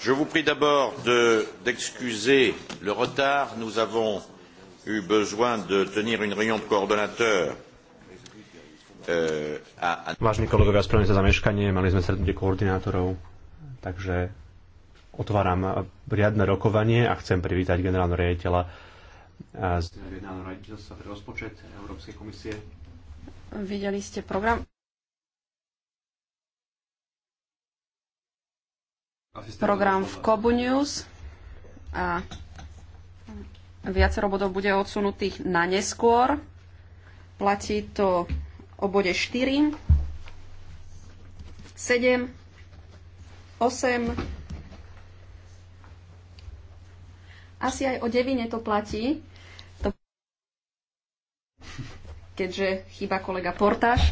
je vous prie d'abord d'excuser le retard nous avons eu besoin de tenir une réunion de coordonnateurs euh, Vážení kolegovia, spravujem sa za mali sme stretnutie koordinátorov, takže otváram riadne rokovanie a chcem privítať generálneho riaditeľa eh, z generálneho riaditeľstva pre rozpočet Európskej komisie. Videli ste program. program v Kobu News a viacero bodov bude odsunutých na neskôr. Platí to o bode 4, 7, 8, asi aj o 9 to platí, to... keďže chýba kolega Portáš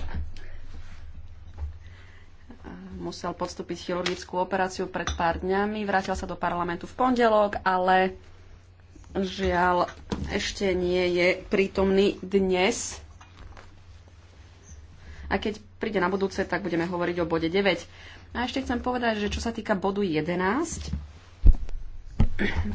musel podstúpiť chirurgickú operáciu pred pár dňami. Vrátil sa do parlamentu v pondelok, ale žiaľ ešte nie je prítomný dnes. A keď príde na budúce, tak budeme hovoriť o bode 9. A ešte chcem povedať, že čo sa týka bodu 11,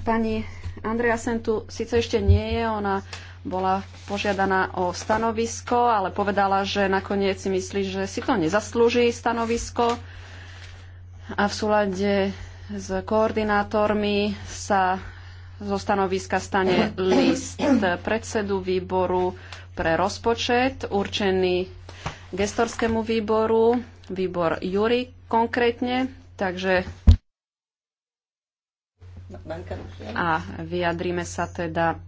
pani Andrea Sentu síce ešte nie je, ona bola požiadaná o stanovisko, ale povedala, že nakoniec si myslí, že si to nezaslúži stanovisko a v súlade s koordinátormi sa zo stanoviska stane list predsedu výboru pre rozpočet určený gestorskému výboru, výbor Jury konkrétne, takže no, a vyjadríme sa teda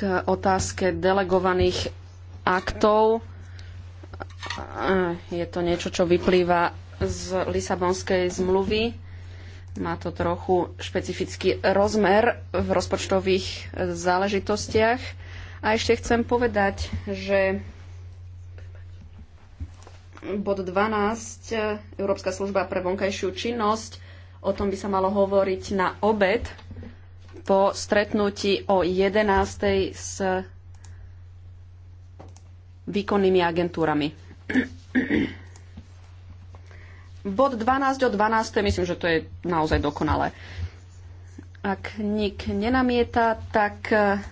k otázke delegovaných aktov. Je to niečo, čo vyplýva z Lisabonskej zmluvy. Má to trochu špecifický rozmer v rozpočtových záležitostiach. A ešte chcem povedať, že bod 12, Európska služba pre vonkajšiu činnosť, o tom by sa malo hovoriť na obed po stretnutí o 11. s výkonnými agentúrami. Bod 12 o 12. myslím, že to je naozaj dokonalé. Ak nik nenamieta, tak e,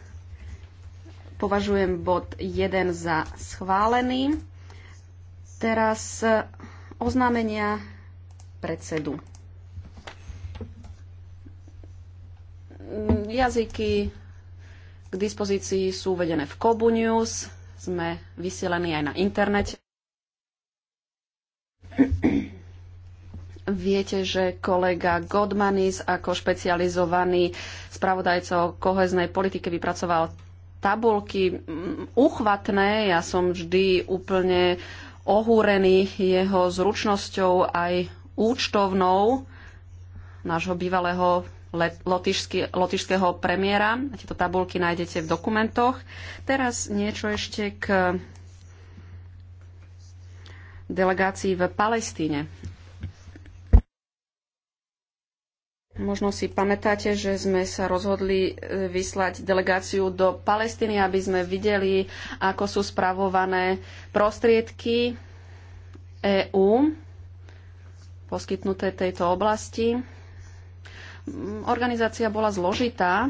považujem bod 1 za schválený. Teraz e, oznámenia predsedu. Mm, jazyky k dispozícii sú uvedené v Kobu News. Sme vysielaní aj na internete. Viete, že kolega Godmanis ako špecializovaný spravodajca o koheznej politike vypracoval tabulky mm, uchvatné. Ja som vždy úplne ohúrený jeho zručnosťou aj účtovnou nášho bývalého lotišského premiéra. Tieto tabulky nájdete v dokumentoch. Teraz niečo ešte k delegácii v Palestíne. Možno si pamätáte, že sme sa rozhodli e, vyslať delegáciu do Palestíny, aby sme videli, ako sú spravované prostriedky EÚ poskytnuté tejto oblasti Organizácia bola zložitá,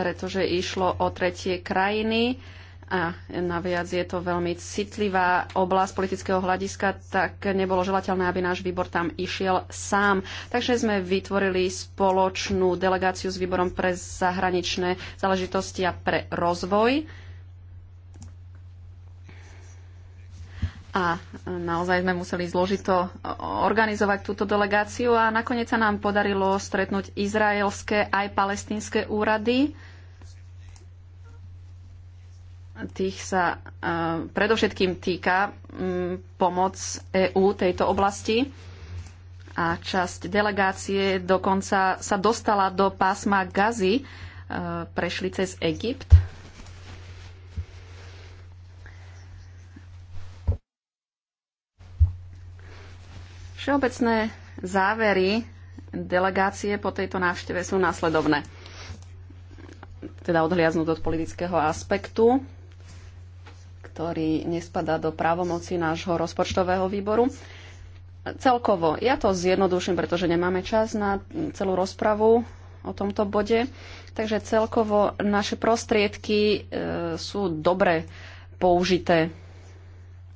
pretože išlo o tretie krajiny a naviac je to veľmi citlivá oblasť politického hľadiska, tak nebolo želateľné, aby náš výbor tam išiel sám. Takže sme vytvorili spoločnú delegáciu s výborom pre zahraničné záležitosti a pre rozvoj A naozaj sme museli zložito organizovať túto delegáciu a nakoniec sa nám podarilo stretnúť izraelské aj palestínske úrady. Tých sa uh, predovšetkým týka um, pomoc EÚ tejto oblasti. A časť delegácie dokonca sa dostala do pásma Gazy, uh, prešli cez Egypt Všeobecné závery delegácie po tejto návšteve sú následovné. Teda odhliadnúť od politického aspektu, ktorý nespadá do právomoci nášho rozpočtového výboru. Celkovo, ja to zjednoduším, pretože nemáme čas na celú rozpravu o tomto bode. Takže celkovo naše prostriedky e, sú dobre použité,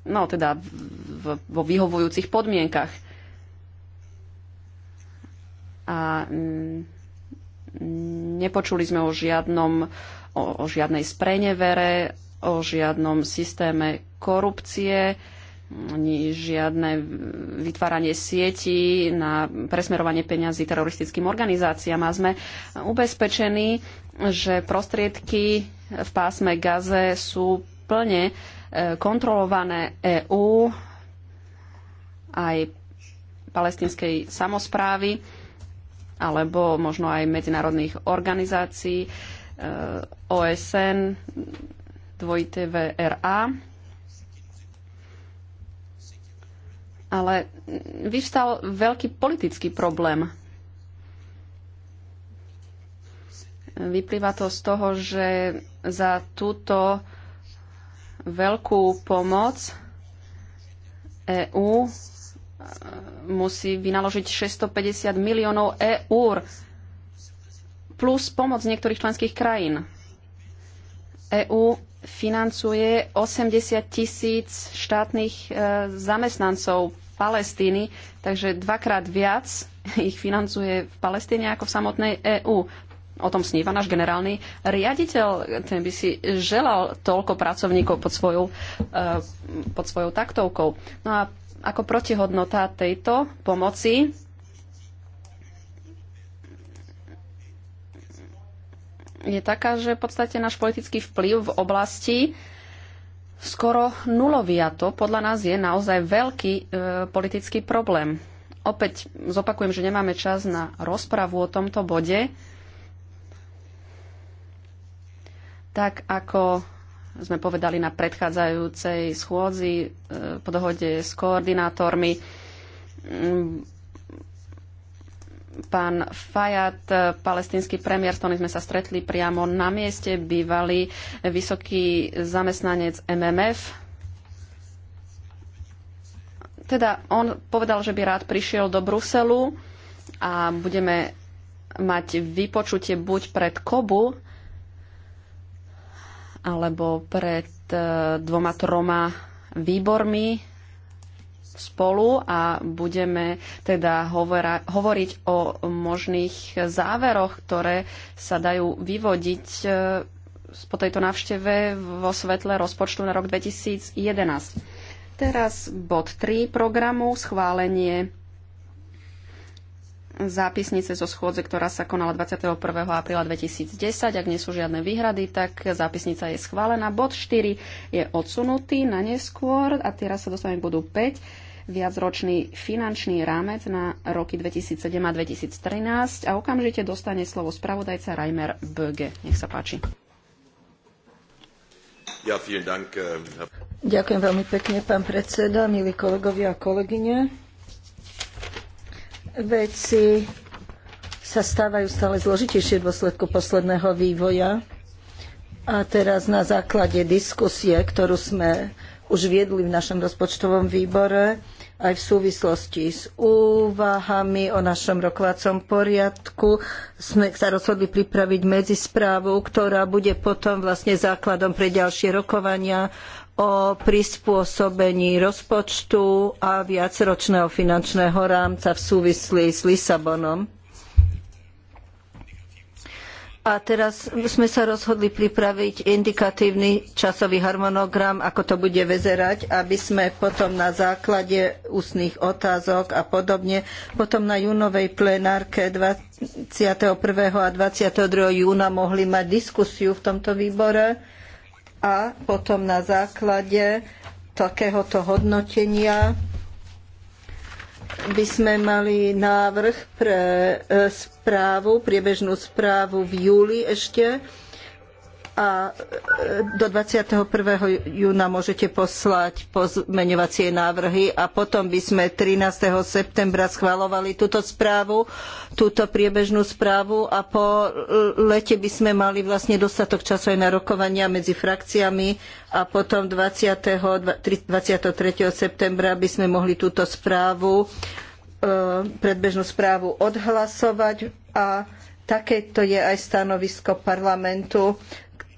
no teda v, vo vyhovujúcich podmienkach a mm, nepočuli sme o žiadnom, o, o žiadnej sprenevere, o žiadnom systéme korupcie, ani žiadne vytváranie sietí na presmerovanie peňazí teroristickým organizáciám. A sme ubezpečení, že prostriedky v pásme Gaze sú plne e, kontrolované EÚ aj palestinskej samozprávy alebo možno aj medzinárodných organizácií, e, OSN, dvojité VRA. Er Ale vyvstal veľký politický problém. Vyplýva to z toho, že za túto veľkú pomoc EÚ musí vynaložiť 650 miliónov eur plus pomoc niektorých členských krajín. EÚ financuje 80 tisíc štátnych e, zamestnancov Palestíny, takže dvakrát viac ich financuje v Palestíne ako v samotnej EÚ. O tom sníva náš generálny riaditeľ, ten by si želal toľko pracovníkov pod svojou, e, pod svojou taktovkou. No a ako protihodnota tejto pomoci je taká, že v podstate náš politický vplyv v oblasti skoro nulový a to podľa nás je naozaj veľký e, politický problém. Opäť zopakujem, že nemáme čas na rozpravu o tomto bode. Tak ako sme povedali na predchádzajúcej schôdzi e, po dohode s koordinátormi. Mm, pán Fajat, palestínsky premiér, s ktorým sme sa stretli priamo na mieste, bývalý vysoký zamestnanec MMF, teda on povedal, že by rád prišiel do Bruselu a budeme mať vypočutie buď pred Kobu alebo pred e, dvoma, troma výbormi spolu a budeme teda hovora, hovoriť o možných záveroch, ktoré sa dajú vyvodiť e, po tejto návšteve vo svetle rozpočtu na rok 2011. Teraz bod 3 programu schválenie zápisnice zo schôdze, ktorá sa konala 21. apríla 2010. Ak nie sú žiadne výhrady, tak zápisnica je schválená. Bod 4 je odsunutý na neskôr a teraz sa dostaneme bodu 5 viacročný finančný rámec na roky 2007 a 2013 a okamžite dostane slovo spravodajca Reimer Böge. Nech sa páči. Ja, Dank, eh, Ďakujem veľmi pekne, pán predseda, milí kolegovia a kolegyne. Veci sa stávajú stále zložitejšie v dôsledku posledného vývoja. A teraz na základe diskusie, ktorú sme už viedli v našom rozpočtovom výbore, aj v súvislosti s úvahami o našom rokovacom poriadku sme sa rozhodli pripraviť medzisprávu, ktorá bude potom vlastne základom pre ďalšie rokovania o prispôsobení rozpočtu a viacročného finančného rámca v súvislosti s Lisabonom. A teraz sme sa rozhodli pripraviť indikatívny časový harmonogram, ako to bude vyzerať, aby sme potom na základe ústnych otázok a podobne, potom na júnovej plenárke 21. a 22. júna mohli mať diskusiu v tomto výbore a potom na základe takéhoto hodnotenia by sme mali návrh pre e, správu, priebežnú správu v júli ešte a e, do 21. júna môžete poslať pozmeňovacie návrhy a potom by sme 13. septembra schvalovali túto správu, túto priebežnú správu a po lete by sme mali vlastne dostatok času aj na rokovania medzi frakciami a potom 20. 23. septembra by sme mohli túto správu e, predbežnú správu odhlasovať a takéto je aj stanovisko parlamentu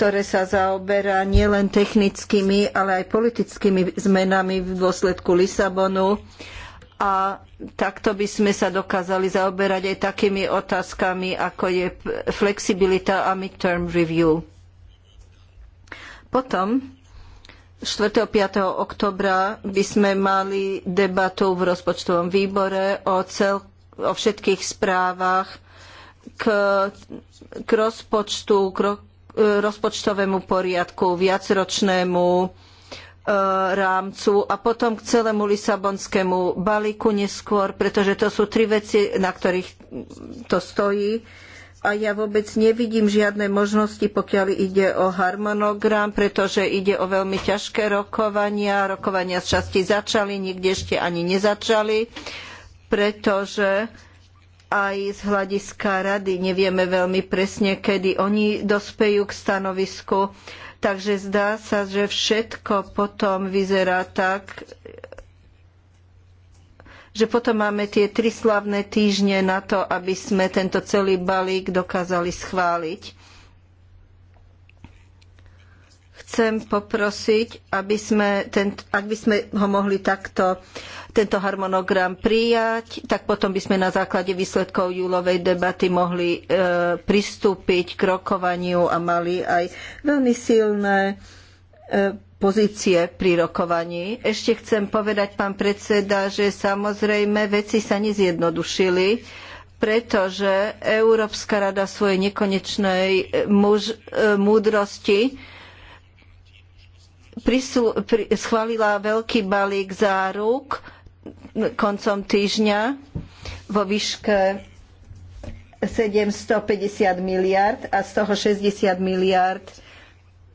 ktoré sa zaoberá nielen technickými, ale aj politickými zmenami v dôsledku Lisabonu. A takto by sme sa dokázali zaoberať aj takými otázkami, ako je flexibilita a midterm review. Potom 4. 5. oktobra by sme mali debatu v rozpočtovom výbore o, cel, o všetkých správach k, k rozpočtu, k, rozpočtovému poriadku, viacročnému e, rámcu a potom k celému Lisabonskému balíku neskôr, pretože to sú tri veci, na ktorých to stojí. A ja vôbec nevidím žiadne možnosti, pokiaľ ide o harmonogram, pretože ide o veľmi ťažké rokovania. Rokovania z časti začali, nikde ešte ani nezačali, pretože aj z hľadiska rady nevieme veľmi presne, kedy oni dospejú k stanovisku. Takže zdá sa, že všetko potom vyzerá tak, že potom máme tie tri slavné týždne na to, aby sme tento celý balík dokázali schváliť. Chcem poprosiť, aby sme, ten, ak by sme ho mohli takto uh, tento harmonogram prijať, tak potom by sme na základe výsledkov júlovej debaty mohli e, pristúpiť k rokovaniu a mali aj veľmi silné e, pozície pri rokovaní. Ešte chcem povedať, pán predseda, že samozrejme veci sa nezjednodušili, pretože Európska rada svojej nekonečnej e, muž, múdrosti schválila veľký balík záruk, koncom týždňa vo výške 750 miliard a z toho 60 miliard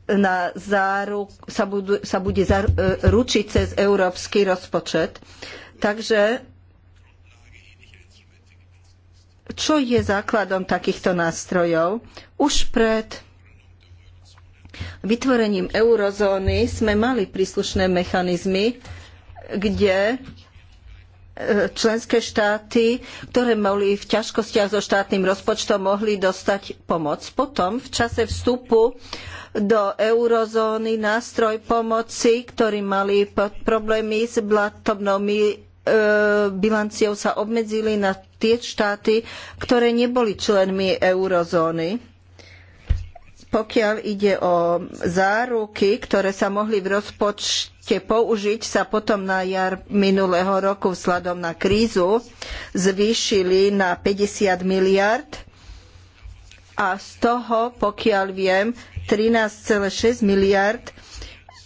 na záru, sa, budu, sa bude e, ručiť cez európsky rozpočet. Takže čo je základom takýchto nástrojov? Už pred vytvorením eurozóny sme mali príslušné mechanizmy, kde členské štáty, ktoré boli v ťažkostiach so štátnym rozpočtom, mohli dostať pomoc. Potom v čase vstupu do eurozóny nástroj pomoci, ktorí mali problémy s blatobnou e, bilanciou, sa obmedzili na tie štáty, ktoré neboli členmi eurozóny pokiaľ ide o záruky, ktoré sa mohli v rozpočte ste použiť, sa potom na jar minulého roku vzhľadom na krízu zvýšili na 50 miliard a z toho, pokiaľ viem, 13,6 miliard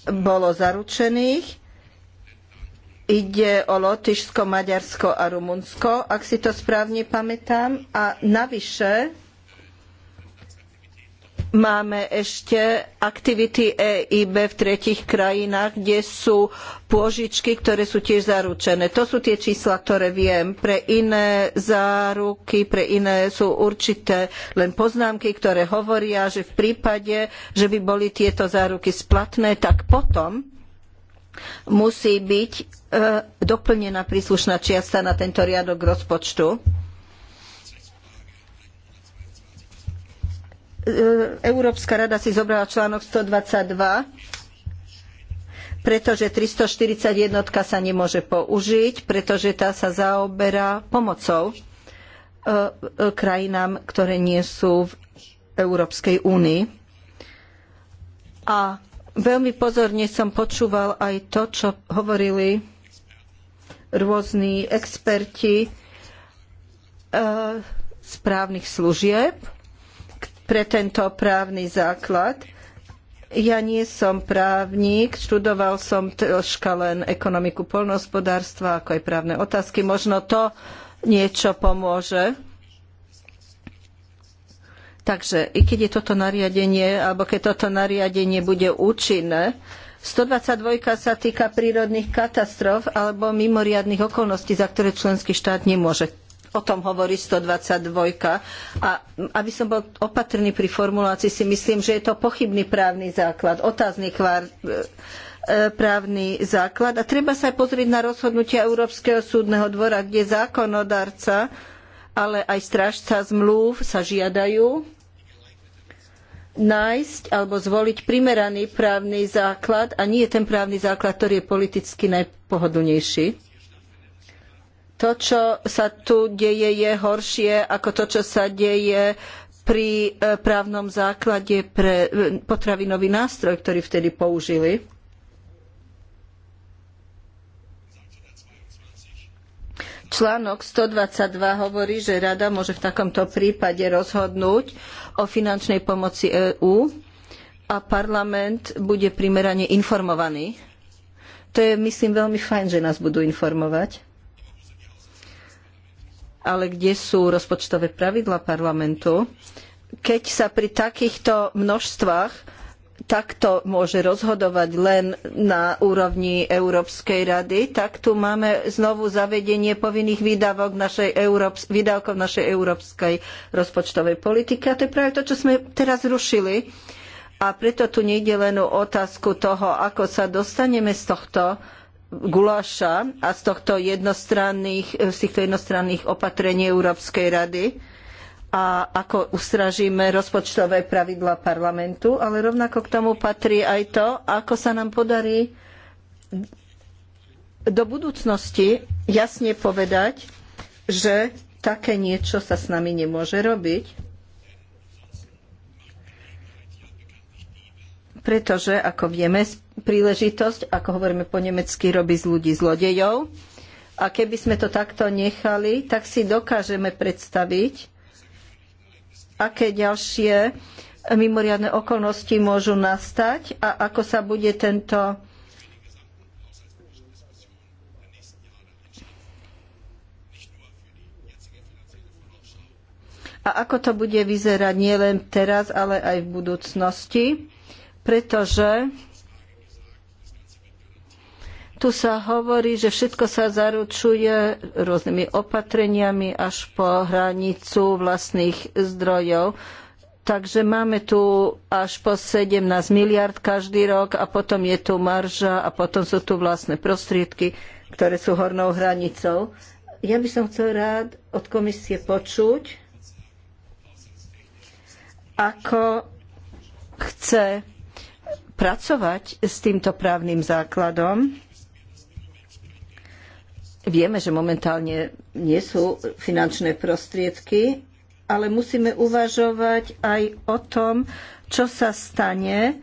bolo zaručených. Ide o Lotyšsko, Maďarsko a Rumunsko, ak si to správne pamätám. A navyše Máme ešte aktivity EIB v tretich krajinách, kde sú pôžičky, ktoré sú tiež zaručené. To sú tie čísla, ktoré viem. Pre iné záruky, pre iné sú určité len poznámky, ktoré hovoria, že v prípade, že by boli tieto záruky splatné, tak potom musí byť e, doplnená príslušná čiasta na tento riadok rozpočtu E, Európska rada si zobrala článok 122 pretože 341 sa nemôže použiť, pretože tá sa zaoberá pomocou e, e, krajinám, ktoré nie sú v Európskej únii. A veľmi pozorne som počúval aj to, čo hovorili rôzni experti správnych služieb pre tento právny základ. Ja nie som právnik, študoval som troška len ekonomiku poľnohospodárstva, ako aj právne otázky. Možno to niečo pomôže. Takže i keď je toto nariadenie, alebo keď toto nariadenie bude účinné, 122 sa týka prírodných katastrof alebo mimoriadnych okolností, za ktoré členský štát nemôže O tom hovorí 122. A aby som bol opatrný pri formulácii, si myslím, že je to pochybný právny základ, otázny kvár, e, e, právny základ. A treba sa aj pozrieť na rozhodnutia Európskeho súdneho dvora, kde zákonodarca, ale aj strážca zmluv sa žiadajú nájsť alebo zvoliť primeraný právny základ a nie ten právny základ, ktorý je politicky najpohodlnejší. To, čo sa tu deje, je horšie ako to, čo sa deje pri e, právnom základe pre e, potravinový nástroj, ktorý vtedy použili. Článok 122 hovorí, že Rada môže v takomto prípade rozhodnúť o finančnej pomoci EÚ a parlament bude primerane informovaný. To je, myslím, veľmi fajn, že nás budú informovať ale kde sú rozpočtové pravidla parlamentu, keď sa pri takýchto množstvách takto môže rozhodovať len na úrovni Európskej rady, tak tu máme znovu zavedenie povinných výdavok našej Európs- výdavkov našej európskej rozpočtovej politiky. A to je práve to, čo sme teraz rušili. A preto tu nejde len o otázku toho, ako sa dostaneme z tohto guláša a z, tohto jednostranných, z týchto jednostranných opatrení Európskej rady a ako ustražíme rozpočtové pravidlá parlamentu, ale rovnako k tomu patrí aj to, ako sa nám podarí do budúcnosti jasne povedať, že také niečo sa s nami nemôže robiť, pretože, ako vieme, príležitosť, ako hovoríme po nemecky, robí z ľudí zlodejov. A keby sme to takto nechali, tak si dokážeme predstaviť, aké ďalšie mimoriadne okolnosti môžu nastať a ako sa bude tento a ako to bude vyzerať nielen teraz, ale aj v budúcnosti pretože tu sa hovorí, že všetko sa zaručuje rôznymi opatreniami až po hranicu vlastných zdrojov. Takže máme tu až po 17 miliard každý rok a potom je tu marža a potom sú tu vlastné prostriedky, ktoré sú hornou hranicou. Ja by som chcel rád od komisie počuť, ako chce pracovať s týmto právnym základom. Vieme, že momentálne nie sú finančné prostriedky, ale musíme uvažovať aj o tom, čo sa stane,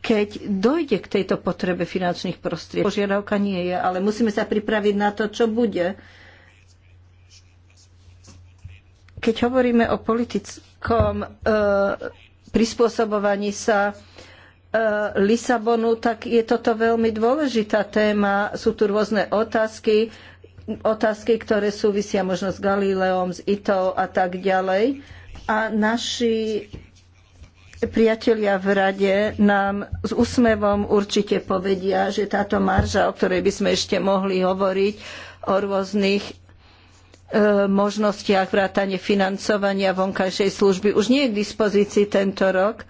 keď dojde k tejto potrebe finančných prostriedkov. Požiadavka nie je, ale musíme sa pripraviť na to, čo bude. Keď hovoríme o politickom e, prispôsobovaní sa Eh, Lisabonu, tak je toto veľmi dôležitá téma. Sú tu rôzne otázky, otázky, ktoré súvisia možno s Galileom, s Itou a tak ďalej. A naši priatelia v rade nám s úsmevom určite povedia, že táto marža, o ktorej by sme ešte mohli hovoriť, o rôznych eh, možnostiach vrátane financovania vonkajšej služby, už nie je k dispozícii tento rok,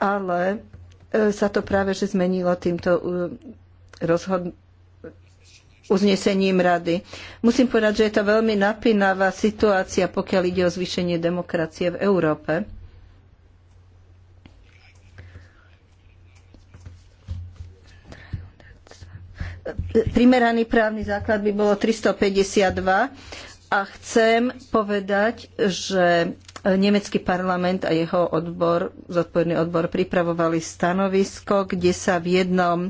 ale sa to práve že zmenilo týmto uh, rozhod- uznesením rady. Musím povedať, že je to veľmi napínavá situácia, pokiaľ ide o zvýšenie demokracie v Európe. Primeraný právny základ by bolo 352 a chcem povedať, že E, nemecký parlament a jeho odbor, zodpovedný odbor, pripravovali stanovisko, kde sa v jednom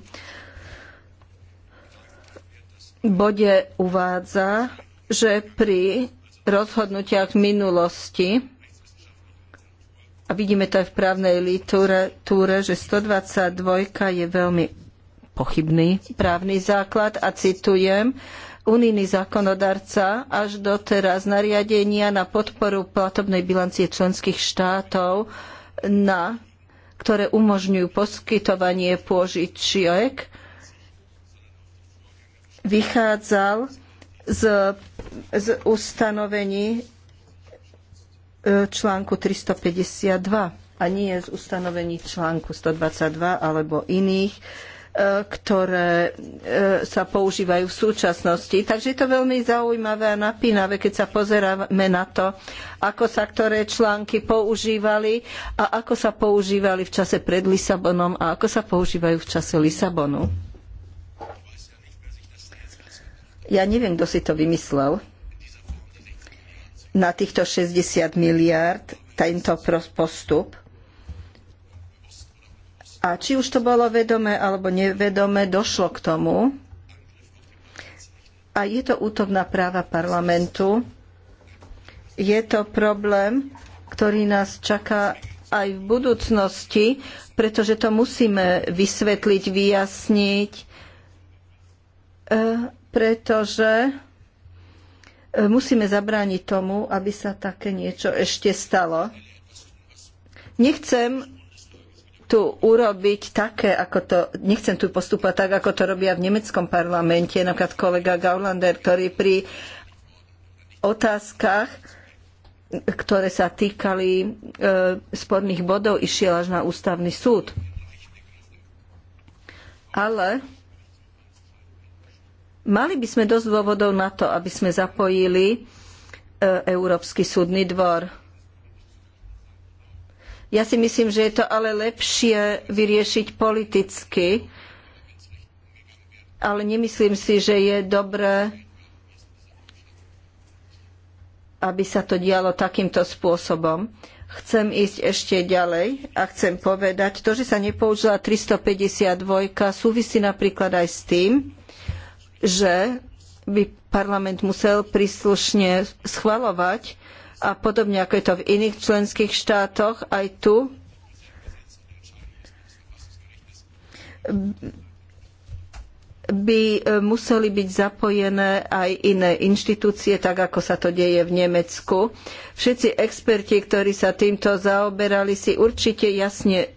bode uvádza, že pri rozhodnutiach minulosti a vidíme to aj v právnej litúre, že 122 je veľmi pochybný právny základ a citujem, unijný zákonodarca až doteraz nariadenia na podporu platobnej bilancie členských štátov, na, ktoré umožňujú poskytovanie pôžičiek, vychádzal z, z ustanovení e, článku 352 a nie z ustanovení článku 122 alebo iných E, ktoré e, sa používajú v súčasnosti. Takže je to veľmi zaujímavé a napínavé, keď sa pozeráme na to, ako sa ktoré články používali a ako sa používali v čase pred Lisabonom a ako sa používajú v čase Lisabonu. Ja neviem, kto si to vymyslel. Na týchto 60 miliárd tento postup a či už to bolo vedomé alebo nevedomé, došlo k tomu. A je to útok na práva parlamentu. Je to problém, ktorý nás čaká aj v budúcnosti, pretože to musíme vysvetliť, vyjasniť, e, pretože e, musíme zabrániť tomu, aby sa také niečo ešte stalo. Nechcem tu urobiť také, ako to, nechcem tu postupovať tak, ako to robia v nemeckom parlamente, napríklad kolega Gaulander, ktorý pri otázkach, ktoré sa týkali e, sporných bodov, išiel až na ústavný súd. Ale mali by sme dosť dôvodov na to, aby sme zapojili e, Európsky súdny dvor ja si myslím, že je to ale lepšie vyriešiť politicky, ale nemyslím si, že je dobré, aby sa to dialo takýmto spôsobom. Chcem ísť ešte ďalej a chcem povedať, to, že sa nepoužila 352, súvisí napríklad aj s tým, že by parlament musel príslušne schvaľovať a podobne ako je to v iných členských štátoch, aj tu by e, museli byť zapojené aj iné inštitúcie, tak ako sa to deje v Nemecku. Všetci experti, ktorí sa týmto zaoberali, si určite jasne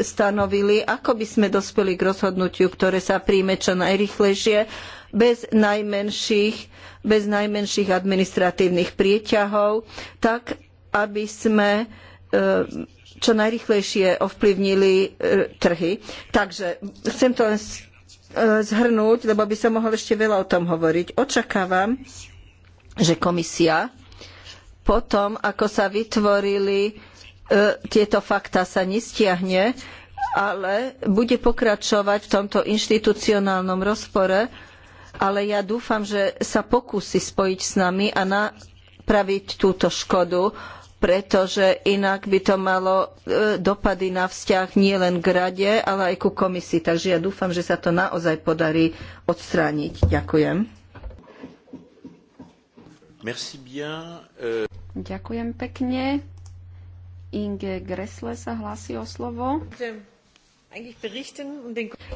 stanovili, ako by sme dospeli k rozhodnutiu, ktoré sa príjme čo najrychlejšie bez najmenších, bez najmenších administratívnych prieťahov, tak aby sme e, čo najrychlejšie ovplyvnili e, trhy. Takže chcem to len e, zhrnúť, lebo by som mohol ešte veľa o tom hovoriť. Očakávam, že komisia potom, ako sa vytvorili tieto fakta, sa nestiahne, ale bude pokračovať v tomto inštitucionálnom rozpore, ale ja dúfam, že sa pokúsi spojiť s nami a napraviť túto škodu, pretože inak by to malo e, dopady na vzťah nielen k rade, ale aj ku komisii. Takže ja dúfam, že sa to naozaj podarí odstrániť. Ďakujem. E, Ďakujem pekne. Inge Gressle sa hlási o slovo. Ďakujem.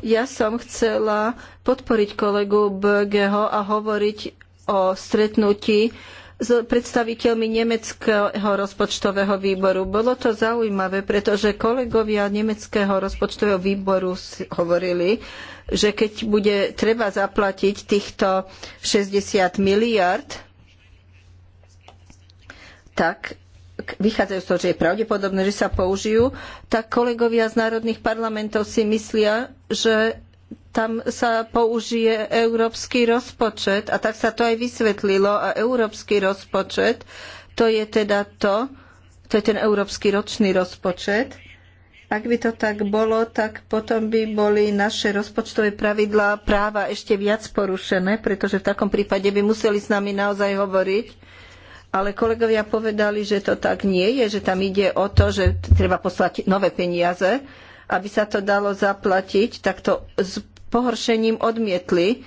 Ja som chcela podporiť kolegu Bögeho a hovoriť o stretnutí s predstaviteľmi nemeckého rozpočtového výboru. Bolo to zaujímavé, pretože kolegovia nemeckého rozpočtového výboru hovorili, že keď bude treba zaplatiť týchto 60 miliard, tak vychádzajú z toho, že je pravdepodobné, že sa použijú, tak kolegovia z národných parlamentov si myslia, že tam sa použije európsky rozpočet a tak sa to aj vysvetlilo a európsky rozpočet to je teda to, to je ten európsky ročný rozpočet. Ak by to tak bolo, tak potom by boli naše rozpočtové pravidlá práva ešte viac porušené, pretože v takom prípade by museli s nami naozaj hovoriť ale kolegovia povedali, že to tak nie je, že tam ide o to, že treba poslať nové peniaze, aby sa to dalo zaplatiť, tak to s pohoršením odmietli.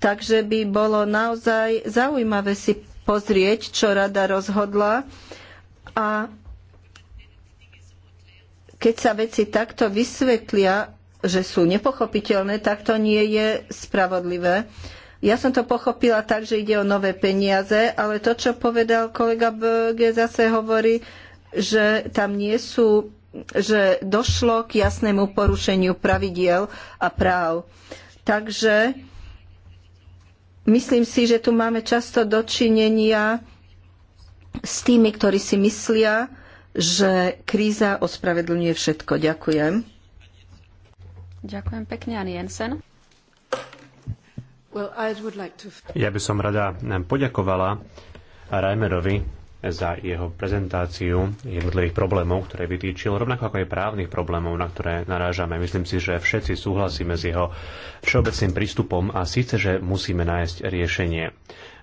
Takže by bolo naozaj zaujímavé si pozrieť, čo rada rozhodla a keď sa veci takto vysvetlia, že sú nepochopiteľné, tak to nie je spravodlivé. Ja som to pochopila tak, že ide o nové peniaze, ale to, čo povedal kolega Böge, zase hovorí, že tam nie sú, že došlo k jasnému porušeniu pravidiel a práv. Takže myslím si, že tu máme často dočinenia s tými, ktorí si myslia, že kríza ospravedlňuje všetko. Ďakujem. Ďakujem pekne, Ani Jensen. Ja by som rada poďakovala Reimerovi za jeho prezentáciu jednotlivých problémov, ktoré vytýčil, rovnako ako aj právnych problémov, na ktoré narážame. Myslím si, že všetci súhlasíme s jeho všeobecným prístupom a síce, že musíme nájsť riešenie.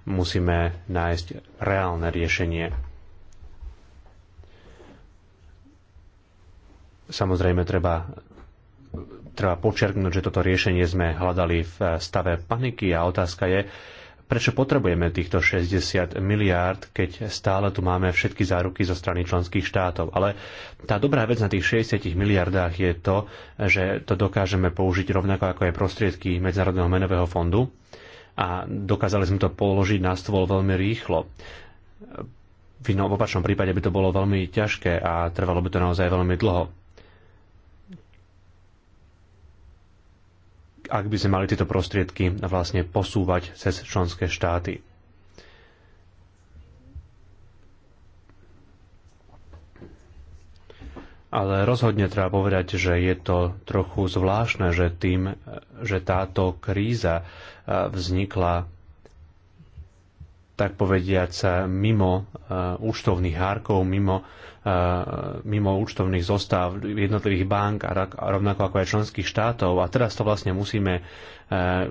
Musíme nájsť reálne riešenie. Samozrejme, treba treba počerknúť, že toto riešenie sme hľadali v stave paniky a otázka je, prečo potrebujeme týchto 60 miliárd, keď stále tu máme všetky záruky zo strany členských štátov. Ale tá dobrá vec na tých 60 miliardách je to, že to dokážeme použiť rovnako ako aj prostriedky Medzinárodného menového fondu a dokázali sme to položiť na stôl veľmi rýchlo. V, v opačnom prípade by to bolo veľmi ťažké a trvalo by to naozaj veľmi dlho. ak by sme mali tieto prostriedky vlastne posúvať cez členské štáty. Ale rozhodne treba povedať, že je to trochu zvláštne, že, tým, že táto kríza eh, vznikla tak povediať sa mimo eh, účtovných hárkov, mimo, eh, mimo účtovných zostáv jednotlivých bank a rovnako ako aj členských štátov. A teraz to vlastne musíme eh,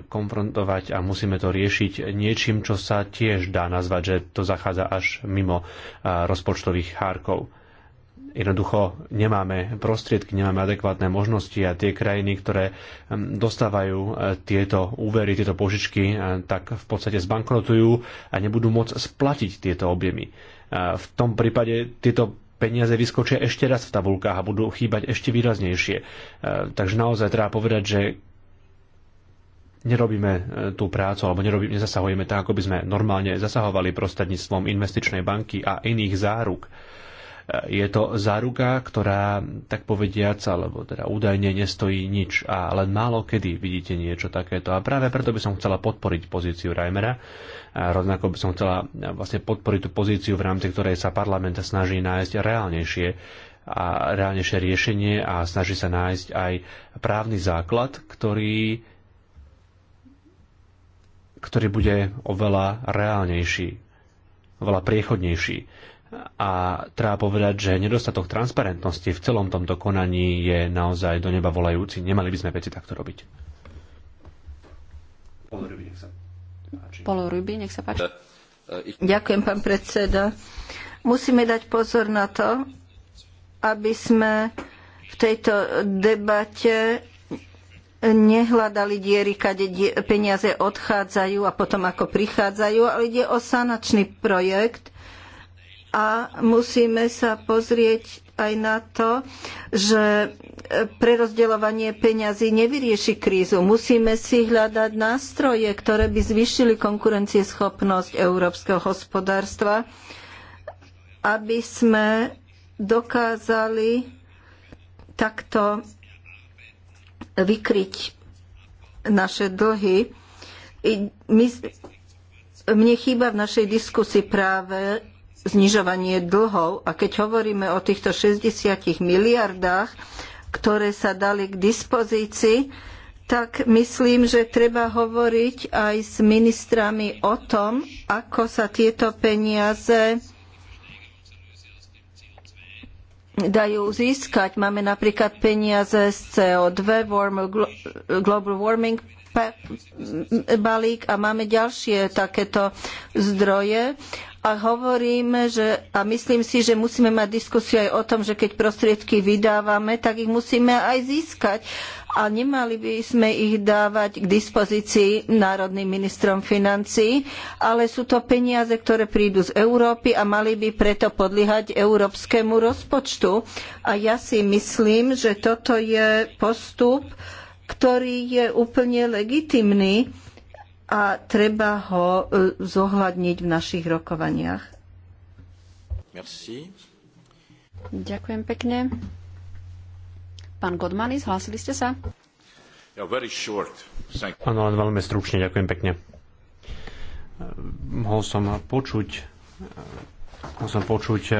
konfrontovať a musíme to riešiť niečím, čo sa tiež dá nazvať, že to zachádza až mimo rozpočtových hárkov jednoducho nemáme prostriedky, nemáme adekvátne možnosti a tie krajiny, ktoré mm, dostávajú e, tieto úvery, tieto požičky, e, tak v podstate zbankrotujú a nebudú môcť splatiť tieto objemy. E, v tom prípade tieto peniaze vyskočia ešte raz v tabulkách a budú chýbať ešte výraznejšie. Takže naozaj treba povedať, že nerobíme tú prácu alebo nerobíme, nezasahujeme tak, ako by sme normálne zasahovali prostredníctvom investičnej banky a iných záruk je to záruka, ktorá, tak povediac, alebo teda údajne nestojí nič a len málo kedy vidíte niečo takéto. A práve preto by som chcela podporiť pozíciu Reimera. A rovnako by som chcela vlastne podporiť tú pozíciu, v rámci ktorej sa parlament snaží nájsť reálnejšie a reálnejšie riešenie a snaží sa nájsť aj právny základ, ktorý ktorý bude oveľa reálnejší, oveľa priechodnejší a treba povedať, že nedostatok transparentnosti v celom tomto konaní je naozaj do neba volajúci. Nemali by sme veci takto robiť. Poloruby, nech sa páči. nech sa páči. Ďakujem, pán predseda. Musíme dať pozor na to, aby sme v tejto debate nehľadali diery, kade peniaze odchádzajú a potom ako prichádzajú, ale ide o sanačný projekt, a musíme sa pozrieť aj na to, že prerozdeľovanie peňazí nevyrieši krízu. Musíme si hľadať nástroje, ktoré by zvýšili konkurencieschopnosť európskeho hospodárstva, aby sme dokázali takto vykryť naše dlhy. My, mne chýba v našej diskusii práve znižovanie dlhov. A keď hovoríme o týchto 60 miliardách, ktoré sa dali k dispozícii, tak myslím, že treba hovoriť aj s ministrami o tom, ako sa tieto peniaze dajú získať. Máme napríklad peniaze z CO2, Global Warming balík a máme ďalšie takéto zdroje. A hovoríme, že, a myslím si, že musíme mať diskusiu aj o tom, že keď prostriedky vydávame, tak ich musíme aj získať. A nemali by sme ich dávať k dispozícii národným ministrom financií, ale sú to peniaze, ktoré prídu z Európy a mali by preto podliehať európskemu rozpočtu. A ja si myslím, že toto je postup, ktorý je úplne legitimný a treba ho e, zohľadniť v našich rokovaniach. Merci. Ďakujem pekne. Pán Godmany, zhlásili ste sa? Áno, len veľmi stručne, ďakujem pekne. Mohol som počuť som počuť e,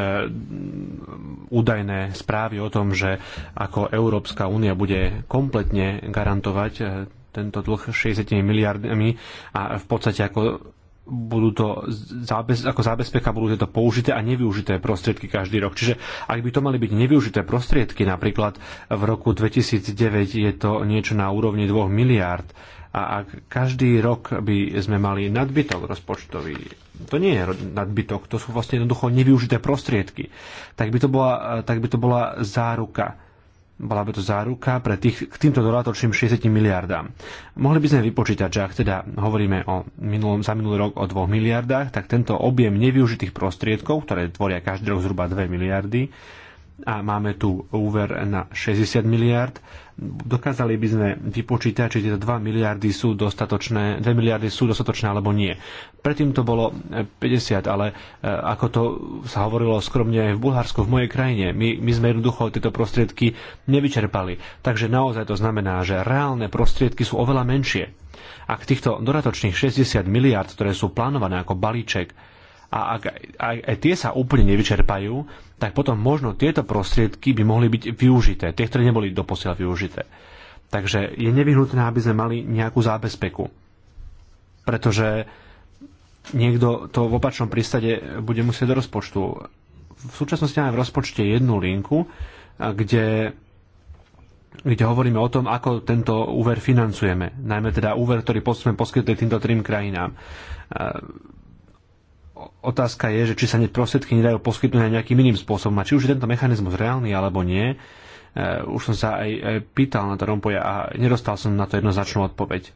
údajné správy o tom, že ako Európska únia bude kompletne garantovať e, tento dlh 60 miliardami a v podstate ako budú to zábez, ako zábezpeka budú tieto použité a nevyužité prostriedky každý rok. Čiže ak by to mali byť nevyužité prostriedky, napríklad v roku 2009 je to niečo na úrovni 2 miliárd a ak každý rok by sme mali nadbytok rozpočtový, to nie je nadbytok, to sú vlastne jednoducho nevyužité prostriedky, tak by to bola, tak by to bola záruka bola by to záruka pre tých, k týmto dodatočným 60 miliardám. Mohli by sme vypočítať, že ak teda hovoríme o minulom, za minulý rok o 2 miliardách, tak tento objem nevyužitých prostriedkov, ktoré tvoria každý rok zhruba 2 miliardy, a máme tu úver na 60 miliard dokázali by sme vypočítať, či tieto 2 miliardy sú dostatočné, 2 miliardy sú dostatočné alebo nie. Predtým to bolo 50, ale e, ako to sa hovorilo skromne aj v Bulharsku, v mojej krajine, my, my sme jednoducho tieto prostriedky nevyčerpali. Takže naozaj to znamená, že reálne prostriedky sú oveľa menšie. Ak týchto doratočných 60 miliard, ktoré sú plánované ako balíček, a ak aj, aj tie sa úplne nevyčerpajú, tak potom možno tieto prostriedky by mohli byť využité, tie, ktoré neboli doposiaľ využité. Takže je nevyhnutné, aby sme mali nejakú zábezpeku. Pretože niekto to v opačnom prístade bude musieť do rozpočtu. V súčasnosti máme v rozpočte jednu linku, kde, kde hovoríme o tom, ako tento úver financujeme. Najmä teda úver, ktorý sme poskytli týmto trim krajinám otázka je, že či sa prostriedky nedajú poskytnúť aj nejakým iným spôsobom. A či už je tento mechanizmus reálny alebo nie, e, už som sa aj pýtal na to Rompoja a nedostal som na to jednoznačnú odpoveď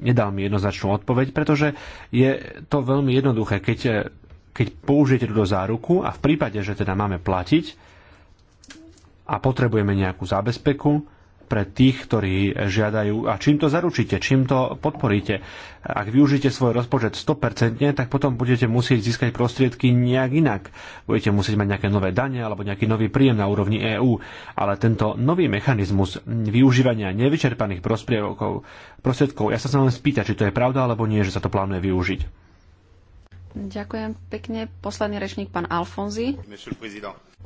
nedal mi jednoznačnú odpoveď, pretože je to veľmi jednoduché. Keď, e, keď použijete do záruku a v prípade, že teda máme platiť a potrebujeme nejakú zábezpeku, pre tých, ktorí žiadajú. A čím to zaručíte, čím to podporíte? Ak využite svoj rozpočet 100%, tak potom budete musieť získať prostriedky nejak inak. Budete musieť mať nejaké nové dane alebo nejaký nový príjem na úrovni EÚ. Ale tento nový mechanizmus využívania nevyčerpaných prostriedkov, ja sa sa len spýtať, či to je pravda alebo nie, že sa to plánuje využiť. Ďakujem pekne. Posledný rečník, pán Alfonzi.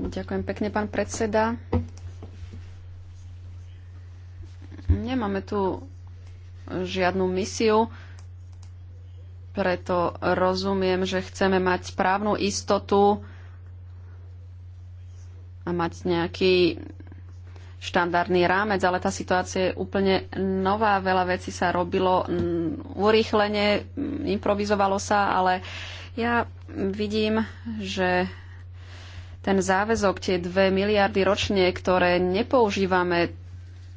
Ďakujem pekne, pán predseda. Nemáme tu žiadnu misiu, preto rozumiem, že chceme mať správnu istotu a mať nejaký štandardný rámec, ale tá situácia je úplne nová. Veľa vecí sa robilo urýchlene, improvizovalo sa, ale ja vidím, že ten záväzok, tie dve miliardy ročne, ktoré nepoužívame,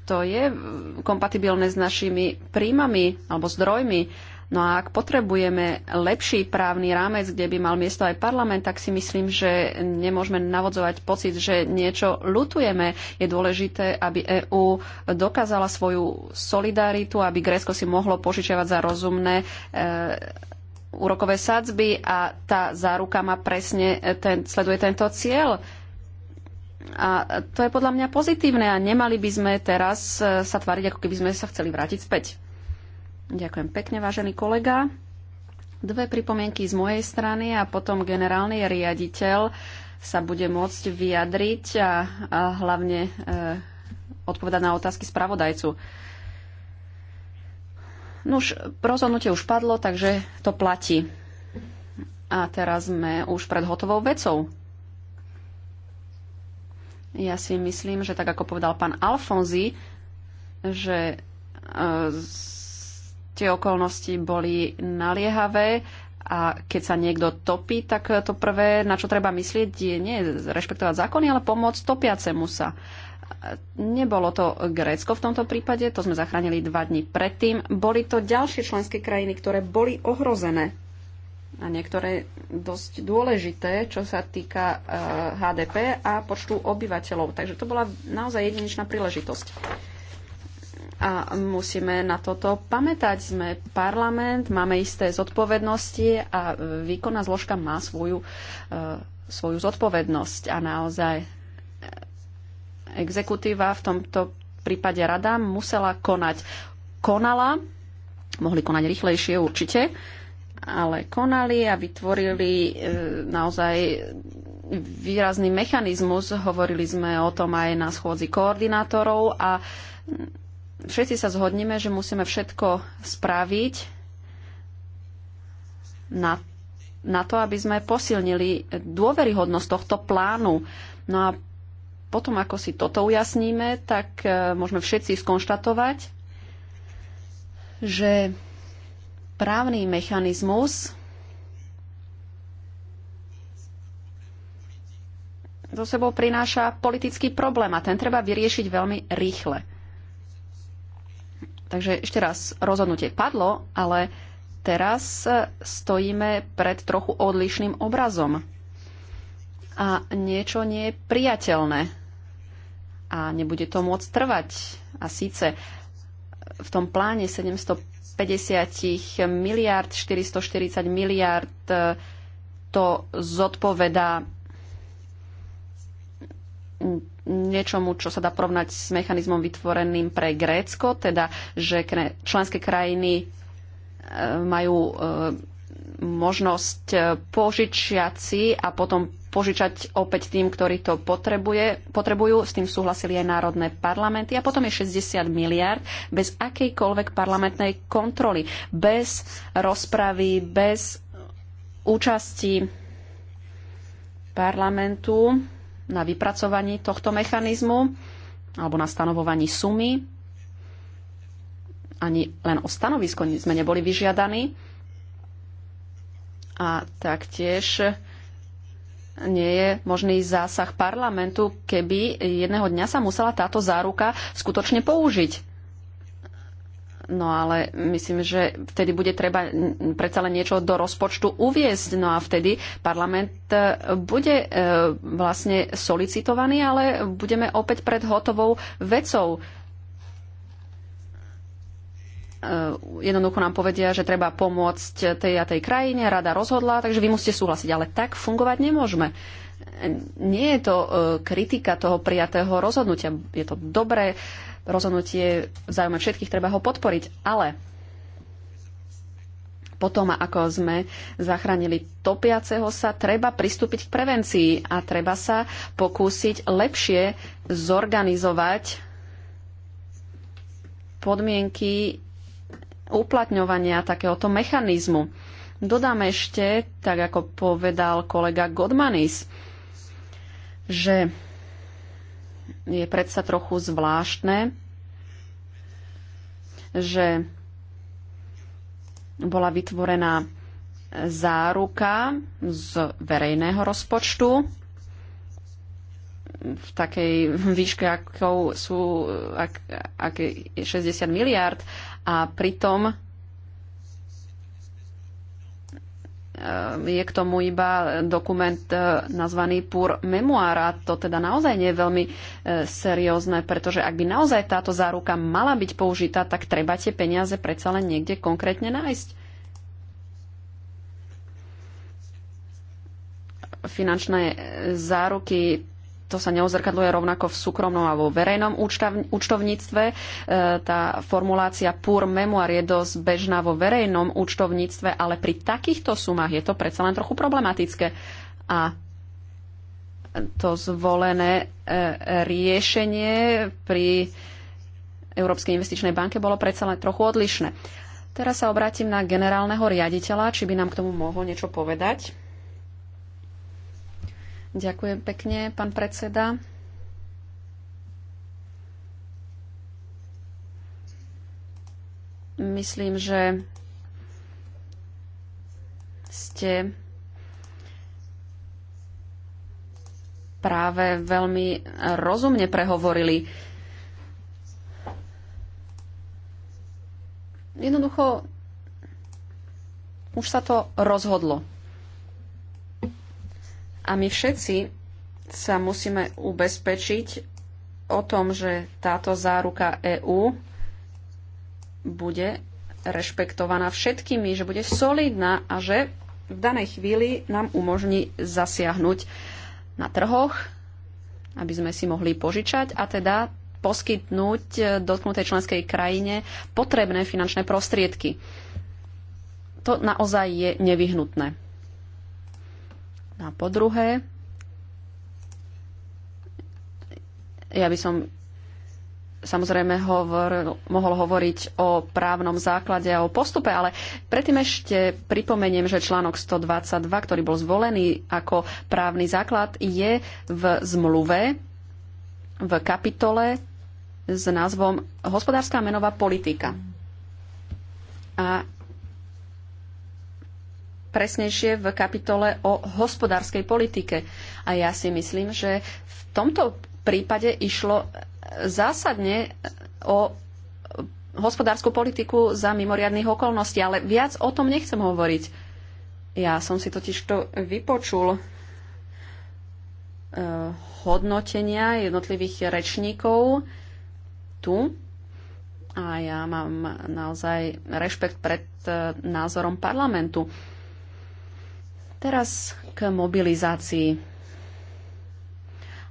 to je kompatibilné s našimi príjmami alebo zdrojmi. No a ak potrebujeme lepší právny rámec, kde by mal miesto aj parlament, tak si myslím, že nemôžeme navodzovať pocit, že niečo lutujeme. Je dôležité, aby EÚ dokázala svoju solidaritu, aby Grécko si mohlo požičiavať za rozumné e úrokové sadzby a tá záruka má presne ten, sleduje tento cieľ. A to je podľa mňa pozitívne a nemali by sme teraz e, sa tváriť, ako keby sme sa chceli vrátiť späť. Ďakujem pekne, vážený kolega. Dve pripomienky z mojej strany a potom generálny riaditeľ sa bude môcť vyjadriť a, a hlavne e, odpovedať na otázky spravodajcu. Nuž, rozhodnutie už padlo, takže to platí. A teraz sme už pred hotovou vecou. Ja si myslím, že tak ako povedal pán Alfonzi, že e, tie okolnosti boli naliehavé a keď sa niekto topí, tak to prvé, na čo treba myslieť, je nie rešpektovať zákony, ale pomôcť topiacemu sa. Nebolo to Grécko v tomto prípade, to sme zachránili dva dní predtým. Boli to ďalšie členské krajiny, ktoré boli ohrozené a niektoré dosť dôležité, čo sa týka e, HDP a počtu obyvateľov. Takže to bola naozaj jedinečná príležitosť. A musíme na toto pamätať. Sme parlament, máme isté zodpovednosti a výkonná zložka má svoju, e, svoju zodpovednosť. A naozaj e, exekutíva, v tomto prípade rada, musela konať. Konala, mohli konať rýchlejšie určite, ale konali a vytvorili e, naozaj výrazný mechanizmus. Hovorili sme o tom aj na schôdzi koordinátorov a všetci sa zhodneme, že musíme všetko spraviť na, na to, aby sme posilnili dôveryhodnosť tohto plánu. No a potom, ako si toto ujasníme, tak e, môžeme všetci skonštatovať, že právny mechanizmus zo sebou prináša politický problém a ten treba vyriešiť veľmi rýchle. Takže ešte raz, rozhodnutie padlo, ale teraz e, stojíme pred trochu odlišným obrazom. A niečo nie je priateľné. A nebude to môcť trvať. A síce v tom pláne 750 50 miliard, 440 miliard to zodpoveda niečomu, čo sa dá porovnať s mechanizmom vytvoreným pre Grécko, teda, že členské krajiny e, majú e, možnosť e, požičiať si a potom požičať opäť tým, ktorí to potrebuje, potrebujú. S tým súhlasili aj národné parlamenty. A potom je 60 miliard bez akejkoľvek parlamentnej kontroly, bez rozpravy, bez účasti parlamentu na vypracovaní tohto mechanizmu alebo na stanovovaní sumy. Ani len o stanovisko sme neboli vyžiadaní. A taktiež nie je možný zásah parlamentu, keby jedného dňa sa musela táto záruka skutočne použiť. No ale myslím, že vtedy bude treba predsa len niečo do rozpočtu uviezť. No a vtedy parlament e, bude e, vlastne solicitovaný, ale budeme opäť pred hotovou vecou. Eh, jednoducho nám povedia, že treba pomôcť tej a tej krajine, rada rozhodla, takže vy musíte súhlasiť. Ale tak fungovať nemôžeme. Nie je to eh, kritika toho prijatého rozhodnutia. Je to dobré rozhodnutie v záujme všetkých, treba ho podporiť. Ale potom, ako sme zachránili topiaceho sa, treba pristúpiť k prevencii a treba sa pokúsiť lepšie zorganizovať podmienky uplatňovania takéhoto mechanizmu. Dodám ešte, tak ako povedal kolega Godmanis, že je predsa trochu zvláštne, že bola vytvorená záruka z verejného rozpočtu v takej výške, akou sú ak, ak 60 miliard a pritom e, je k tomu iba dokument e, nazvaný pur memoára. To teda naozaj nie je veľmi e, seriózne, pretože ak by naozaj táto záruka mala byť použitá, tak treba tie peniaze predsa len niekde konkrétne nájsť. Finančné záruky to sa neozrkadluje rovnako v súkromnom alebo verejnom účtovníctve. E, tá formulácia pur memoir je dosť bežná vo verejnom účtovníctve, ale pri takýchto sumách je to predsa len trochu problematické. A to zvolené e, riešenie pri Európskej investičnej banke bolo predsa len trochu odlišné. Teraz sa obrátim na generálneho riaditeľa, či by nám k tomu mohol niečo povedať. Ďakujem pekne, pán predseda. Myslím, že ste práve veľmi rozumne prehovorili. Jednoducho, už sa to rozhodlo. A my všetci sa musíme ubezpečiť o tom, že táto záruka EÚ bude rešpektovaná všetkými, že bude solidná a že v danej chvíli nám umožní zasiahnuť na trhoch, aby sme si mohli požičať a teda poskytnúť eh, dotknutej členskej krajine potrebné finančné prostriedky. To naozaj je nevyhnutné. A po druhé, ja by som samozrejme hovoril, mohol hovoriť o právnom základe a o postupe, ale predtým ešte pripomeniem, že článok 122, ktorý bol zvolený ako právny základ, je v zmluve v kapitole s názvom Hospodárska menová politika. A presnejšie v kapitole o hospodárskej politike. A ja si myslím, že v tomto prípade išlo zásadne o hospodárskú politiku za mimoriadných okolností, ale viac o tom nechcem hovoriť. Ja som si totiž to vypočul e, hodnotenia jednotlivých rečníkov tu a ja mám naozaj rešpekt pred e, názorom parlamentu. Teraz k mobilizácii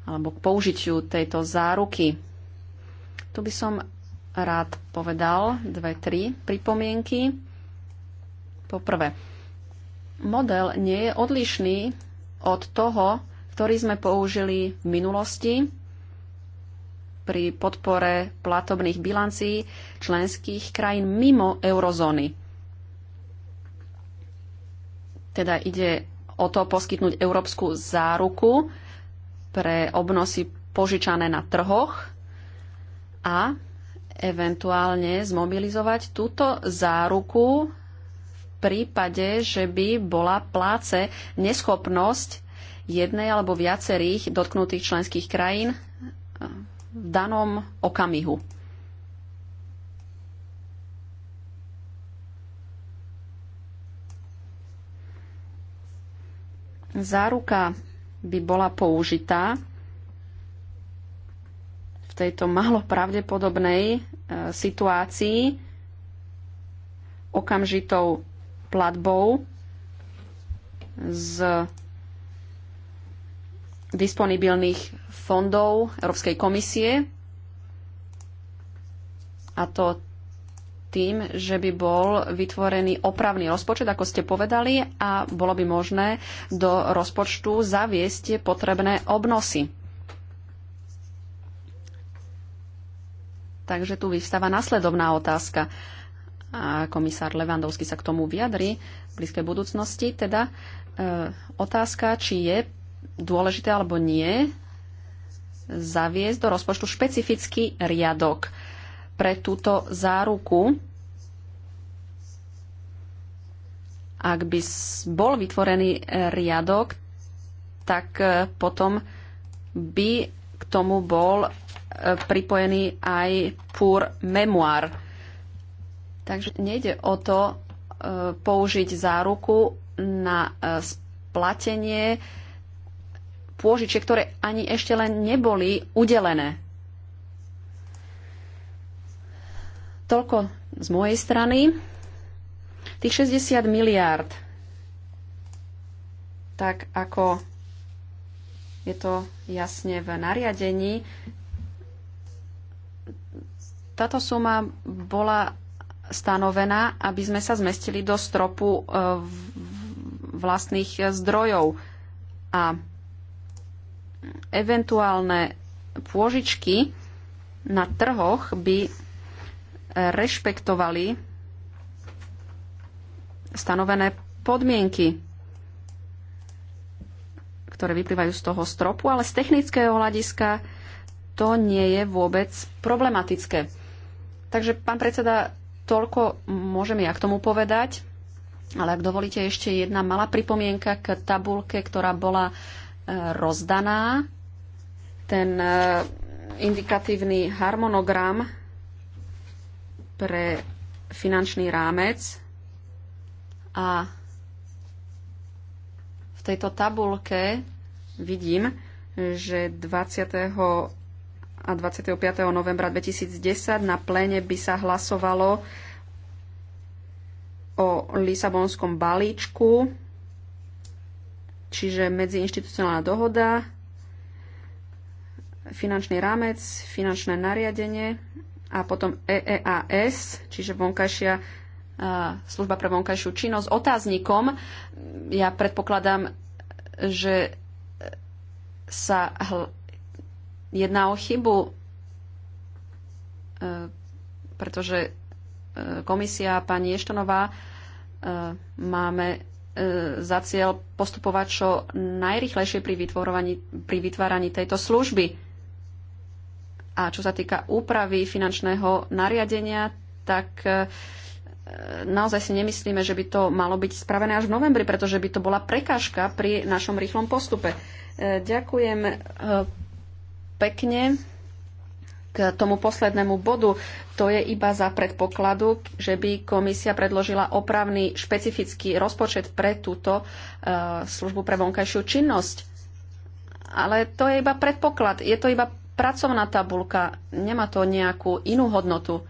alebo k použitiu tejto záruky. Tu by som rád povedal dve, tri pripomienky. Poprvé, model nie je odlišný od toho, ktorý sme použili v minulosti pri podpore platobných bilancí členských krajín mimo eurozóny. Teda ide o to poskytnúť európsku záruku pre obnosy požičané na trhoch a eventuálne zmobilizovať túto záruku v prípade, že by bola pláce neschopnosť jednej alebo viacerých dotknutých členských krajín v danom okamihu. záruka by bola použitá v tejto malo pravdepodobnej e, situácii okamžitou platbou z disponibilných fondov Európskej komisie a to tým, že by bol vytvorený opravný rozpočet, ako ste povedali, a bolo by možné do rozpočtu zaviesť tie potrebné obnosy. Takže tu vystáva nasledovná otázka. A komisár Levandovský sa k tomu vyjadri v blízkej budúcnosti. Teda e, otázka, či je dôležité alebo nie zaviesť do rozpočtu špecifický riadok pre túto záruku. Ak by bol vytvorený e, riadok, tak e, potom by k tomu bol e, pripojený aj pur memoár. Takže nejde o to použiť záruku na splatenie pôžičiek, ktoré ani ešte len neboli udelené. Toľko z mojej strany. Tých 60 miliárd, tak ako je to jasne v nariadení, táto suma bola stanovená, aby sme sa zmestili do stropu e, vlastných zdrojov a eventuálne pôžičky na trhoch by rešpektovali stanovené podmienky, ktoré vyplývajú z toho stropu, ale z technického hľadiska to nie je vôbec problematické. Takže, pán predseda, toľko môžem ja k tomu povedať. Ale ak dovolíte, ešte jedna malá pripomienka k tabulke, ktorá bola e, rozdaná. Ten e, indikatívny harmonogram pre finančný rámec a v tejto tabulke vidím, že 20. a 25. novembra 2010 na pléne by sa hlasovalo o Lisabonskom balíčku, čiže medziinstitucionálna dohoda, finančný rámec, finančné nariadenie a potom EEAS, čiže vonkajšia e, služba pre vonkajšiu činnosť, otáznikom. Ja predpokladám, že sa jedná o chybu, e, pretože e, komisia pani Eštonová máme za cieľ postupovať čo najrychlejšie pri, pri vytváraní tejto služby. A čo sa týka úpravy finančného nariadenia, tak e, naozaj si nemyslíme, že by to malo byť spravené až v novembri, pretože by to bola prekážka pri našom rýchlom postupe. E, ďakujem e, pekne k tomu poslednému bodu. To je iba za predpokladu, že by komisia predložila opravný špecifický rozpočet pre túto službu pre vonkajšiu činnosť. Ale to je iba predpoklad. Je to iba pracovná tabulka, nemá to nejakú inú hodnotu.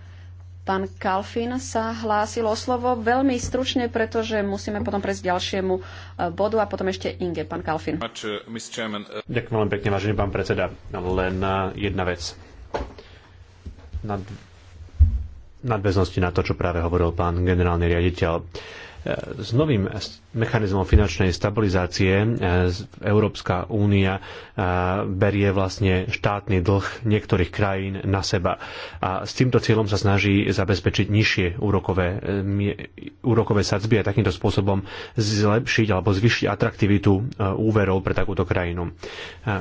Pán Kalfin sa hlásil o slovo veľmi stručne, pretože musíme potom prejsť k ďalšiemu e, bodu a potom ešte Inge. Pán Kalfin. Uh, uh, Ďakujem veľmi pekne, vážený pán predseda. Len uh, jedna vec. nadväznosti na to, čo práve hovoril pán generálny riaditeľ. S novým mechanizmom finančnej stabilizácie e, Európska únia e, berie vlastne štátny dlh niektorých krajín na seba. A s týmto cieľom sa snaží zabezpečiť nižšie úrokové, e, úrokové sadzby a takýmto spôsobom zlepšiť alebo zvyšiť atraktivitu úverov pre takúto krajinu.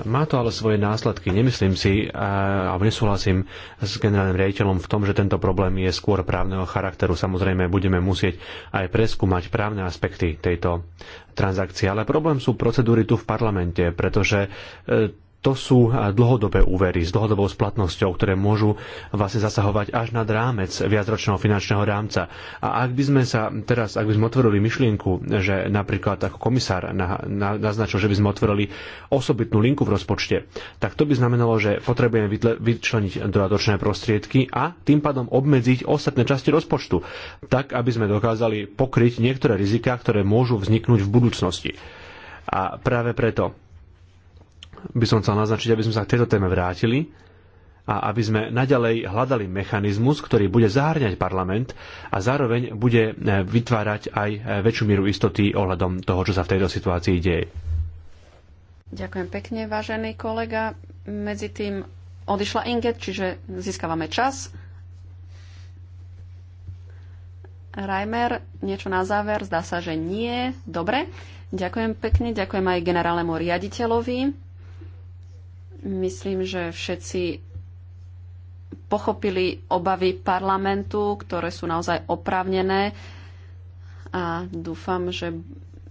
Má to ale svoje následky. Nemyslím si, a nesúhlasím s generálnym riaditeľom v tom, že tento problém je skôr právneho charakteru. Samozrejme, budeme musieť aj preskúmať skúmať právne aspekty tejto transakcie. Ale problém sú procedúry tu v parlamente, pretože e, to sú dlhodobé úvery s dlhodobou splatnosťou, ktoré môžu vlastne zasahovať až nad rámec viacročného finančného rámca. A ak by sme sa teraz, ak by sme otvorili myšlienku, že napríklad ako komisár naznačil, že by sme otvorili osobitnú linku v rozpočte, tak to by znamenalo, že potrebujeme vyčleniť dodatočné prostriedky a tým pádom obmedziť ostatné časti rozpočtu, tak aby sme dokázali pokryť niektoré riziká, ktoré môžu vzniknúť v budúcnosti. A práve preto by som chcel naznačiť, aby sme sa k tejto téme vrátili a aby sme naďalej hľadali mechanizmus, ktorý bude zahárňať parlament a zároveň bude e, vytvárať aj e, väčšiu mieru istoty ohľadom toho, čo sa v tejto situácii deje. Ďakujem pekne, vážený kolega. Medzi tým odišla inget, čiže získavame čas. Reimer, niečo na záver? Zdá sa, že nie. Dobre. Ďakujem pekne, ďakujem aj generálnemu riaditeľovi. Myslím, že všetci pochopili obavy parlamentu, ktoré sú naozaj oprávnené a dúfam, že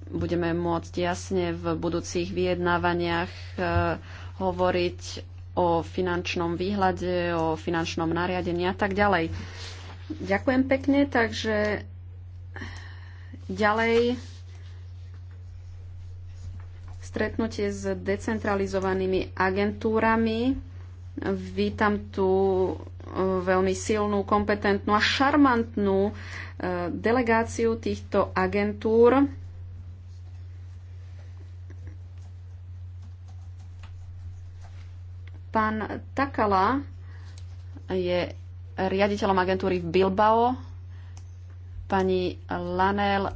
budeme môcť jasne v budúcich vyjednávaniach e, hovoriť o finančnom výhľade, o finančnom nariadení a tak ďalej. Ďakujem pekne, takže ďalej stretnutie s decentralizovanými agentúrami. Vítam tu e, veľmi silnú, kompetentnú a šarmantnú e, delegáciu týchto agentúr. Pán Takala je riaditeľom agentúry v Bilbao, pani Lanel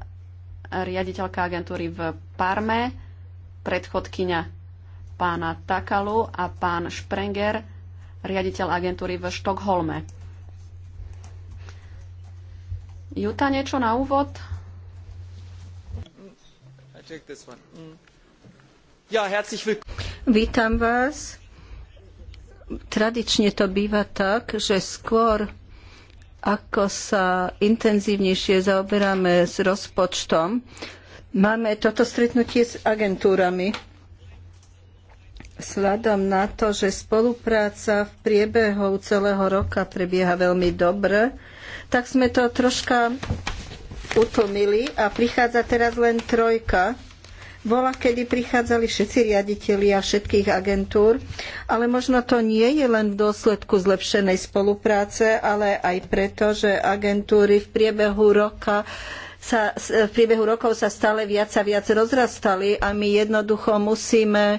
riaditeľka agentúry v Parme predchodkyňa pána Takalu a pán Sprenger, riaditeľ agentúry v Štokholme. Juta, niečo na úvod? Mm. Vítam vás. Tradične to býva tak, že skôr ako sa intenzívnejšie zaoberáme s rozpočtom, Máme toto stretnutie s agentúrami. Sladom na to, že spolupráca v priebehu celého roka prebieha veľmi dobre, tak sme to troška utlmili a prichádza teraz len trojka. Bola, kedy prichádzali všetci riaditeľi a všetkých agentúr, ale možno to nie je len v dôsledku zlepšenej spolupráce, ale aj preto, že agentúry v priebehu roka sa v priebehu rokov sa stále viac a viac rozrastali a my jednoducho musíme e,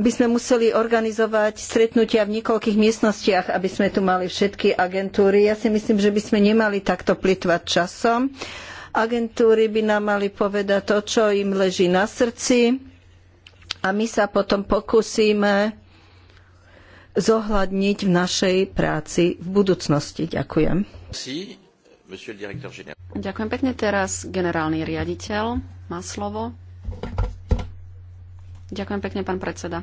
by sme museli organizovať stretnutia v niekoľkých miestnostiach, aby sme tu mali všetky agentúry. Ja si myslím, že by sme nemali takto plitvať časom. Agentúry by nám mali povedať to, čo im leží na srdci a my sa potom pokúsime zohľadniť v našej práci v budúcnosti. Ďakujem. Sí. Ďakujem pekne. Teraz generálny riaditeľ má slovo. Ďakujem pekne, pán predseda.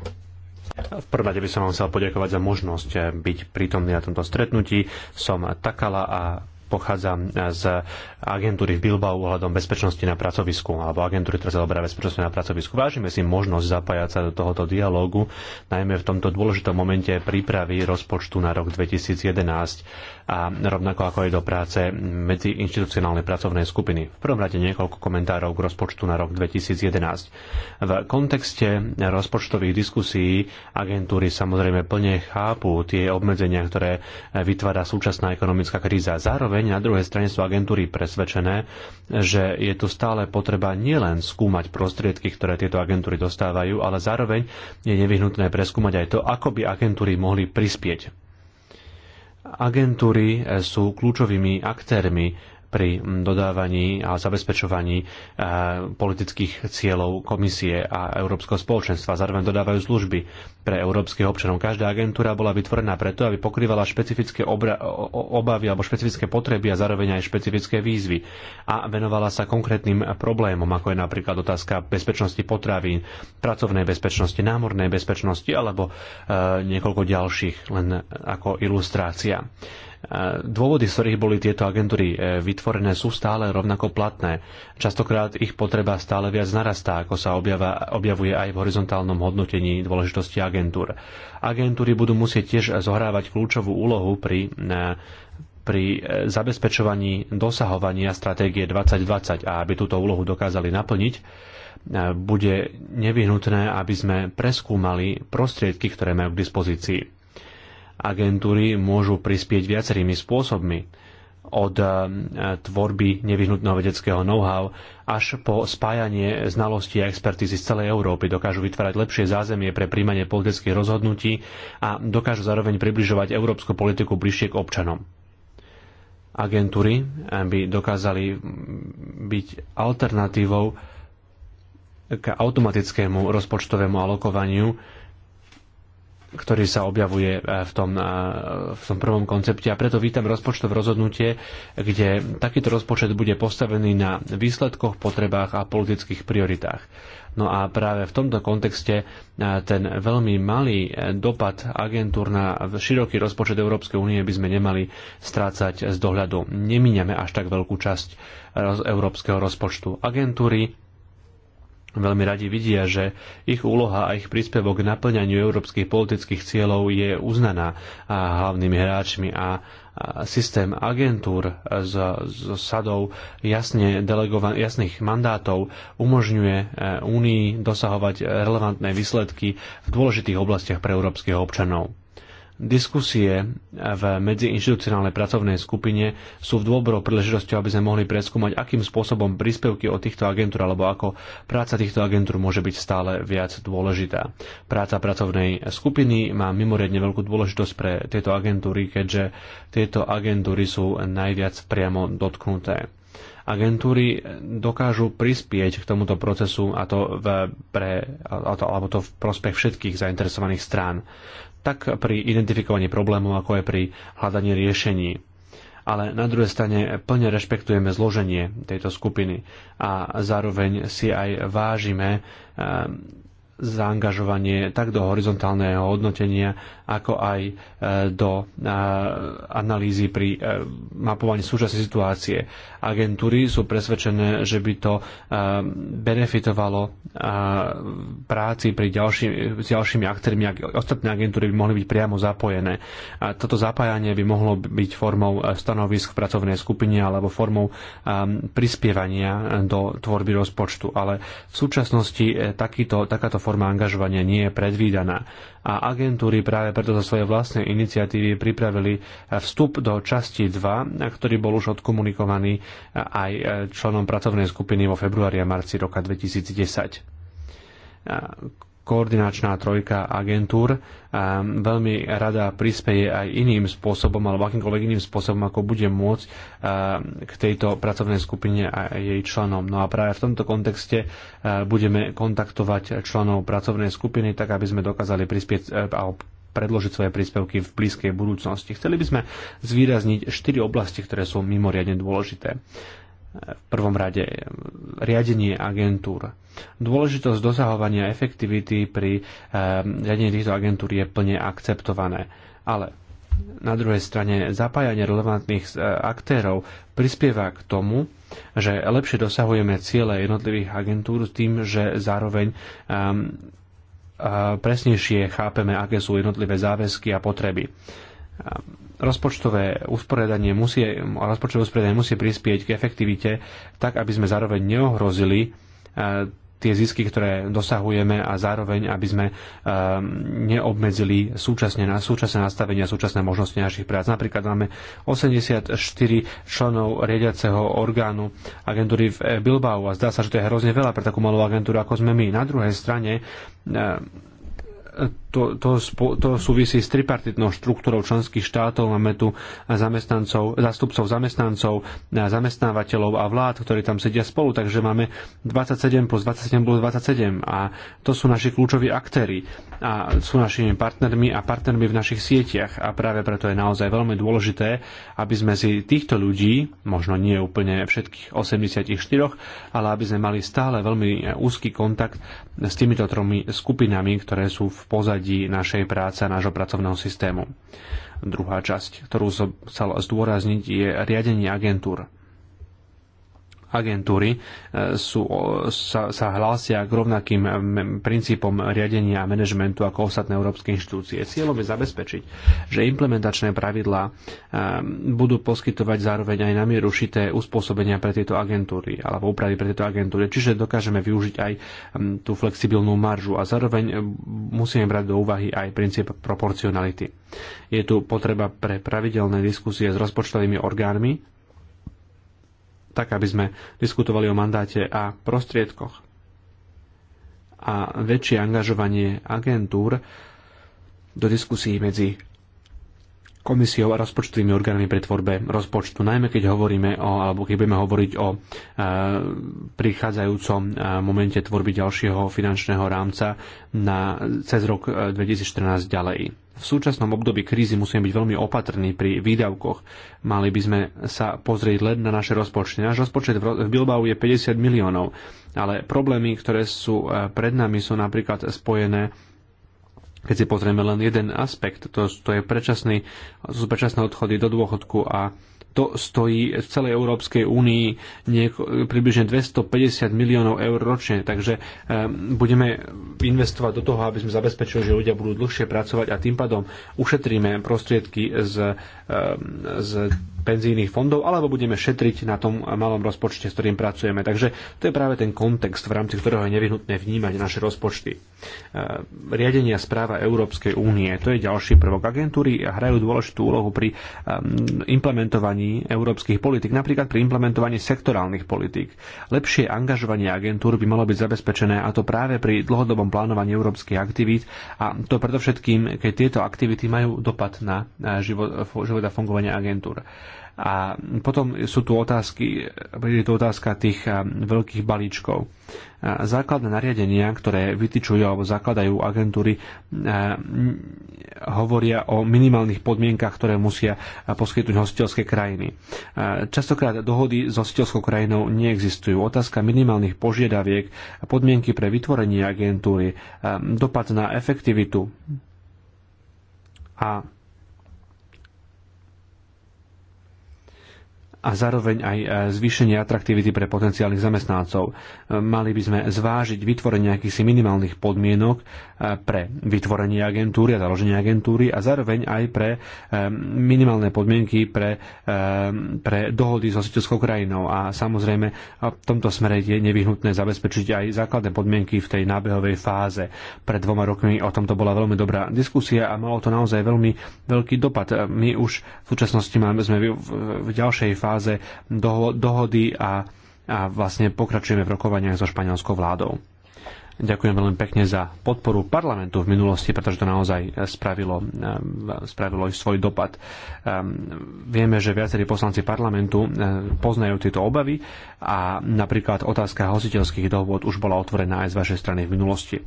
V prvom rade by som vám chcel poďakovať za možnosť eh, byť prítomný na tomto stretnutí. Som Takala a pochádzam eh, z agentúry v Bilbao ohľadom bezpečnosti na pracovisku, alebo agentúry, ktorá zaoberá bezpečnosti na pracovisku. Vážime si možnosť zapájať sa do tohoto dialógu, najmä v tomto dôležitom momente prípravy rozpočtu na rok 2011 a rovnako ako aj do práce medzi inštitucionálnej pracovnej skupiny. V prvom rade niekoľko komentárov k rozpočtu na rok 2011. V kontexte rozpočtových diskusí agentúry samozrejme plne chápu tie obmedzenia, ktoré vytvára súčasná ekonomická kríza. Zároveň na druhej strane sú agentúry presvedčené, že je tu stále potreba nielen skúmať prostriedky, ktoré tieto agentúry dostávajú, ale zároveň je nevyhnutné preskúmať aj to, ako by agentúry mohli prispieť agentúry eh, sú kľúčovými aktérmi pri dodávaní a zabezpečovaní e, politických cieľov komisie a Európskeho spoločenstva. Zároveň dodávajú služby pre európskych občanov. Každá agentúra bola vytvorená preto, aby pokrývala špecifické obavy alebo špecifické potreby a zároveň aj špecifické výzvy. A venovala sa konkrétnym problémom, ako je napríklad otázka bezpečnosti potravín, pracovnej bezpečnosti, námornej bezpečnosti alebo e, niekoľko ďalších, len ako ilustrácia. Dôvody, z ktorých boli tieto agentúry e, vytvorené, sú stále rovnako platné. Častokrát ich potreba stále viac narastá, ako sa objava, objavuje aj v horizontálnom hodnotení dôležitosti agentúr. Agentúry budú musieť tiež zohrávať kľúčovú úlohu pri e, pri e, zabezpečovaní dosahovania stratégie 2020 a aby túto úlohu dokázali naplniť, bude nevyhnutné, aby sme preskúmali prostriedky, ktoré majú k dispozícii agentúry môžu prispieť viacerými spôsobmi od eh, tvorby nevyhnutného vedeckého know-how až po spájanie znalostí a expertízy z celej Európy. Dokážu vytvárať lepšie zázemie pre príjmanie politických rozhodnutí a dokážu zároveň približovať európsku politiku bližšie k občanom. Agentúry eh, by dokázali byť alternatívou k automatickému rozpočtovému alokovaniu ktorý sa objavuje e, v tom, e, v tom prvom koncepte. A preto vítam rozpočtov rozhodnutie, kde takýto rozpočet bude postavený na výsledkoch, potrebách a politických prioritách. No a práve v tomto kontexte e, ten veľmi malý dopad agentúr na široký rozpočet Európskej únie by sme nemali strácať z dohľadu. Nemíňame až tak veľkú časť európskeho rozpočtu. Agentúry veľmi radi vidia, že ich úloha a ich príspevok k naplňaniu európskych politických cieľov je uznaná hlavnými hráčmi a systém agentúr s, s sadou jasne delegovan- jasných mandátov umožňuje e, Únii dosahovať relevantné výsledky v dôležitých oblastiach pre európskych občanov. Diskusie v medziinstitucionálnej pracovnej skupine sú v dôbro príležitosťou, aby sme mohli preskúmať, akým spôsobom príspevky od týchto agentúr alebo ako práca týchto agentúr môže byť stále viac dôležitá. Práca pracovnej skupiny má mimoriadne veľkú dôležitosť pre tieto agentúry, keďže tieto agentúry sú najviac priamo dotknuté agentúry dokážu prispieť k tomuto procesu a to, v, pre, a to, alebo to v prospech všetkých zainteresovaných strán tak pri identifikovaní problémov, ako aj pri hľadaní riešení ale na druhej strane plne rešpektujeme zloženie tejto skupiny a zároveň si aj vážime ehm, zaangažovanie tak do horizontálneho hodnotenia, ako aj e, do e, analýzy pri e, mapovaní súčasnej situácie. Agentúry sú presvedčené, že by to benefitovalo práci pri ďalší, s ďalšími aktérmi, ak ostatné agentúry by mohli byť priamo zapojené. A toto zapájanie by mohlo byť formou stanovisk v pracovnej skupine alebo formou prispievania do tvorby rozpočtu. Ale v súčasnosti takýto, takáto forma angažovania nie je predvídaná. A agentúry práve preto zo svojej vlastnej iniciatívy pripravili e, vstup do časti 2, ktorý bol už odkomunikovaný e, aj e, členom pracovnej skupiny vo februári a marci roka 2010 koordinačná trojka agentúr veľmi rada prispieje aj iným spôsobom alebo akýmkoľvek iným spôsobom, ako bude môcť k tejto pracovnej skupine a jej členom. No a práve v tomto kontexte budeme kontaktovať členov pracovnej skupiny, tak aby sme dokázali prispieť a predložiť svoje príspevky v blízkej budúcnosti. Chceli by sme zvýrazniť štyri oblasti, ktoré sú mimoriadne dôležité v prvom rade riadenie agentúr. Dôležitosť dosahovania efektivity pri eh, riadení týchto agentúr je plne akceptované, ale na druhej strane zapájanie relevantných eh, aktérov prispieva k tomu, že lepšie dosahujeme ciele jednotlivých agentúr tým, že zároveň ehm, presnejšie chápeme, aké sú jednotlivé záväzky a potreby rozpočtové usporiadanie musí, rozpočtové usporiadanie musí prispieť k efektivite, tak aby sme zároveň neohrozili tie zisky, ktoré dosahujeme a zároveň, aby sme eh, neobmedzili súčasne, na, súčasné nastavenia a súčasné možnosti našich prác. Napríklad máme 84 členov riadiaceho orgánu agentúry v eh, Bilbao a zdá sa, že to je hrozne veľa pre takú malú agentúru, ako sme my. Na druhej strane eh, to, to, to súvisí s tripartitnou štruktúrou členských štátov. Máme tu zamestnancov, zastupcov zamestnancov, zamestnávateľov a vlád, ktorí tam sedia spolu, takže máme 27 plus 27 plus 27 a to sú naši kľúčoví aktéry a sú našimi partnermi a partnermi v našich sieťach a práve preto je naozaj veľmi dôležité, aby sme si týchto ľudí, možno nie úplne všetkých 84, ale aby sme mali stále veľmi úzky kontakt s týmito tromi skupinami, ktoré sú v pozadí pozadí našej práce a nášho pracovného systému. Druhá časť, ktorú som chcel zdôrazniť, je riadenie agentúr agentúry e, sú, sa, sa hlásia k rovnakým e, princípom riadenia a manažmentu ako ostatné európske inštitúcie. Cieľom je zabezpečiť, že implementačné pravidlá e, budú poskytovať zároveň aj na šité uspôsobenia pre tieto agentúry alebo úpravy pre tieto agentúry, čiže dokážeme využiť aj tú flexibilnú maržu a zároveň musíme brať do úvahy aj princíp proporcionality. Je tu potreba pre pravidelné diskusie s rozpočtovými orgánmi tak aby sme diskutovali o mandáte a prostriedkoch a väčšie angažovanie agentúr do diskusí medzi komisiou a rozpočtovými orgánmi pri tvorbe rozpočtu, najmä keď hovoríme o, alebo keď budeme hovoriť o e, prichádzajúcom e, momente tvorby ďalšieho finančného rámca na, cez rok 2014 e, ďalej v súčasnom období krízy musíme byť veľmi opatrní pri výdavkoch. Mali by sme sa pozrieť len na naše rozpočty. Náš rozpočet v Bilbao je 50 miliónov, ale problémy, ktoré sú e, pred nami, sú napríklad spojené keď si pozrieme len jeden aspekt, to, to je predčasný, sú predčasné odchody do dôchodku a to stojí v celej Európskej únii nieko, približne 250 miliónov eur ročne. Takže eh, budeme investovať do toho, aby sme zabezpečili, že ľudia budú dlhšie pracovať a tým pádom ušetríme prostriedky z, eh, z penzijných fondov, alebo budeme šetriť na tom malom rozpočte, s ktorým pracujeme. Takže to je práve ten kontext, v rámci ktorého je nevyhnutné vnímať naše rozpočty. E, Riadenia správa Európskej únie, to je ďalší prvok. Agentúry hrajú dôležitú úlohu pri implementovaní európskych politik, napríklad pri implementovaní sektorálnych politik. Lepšie angažovanie agentúr by malo byť zabezpečené a to práve pri dlhodobom plánovaní európskych aktivít a to predovšetkým, keď tieto aktivity majú dopad na e, život, život a fungovanie agentúr. A potom sú tu otázky, je tu otázka tých veľkých balíčkov. Základné nariadenia, ktoré vytýčujú alebo zakladajú agentúry, hovoria o minimálnych podmienkach, ktoré musia poskytnúť hostiteľské krajiny. Častokrát dohody s hostiteľskou krajinou neexistujú. Otázka minimálnych požiadaviek, podmienky pre vytvorenie agentúry, dopad na efektivitu a a zároveň aj e, zvýšenie atraktivity pre potenciálnych zamestnancov. E, mali by sme zvážiť vytvorenie akýchsi minimálnych podmienok e, pre vytvorenie agentúry a založenie agentúry a zároveň aj pre minimálne podmienky pre, pre dohody s hostiteľskou krajinou. A samozrejme v tomto smere je nevyhnutné zabezpečiť aj základné podmienky v tej nábehovej fáze. Pred dvoma rokmi o tomto bola veľmi dobrá diskusia a malo to naozaj veľmi veľký dopad. My už v súčasnosti máme, sme v, v, v ďalšej fáze fáze dohody a, a vlastne pokračujeme v rokovaniach so španielskou vládou. Ďakujem veľmi pekne za podporu parlamentu v minulosti, pretože to naozaj spravilo, eh, spravilo aj svoj dopad. Ehm, vieme, že viacerí poslanci parlamentu eh, poznajú tieto obavy a napríklad otázka hostiteľských dohôd už bola otvorená aj z vašej strany v minulosti.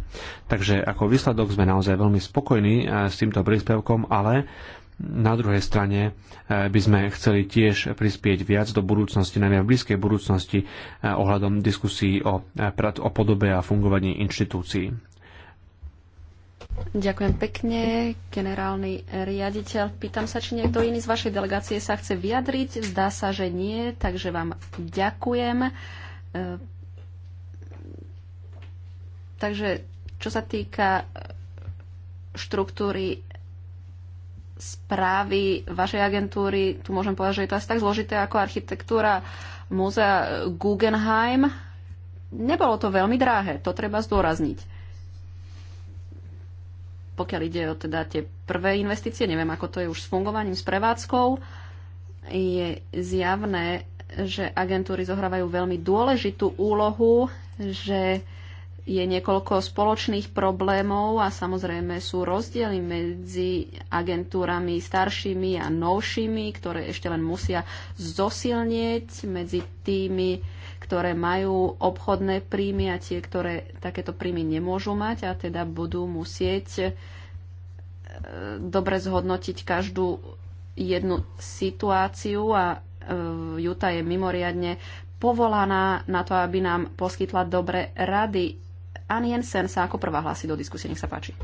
Takže ako výsledok sme naozaj veľmi spokojní eh, s týmto príspevkom, ale na druhej strane e, by sme chceli tiež prispieť viac do budúcnosti, najmä v blízkej budúcnosti, e, ohľadom diskusí o, e, o podobe a fungovaní inštitúcií. Ďakujem pekne, generálny riaditeľ. Pýtam sa, či niekto iný z vašej delegácie sa chce vyjadriť. Zdá sa, že nie, takže vám ďakujem. Takže čo sa týka štruktúry správy vašej agentúry, tu môžem povedať, že je to asi tak zložité ako architektúra múzea Guggenheim. Nebolo to veľmi drahé, to treba zdôrazniť. Pokiaľ ide o teda tie prvé investície, neviem, ako to je už s fungovaním, s prevádzkou, je zjavné, že agentúry zohrávajú veľmi dôležitú úlohu, že je niekoľko spoločných problémov a samozrejme sú rozdiely medzi agentúrami staršími a novšími, ktoré ešte len musia zosilnieť medzi tými, ktoré majú obchodné príjmy a tie, ktoré takéto príjmy nemôžu mať a teda budú musieť e, dobre zhodnotiť každú jednu situáciu a Juta e, je mimoriadne povolaná na to, aby nám poskytla dobré rady Ann Jensen sa ako prvá hlási do diskusie. Nech sa páči.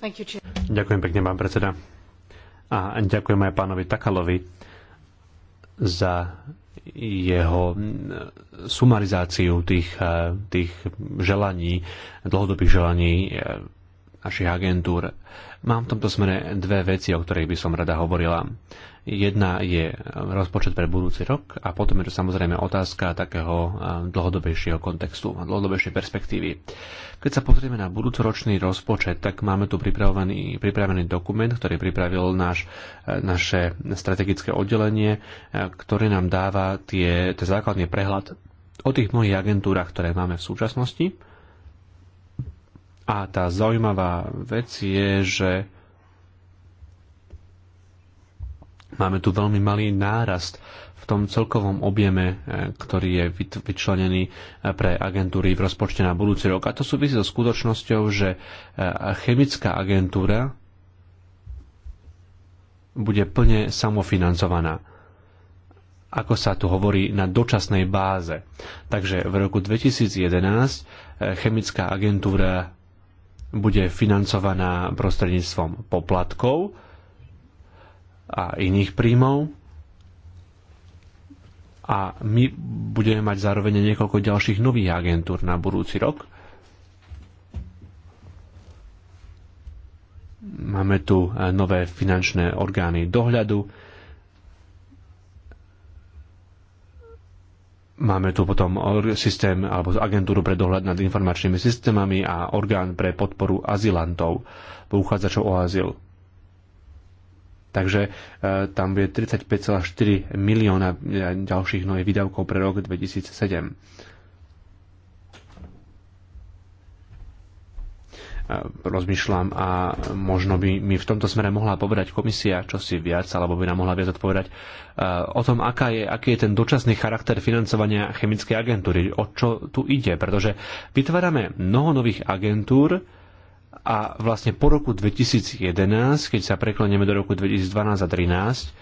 You, ďakujem pekne, pán predseda. A ďakujem aj pánovi Takalovi za jeho sumarizáciu tých, eh, tých želaní, dlhodobých želaní eh, našich agentúr. Mám v tomto smere dve veci, o ktorých by som rada hovorila. Jedna je rozpočet pre budúci rok a potom je to samozrejme otázka takého eh, dlhodobejšieho kontextu a dlhodobejšej perspektívy. Keď sa pozrieme na budúcoročný rozpočet, tak máme tu pripravený, pripravený dokument, ktorý pripravil náš, eh, naše strategické oddelenie, eh, ktoré nám dáva tie, tie základný prehľad o tých mnohých agentúrach, ktoré máme v súčasnosti a tá zaujímavá vec je, že máme tu veľmi malý nárast v tom celkovom objeme, e, ktorý je vyčlenený e, pre agentúry v rozpočte na budúci rok. A to súvisí so skutočnosťou, že e, chemická agentúra bude plne samofinancovaná ako sa tu hovorí, na dočasnej báze. Takže v roku 2011 chemická agentúra bude financovaná prostredníctvom poplatkov a iných príjmov. A my budeme mať zároveň niekoľko ďalších nových agentúr na budúci rok. Máme tu eh, nové finančné orgány dohľadu, Máme tu potom systém alebo agentúru pre dohľad nad informačnými systémami a orgán pre podporu azylantov, uchádzačov o azyl. Takže e, tam je 35,4 milióna e, ďalších nových výdavkov pre rok 2007 rozmýšľam a možno by mi v tomto smere mohla povedať komisia čo si viac, alebo by nám mohla viac odpovedať e, o tom, aká je, aký je ten dočasný charakter financovania chemickej agentúry, o čo tu ide, pretože vytvárame mnoho nových agentúr, a vlastne po roku 2011, keď sa preklonieme do roku 2012 a 2013,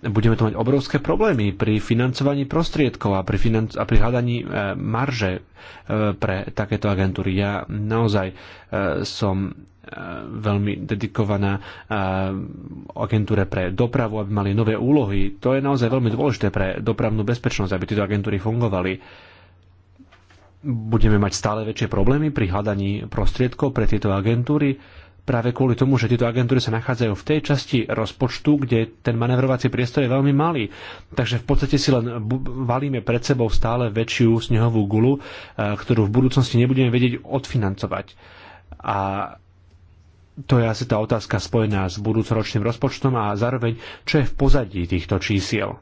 budeme to mať obrovské problémy pri financovaní prostriedkov a pri, financ- a pri hľadaní e, marže e, pre takéto agentúry. Ja naozaj e, som veľmi dedikovaná agentúre pre dopravu, aby mali nové úlohy. To je naozaj veľmi dôležité pre dopravnú bezpečnosť, aby tieto agentúry fungovali. Budeme mať stále väčšie problémy pri hľadaní prostriedkov pre tieto agentúry práve kvôli tomu, že tieto agentúry sa nachádzajú v tej časti rozpočtu, kde ten manevrovací priestor je veľmi malý. Takže v podstate si len valíme pred sebou stále väčšiu snehovú gulu, e, ktorú v budúcnosti nebudeme vedieť odfinancovať. A to je asi tá otázka spojená s budúcoročným rozpočtom a zároveň, čo je v pozadí týchto čísiel.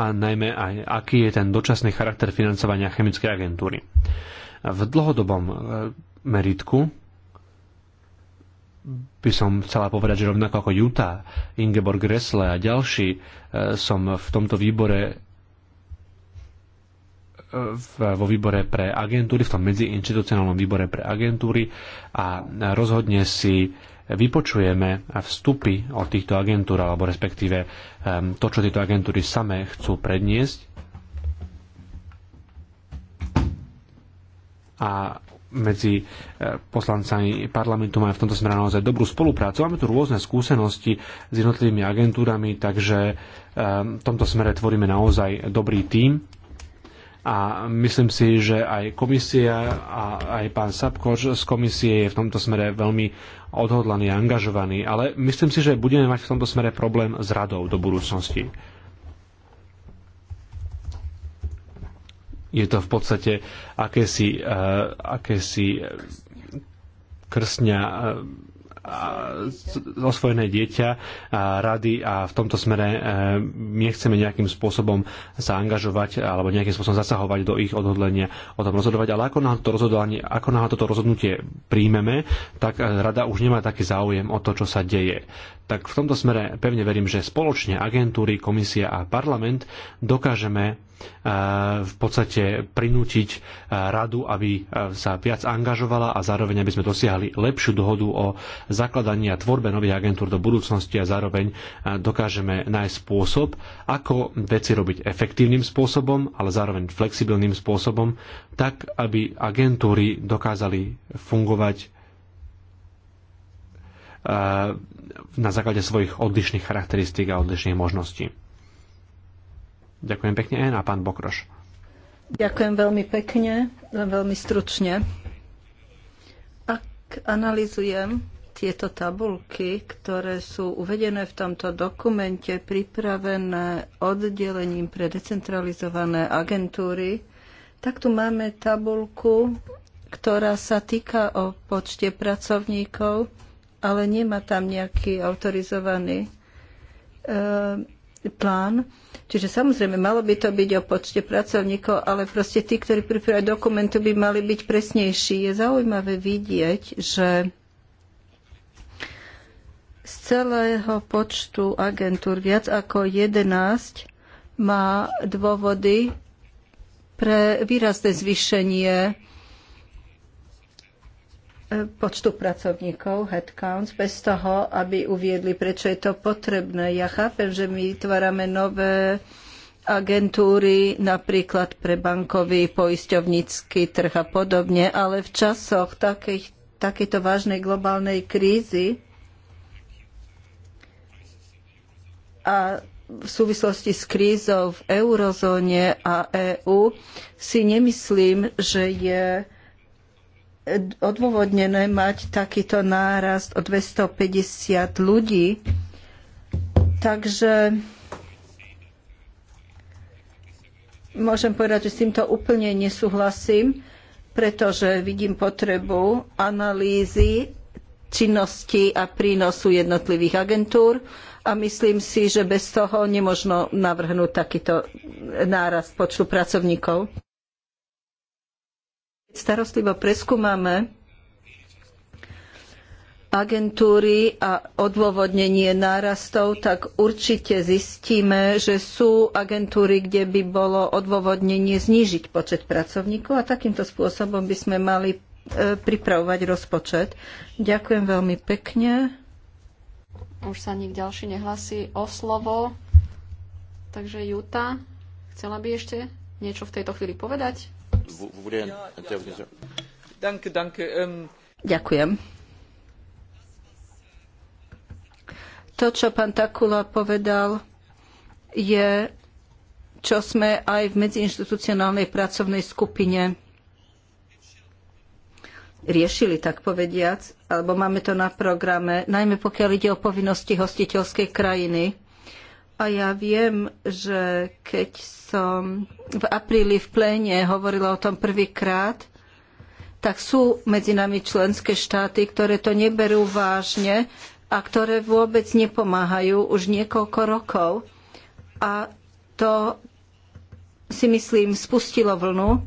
A najmä aj, aký je ten dočasný charakter financovania chemickej agentúry. V dlhodobom e, meritku by som chcela povedať, že rovnako ako Juta, Ingeborg Gressle a ďalší e, som v tomto výbore e, vo výbore pre agentúry, v tom medziinstitucionálnom výbore pre agentúry a rozhodne si vypočujeme vstupy od týchto agentúr, alebo respektíve e, to, čo tieto agentúry same chcú predniesť. A medzi e, poslancami parlamentu majú v tomto smere naozaj dobrú spoluprácu. Máme tu rôzne skúsenosti s jednotlivými agentúrami, takže e, v tomto smere tvoríme naozaj dobrý tím. A myslím si, že aj komisia a aj pán Sapkoč z komisie je v tomto smere veľmi odhodlaný a angažovaný, ale myslím si, že budeme mať v tomto smere problém s radou do budúcnosti Je to v podstate akési, eh, akési krsňa eh, osvojené dieťa a eh, rady a v tomto smere nechceme nejakým spôsobom sa angažovať alebo nejakým spôsobom zasahovať do ich odhodlenia o tom rozhodovať, ale ako náhle toto, rozhodovanie, ako náhle toto rozhodnutie príjmeme, tak rada už nemá taký záujem o to, čo sa deje tak v tomto smere pevne verím, že spoločne agentúry, komisia a parlament dokážeme e, v podstate prinútiť e, radu, aby e, sa viac angažovala a zároveň, aby sme dosiahli lepšiu dohodu o zakladaní a tvorbe nových agentúr do budúcnosti a zároveň dokážeme nájsť spôsob, ako veci robiť efektívnym spôsobom, ale zároveň flexibilným spôsobom, tak, aby agentúry dokázali fungovať na základe svojich odlišných charakteristík a odlišných možností. Ďakujem pekne a pán Bokroš. Ďakujem veľmi pekne, len veľmi stručne. Ak analizujem tieto tabulky, ktoré sú uvedené v tomto dokumente, pripravené oddelením pre decentralizované agentúry, tak tu máme tabulku, ktorá sa týka o počte pracovníkov ale nemá tam nejaký autorizovaný e, plán. Čiže samozrejme, malo by to byť o počte pracovníkov, ale proste tí, ktorí pripravujú dokumentu, by mali byť presnejší. Je zaujímavé vidieť, že z celého počtu agentúr viac ako 11 má dôvody pre výrazné zvýšenie počtu pracovníkov, headcounts, bez toho, aby uviedli, prečo je to potrebné. Ja chápem, že my vytvárame nové agentúry, napríklad pre bankový, poisťovnícky trh a podobne, ale v časoch takej, takejto vážnej globálnej krízy a v súvislosti s krízou v eurozóne a EÚ si nemyslím, že je odôvodnené mať takýto nárast o 250 ľudí. Takže môžem povedať, že s týmto úplne nesúhlasím, pretože vidím potrebu analýzy činnosti a prínosu jednotlivých agentúr a myslím si, že bez toho nemožno navrhnúť takýto nárast počtu pracovníkov starostlivo preskúmame agentúry a odôvodnenie nárastov, tak určite zistíme, že sú agentúry, kde by bolo odôvodnenie znížiť počet pracovníkov a takýmto spôsobom by sme mali e, pripravovať rozpočet. Ďakujem veľmi pekne. Už sa nik ďalší nehlasí o slovo. Takže Juta, chcela by ešte niečo v tejto chvíli povedať? Er ähm. Ďakujem. To, čo pán Takula povedal, je, čo sme aj v medziinstitucionálnej pracovnej skupine riešili, tak povediac, alebo máme to na programe, najmä pokiaľ ide o povinnosti hostiteľskej krajiny. A ja viem, že keď som v apríli v pléne hovorila o tom prvýkrát, tak sú medzi nami členské štáty, ktoré to neberú vážne a ktoré vôbec nepomáhajú už niekoľko rokov. A to si myslím spustilo vlnu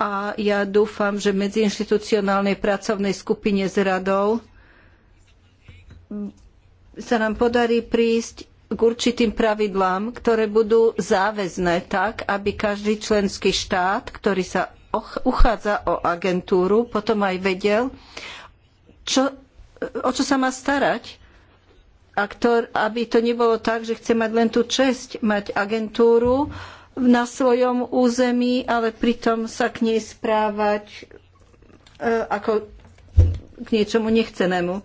a ja dúfam, že medziinštitucionálnej pracovnej skupine s radou sa nám podarí prísť k určitým pravidlám, ktoré budú záväzné tak, aby každý členský štát, ktorý sa uchádza o agentúru, potom aj vedel, čo, o čo sa má starať. A ktor, aby to nebolo tak, že chce mať len tú česť mať agentúru na svojom území, ale pritom sa k nej správať e, ako k niečomu nechcenému.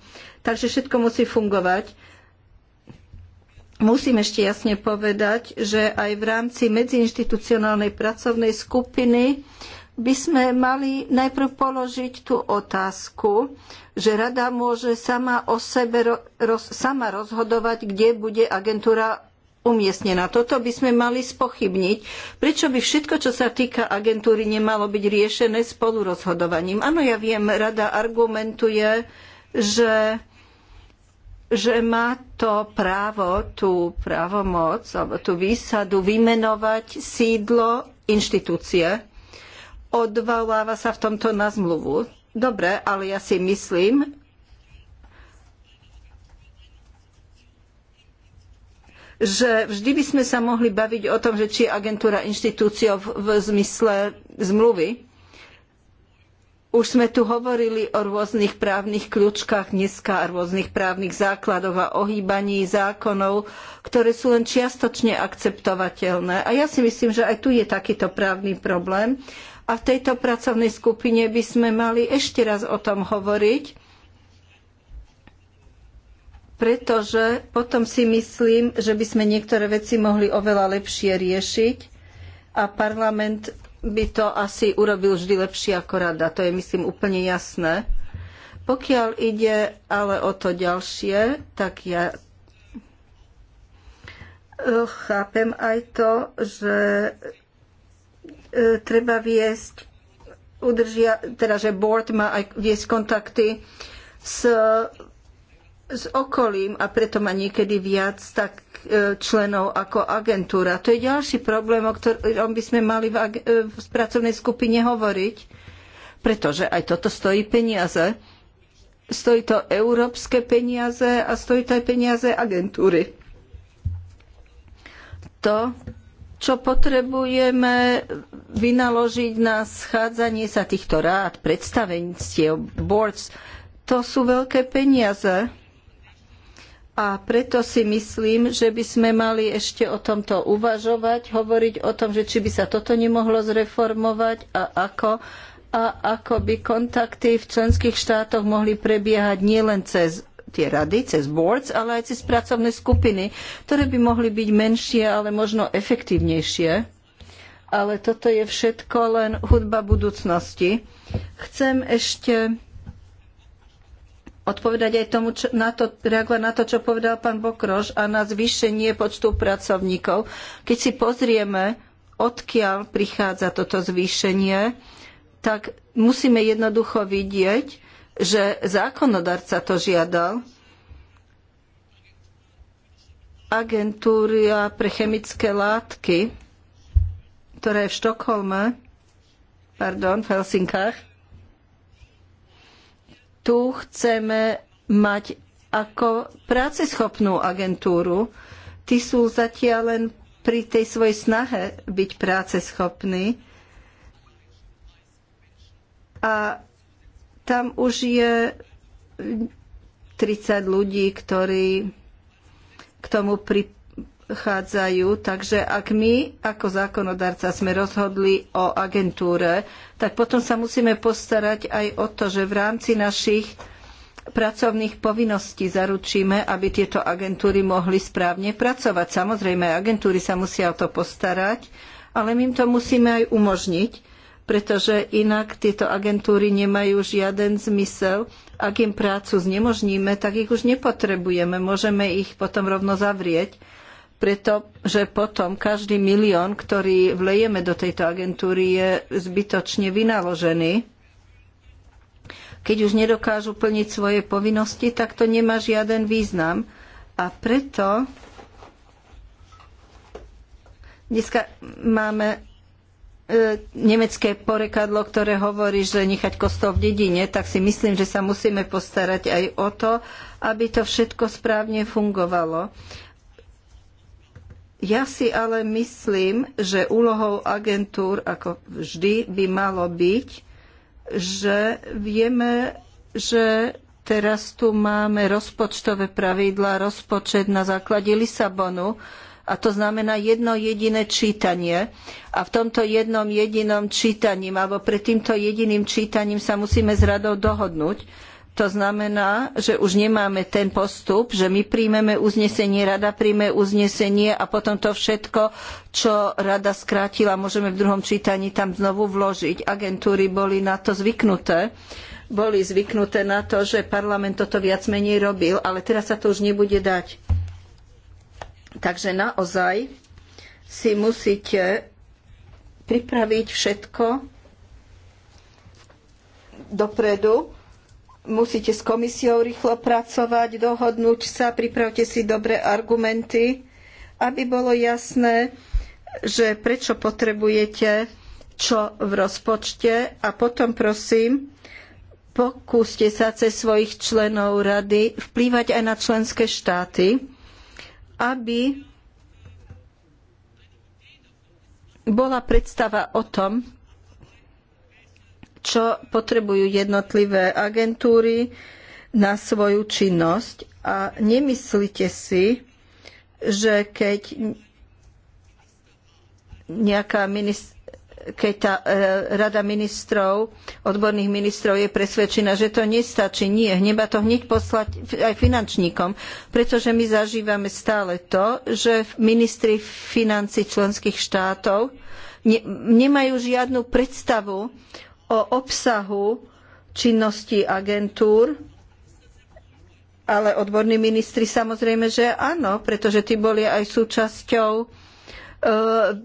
Takže všetko musí fungovať. Musím ešte jasne povedať, že aj v rámci medziinštitucionálnej pracovnej skupiny by sme mali najprv položiť tú otázku, že rada môže sama o sebe roz, sama rozhodovať, kde bude agentúra umiestnená. Toto by sme mali spochybniť. Prečo by všetko, čo sa týka agentúry, nemalo byť riešené spolurozhodovaním? Áno, ja viem, rada argumentuje, že že má to právo, tú právomoc, alebo tú výsadu vymenovať sídlo inštitúcie. Odvoláva sa v tomto na zmluvu. Dobre, ale ja si myslím, že vždy by sme sa mohli baviť o tom, že či je agentúra inštitúciou v, v zmysle zmluvy už sme tu hovorili o rôznych právnych kľúčkach dneska a rôznych právnych základoch a ohýbaní zákonov, ktoré sú len čiastočne akceptovateľné. A ja si myslím, že aj tu je takýto právny problém. A v tejto pracovnej skupine by sme mali ešte raz o tom hovoriť, pretože potom si myslím, že by sme niektoré veci mohli oveľa lepšie riešiť a parlament by to asi urobil vždy lepšie ako rada. To je, myslím, úplne jasné. Pokiaľ ide ale o to ďalšie, tak ja eh, chápem aj to, že eh, treba viesť, udržia, teda že board má aj viesť kontakty s s okolím a preto má niekedy viac tak e, členov ako agentúra. To je ďalší problém, o ktorom by sme mali v, e, v pracovnej skupine hovoriť, pretože aj toto stojí peniaze. Stojí to európske peniaze a stojí to aj peniaze agentúry. To, čo potrebujeme vynaložiť na schádzanie sa týchto rád, predstavenstiev, boards, to sú veľké peniaze a preto si myslím, že by sme mali ešte o tomto uvažovať, hovoriť o tom, že či by sa toto nemohlo zreformovať a ako a ako by kontakty v členských štátoch mohli prebiehať nielen cez tie rady, cez boards, ale aj cez pracovné skupiny, ktoré by mohli byť menšie, ale možno efektívnejšie. Ale toto je všetko len hudba budúcnosti. Chcem ešte odpovedať aj tomu, čo, na to, reagovať na to, čo povedal pán Bokroš a na zvýšenie počtu pracovníkov. Keď si pozrieme, odkiaľ prichádza toto zvýšenie, tak musíme jednoducho vidieť, že zákonodarca to žiadal. Agentúria pre chemické látky, ktorá je v Štokholme, pardon, v Helsinkách, tu chceme mať ako práceschopnú agentúru. Tí sú zatiaľ len pri tej svojej snahe byť práceschopní. A tam už je 30 ľudí, ktorí k tomu pri, nepochádzajú, takže ak my ako zákonodarca sme rozhodli o agentúre, tak potom sa musíme postarať aj o to, že v rámci našich pracovných povinností zaručíme, aby tieto agentúry mohli správne pracovať. Samozrejme, agentúry sa musia o to postarať, ale my im to musíme aj umožniť, pretože inak tieto agentúry nemajú žiaden zmysel. Ak im prácu znemožníme, tak ich už nepotrebujeme, môžeme ich potom rovno zavrieť pretože potom každý milión, ktorý vlejeme do tejto agentúry, je zbytočne vynaložený. Keď už nedokážu plniť svoje povinnosti, tak to nemá žiaden význam. A preto dneska máme e, nemecké porekadlo, ktoré hovorí, že nechať kostol v dedine, tak si myslím, že sa musíme postarať aj o to, aby to všetko správne fungovalo. Ja si ale myslím, že úlohou agentúr, ako vždy, by malo byť, že vieme, že teraz tu máme rozpočtové pravidla, rozpočet na základe Lisabonu, a to znamená jedno jediné čítanie. A v tomto jednom jedinom čítaním, alebo pred týmto jediným čítaním sa musíme s radou dohodnúť. To znamená, že už nemáme ten postup, že my príjmeme uznesenie, rada príjme uznesenie a potom to všetko, čo rada skrátila, môžeme v druhom čítaní tam znovu vložiť. Agentúry boli na to zvyknuté boli zvyknuté na to, že parlament toto viac menej robil, ale teraz sa to už nebude dať. Takže naozaj si musíte pripraviť všetko dopredu Musíte s komisiou rýchlo pracovať, dohodnúť sa, pripravte si dobré argumenty, aby bolo jasné, že prečo potrebujete čo v rozpočte a potom prosím, pokúste sa cez svojich členov rady vplývať aj na členské štáty, aby bola predstava o tom, čo potrebujú jednotlivé agentúry na svoju činnosť. A nemyslite si, že keď nejaká minister keď tá e, rada ministrov, odborných ministrov je presvedčená, že to nestačí. Nie, hneba to hneď poslať aj finančníkom, pretože my zažívame stále to, že ministri financí členských štátov nemajú žiadnu predstavu o obsahu činnosti agentúr, ale odborní ministri samozrejme, že áno, pretože tí boli aj súčasťou e,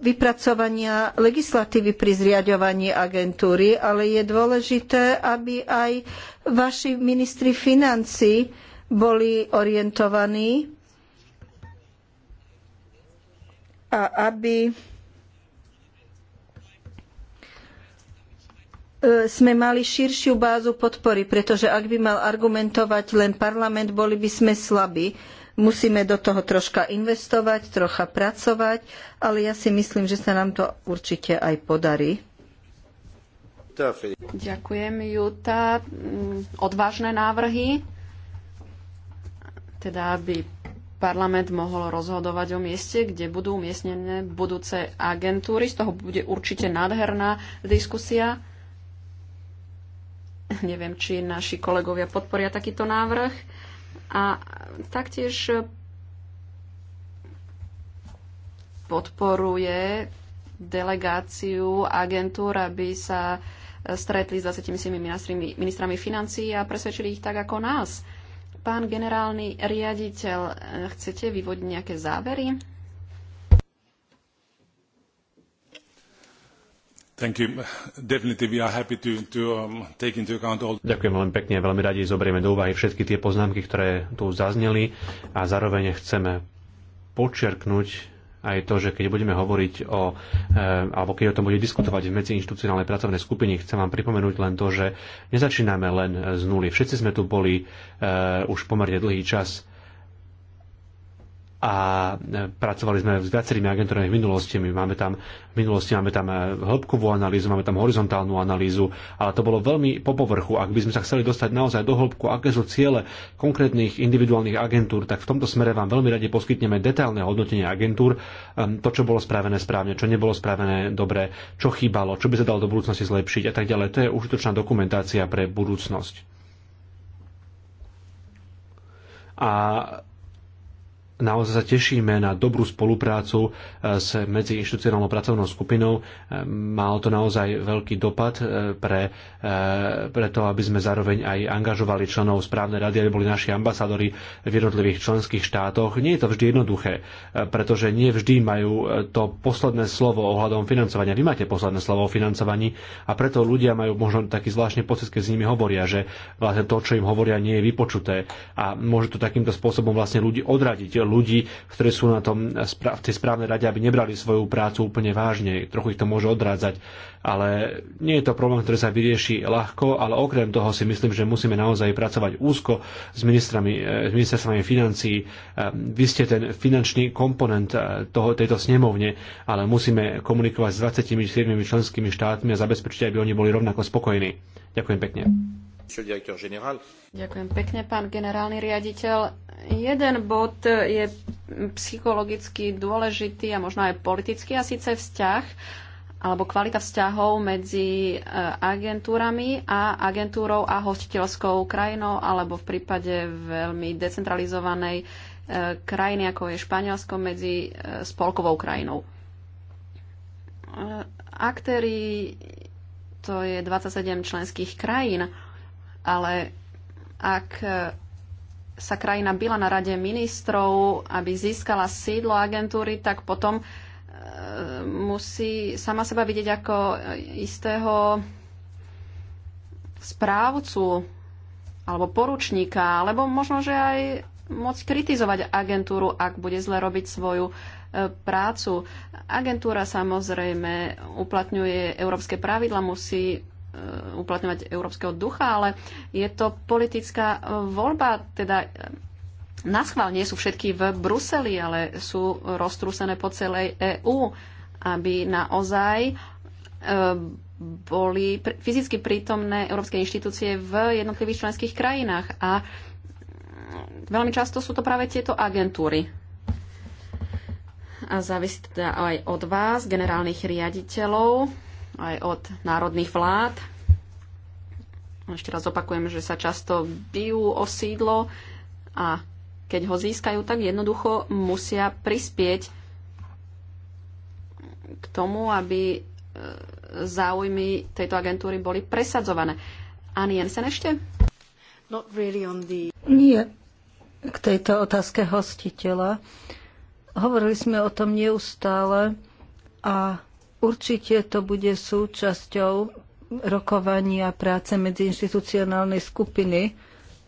vypracovania legislatívy pri zriaďovaní agentúry, ale je dôležité, aby aj vaši ministri financí boli orientovaní a aby E, sme mali širšiu bázu podpory, pretože ak by mal argumentovať len parlament, boli by sme slabí. Musíme do toho troška investovať, trocha pracovať, ale ja si myslím, že sa nám to určite aj podarí. Ďakujem, Juta. Mm, odvážne návrhy, teda aby parlament mohol rozhodovať o mieste, kde budú umiestnené budúce agentúry. Z toho bude určite nádherná diskusia Neviem, či naši kolegovia podporia takýto návrh. A taktiež podporuje delegáciu agentúr, aby sa stretli s 27 ministrami, ministrami financií a presvedčili ich tak ako nás. Pán generálny riaditeľ, chcete vyvodiť nejaké závery? Um, Ďakujem veľmi pekne, veľmi radi zoberieme do úvahy všetky tie poznámky, ktoré tu zazneli a zároveň chceme počerknúť aj to, že keď budeme hovoriť o, e, alebo keď o tom bude diskutovať v medziinstitucionálnej pracovnej skupine, chcem vám pripomenúť len to, že nezačíname len z nuly. Všetci sme tu boli e, už pomerne dlhý čas a e, pracovali sme s viacerými agentúrami v minulosti. My máme tam, v minulosti máme tam e, hĺbkovú analýzu, máme tam horizontálnu analýzu, ale to bolo veľmi po povrchu. Ak by sme sa chceli dostať naozaj do hĺbku, aké sú ciele konkrétnych individuálnych agentúr, tak v tomto smere vám veľmi radi poskytneme detailné hodnotenie agentúr, to, čo bolo spravené správne, čo nebolo spravené dobre, čo chýbalo, čo by sa dalo do budúcnosti zlepšiť a tak ďalej. To je užitočná dokumentácia pre budúcnosť. A naozaj sa tešíme na dobrú spoluprácu e, s inštitucionálnou pracovnou skupinou. E, malo to naozaj veľký dopad e, pre, pre to, aby sme zároveň aj angažovali členov správnej rady, aby boli naši ambasádori v jednotlivých členských štátoch. Nie je to vždy jednoduché, pretože nie vždy majú to posledné slovo ohľadom financovania. Vy máte posledné slovo o financovaní a preto ľudia majú možno taký zvláštny pocit, keď s nimi hovoria, že vlastne to, čo im hovoria, nie je vypočuté a môže to takýmto spôsobom vlastne ľudí odradiť ľudí, ktorí sú na tom v tej správnej rade, aby nebrali svoju prácu úplne vážne. Trochu ich to môže odrádzať, ale nie je to problém, ktorý sa vyrieši ľahko, ale okrem toho si myslím, že musíme naozaj pracovať úzko s, ministrami, eh, s ministerstvami financií. Eh, vy ste ten finančný komponent eh, toho, tejto snemovne, ale musíme komunikovať s 27 členskými štátmi a zabezpečiť, aby oni boli rovnako spokojní. Ďakujem pekne. Ďakujem pekne, pán generálny riaditeľ. Jeden bod je psychologicky dôležitý a možno aj politický, a síce vzťah alebo kvalita vzťahov medzi eh, agentúrami a agentúrou a hostiteľskou krajinou, alebo v prípade veľmi decentralizovanej eh, krajiny, ako je Španielsko, medzi eh, spolkovou krajinou. Aktéry to je 27 členských krajín ale ak e, sa krajina byla na rade ministrov, aby získala sídlo agentúry, tak potom e, musí sama seba vidieť ako istého správcu alebo poručníka, alebo možno, že aj môcť kritizovať agentúru, ak bude zle robiť svoju e, prácu. Agentúra samozrejme uplatňuje európske pravidla, musí E, uplatňovať európskeho ducha, ale je to politická voľba, teda e, na schvál nie sú všetky v Bruseli, ale sú roztrúsené po celej EÚ, aby naozaj e, boli fyzicky prítomné európske inštitúcie v jednotlivých členských krajinách. A veľmi často sú to práve tieto agentúry. A závisí teda aj od vás, generálnych riaditeľov, aj od národných vlád. Ešte raz opakujem, že sa často bijú o sídlo a keď ho získajú, tak jednoducho musia prispieť k tomu, aby e, záujmy tejto agentúry boli presadzované. Ani Jensen ešte? Not really on the... Nie. K tejto otázke hostiteľa. Hovorili sme o tom neustále a Určite to bude súčasťou rokovania práce medzi inštitucionálnej skupiny.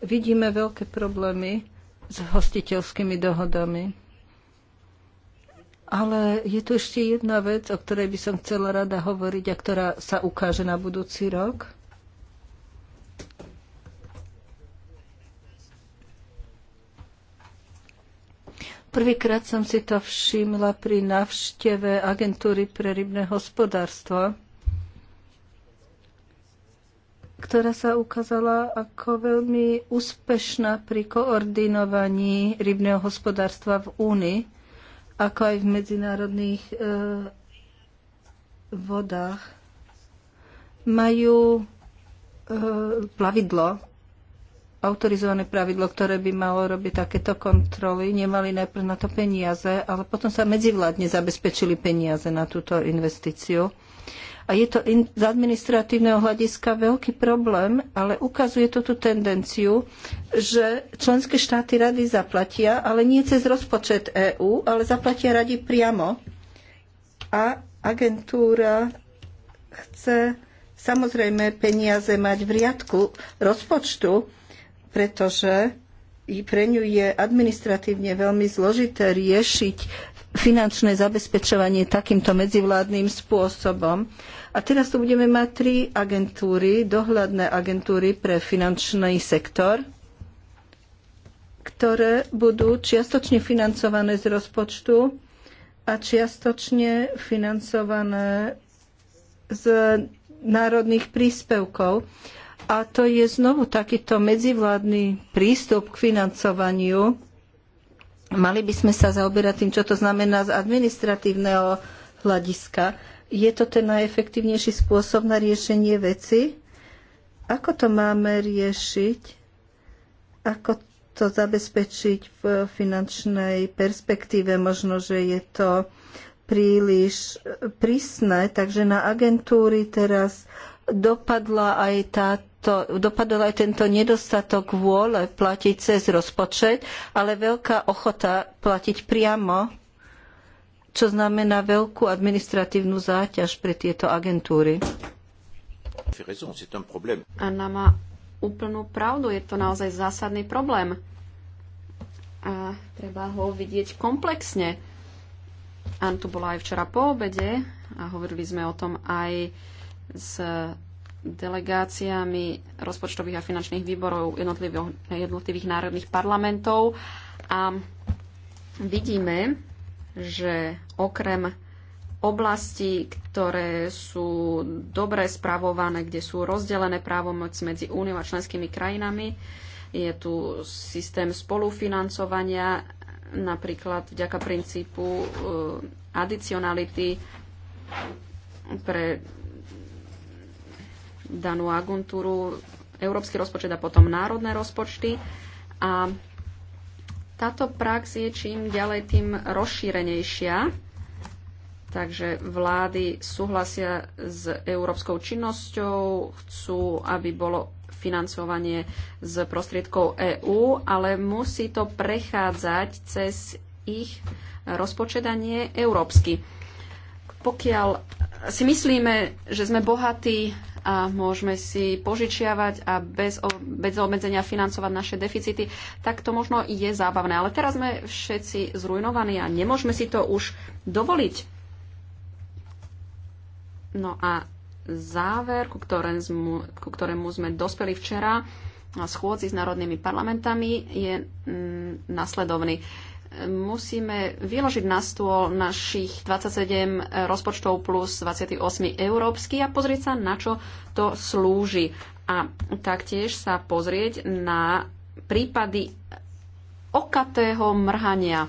Vidíme veľké problémy s hostiteľskými dohodami. Ale je tu ešte jedna vec, o ktorej by som chcela rada hovoriť a ktorá sa ukáže na budúci rok. Prvýkrát som si to všimla pri návšteve agentúry pre rybné hospodárstvo, ktorá sa ukázala ako veľmi úspešná pri koordinovaní rybného hospodárstva v Únii, ako aj v medzinárodných e, vodách. Majú e, plavidlo, autorizované pravidlo, ktoré by malo robiť takéto kontroly, nemali najprv na to peniaze, ale potom sa medzivládne zabezpečili peniaze na túto investíciu. A je to in, z administratívneho hľadiska veľký problém, ale ukazuje to tú tendenciu, že členské štáty rady zaplatia, ale nie cez rozpočet EÚ, ale zaplatia rady priamo. A agentúra chce samozrejme peniaze mať v riadku rozpočtu, pretože i pre ňu je administratívne veľmi zložité riešiť finančné zabezpečovanie takýmto medzivládnym spôsobom. A teraz tu budeme mať tri agentúry, dohľadné agentúry pre finančný sektor, ktoré budú čiastočne financované z rozpočtu a čiastočne financované z národných príspevkov. A to je znovu takýto medzivládny prístup k financovaniu. Mali by sme sa zaoberať tým, čo to znamená z administratívneho hľadiska. Je to ten najefektívnejší spôsob na riešenie veci? Ako to máme riešiť? Ako to zabezpečiť v finančnej perspektíve? Možno, že je to príliš prísne, takže na agentúry teraz dopadla aj táto to, dopadol aj tento nedostatok vôle platiť cez rozpočet, ale veľká ochota platiť priamo, čo znamená veľkú administratívnu záťaž pre tieto agentúry. Anna má úplnú pravdu, je to naozaj zásadný problém. A treba ho vidieť komplexne. An tu bola aj včera po obede a hovorili sme o tom aj s delegáciami rozpočtových a finančných výborov jednotlivých národných parlamentov a vidíme, že okrem oblasti, ktoré sú dobre spravované, kde sú rozdelené právomoc medzi úniou a členskými krajinami. Je tu systém spolufinancovania, napríklad vďaka princípu eh, adicionality pre danú agentúru, európsky rozpočet a potom národné rozpočty. A táto prax je čím ďalej tým rozšírenejšia. Takže vlády súhlasia s európskou činnosťou, chcú, aby bolo financovanie z prostriedkov EÚ, ale musí to prechádzať cez ich rozpočedanie európsky. Pokiaľ si myslíme, že sme bohatí a môžeme si požičiavať a bez, bez obmedzenia financovať naše deficity, tak to možno je zábavné. Ale teraz sme všetci zrujnovaní a nemôžeme si to už dovoliť. No a záver, ku ktorému, ku ktorému sme dospeli včera na schôdzi s národnými parlamentami, je mm, nasledovný musíme vyložiť na stôl našich 27 rozpočtov plus 28 európsky a pozrieť sa, na čo to slúži. A taktiež sa pozrieť na prípady okatého mrhania.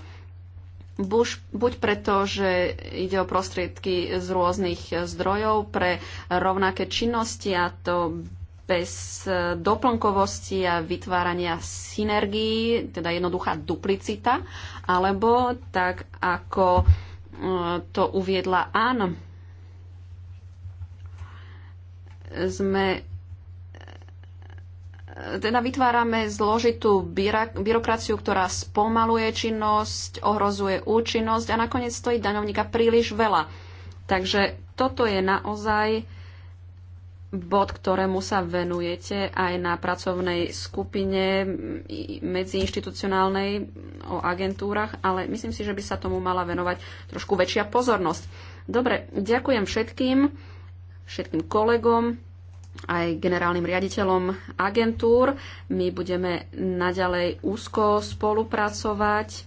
Buž, buď preto, že ide o prostriedky z rôznych zdrojov pre rovnaké činnosti a to bez e, doplnkovosti a vytvárania synergií, teda jednoduchá duplicita, alebo tak, ako e, to uviedla Ann, Sme e, teda vytvárame zložitú byrokraciu, ktorá spomaluje činnosť, ohrozuje účinnosť a nakoniec stojí daňovníka príliš veľa. Takže toto je naozaj bod, ktorému sa venujete aj na pracovnej skupine medziinstitucionálnej o agentúrach, ale myslím si, že by sa tomu mala venovať trošku väčšia pozornosť. Dobre, ďakujem všetkým, všetkým kolegom, aj generálnym riaditeľom agentúr. My budeme naďalej úzko spolupracovať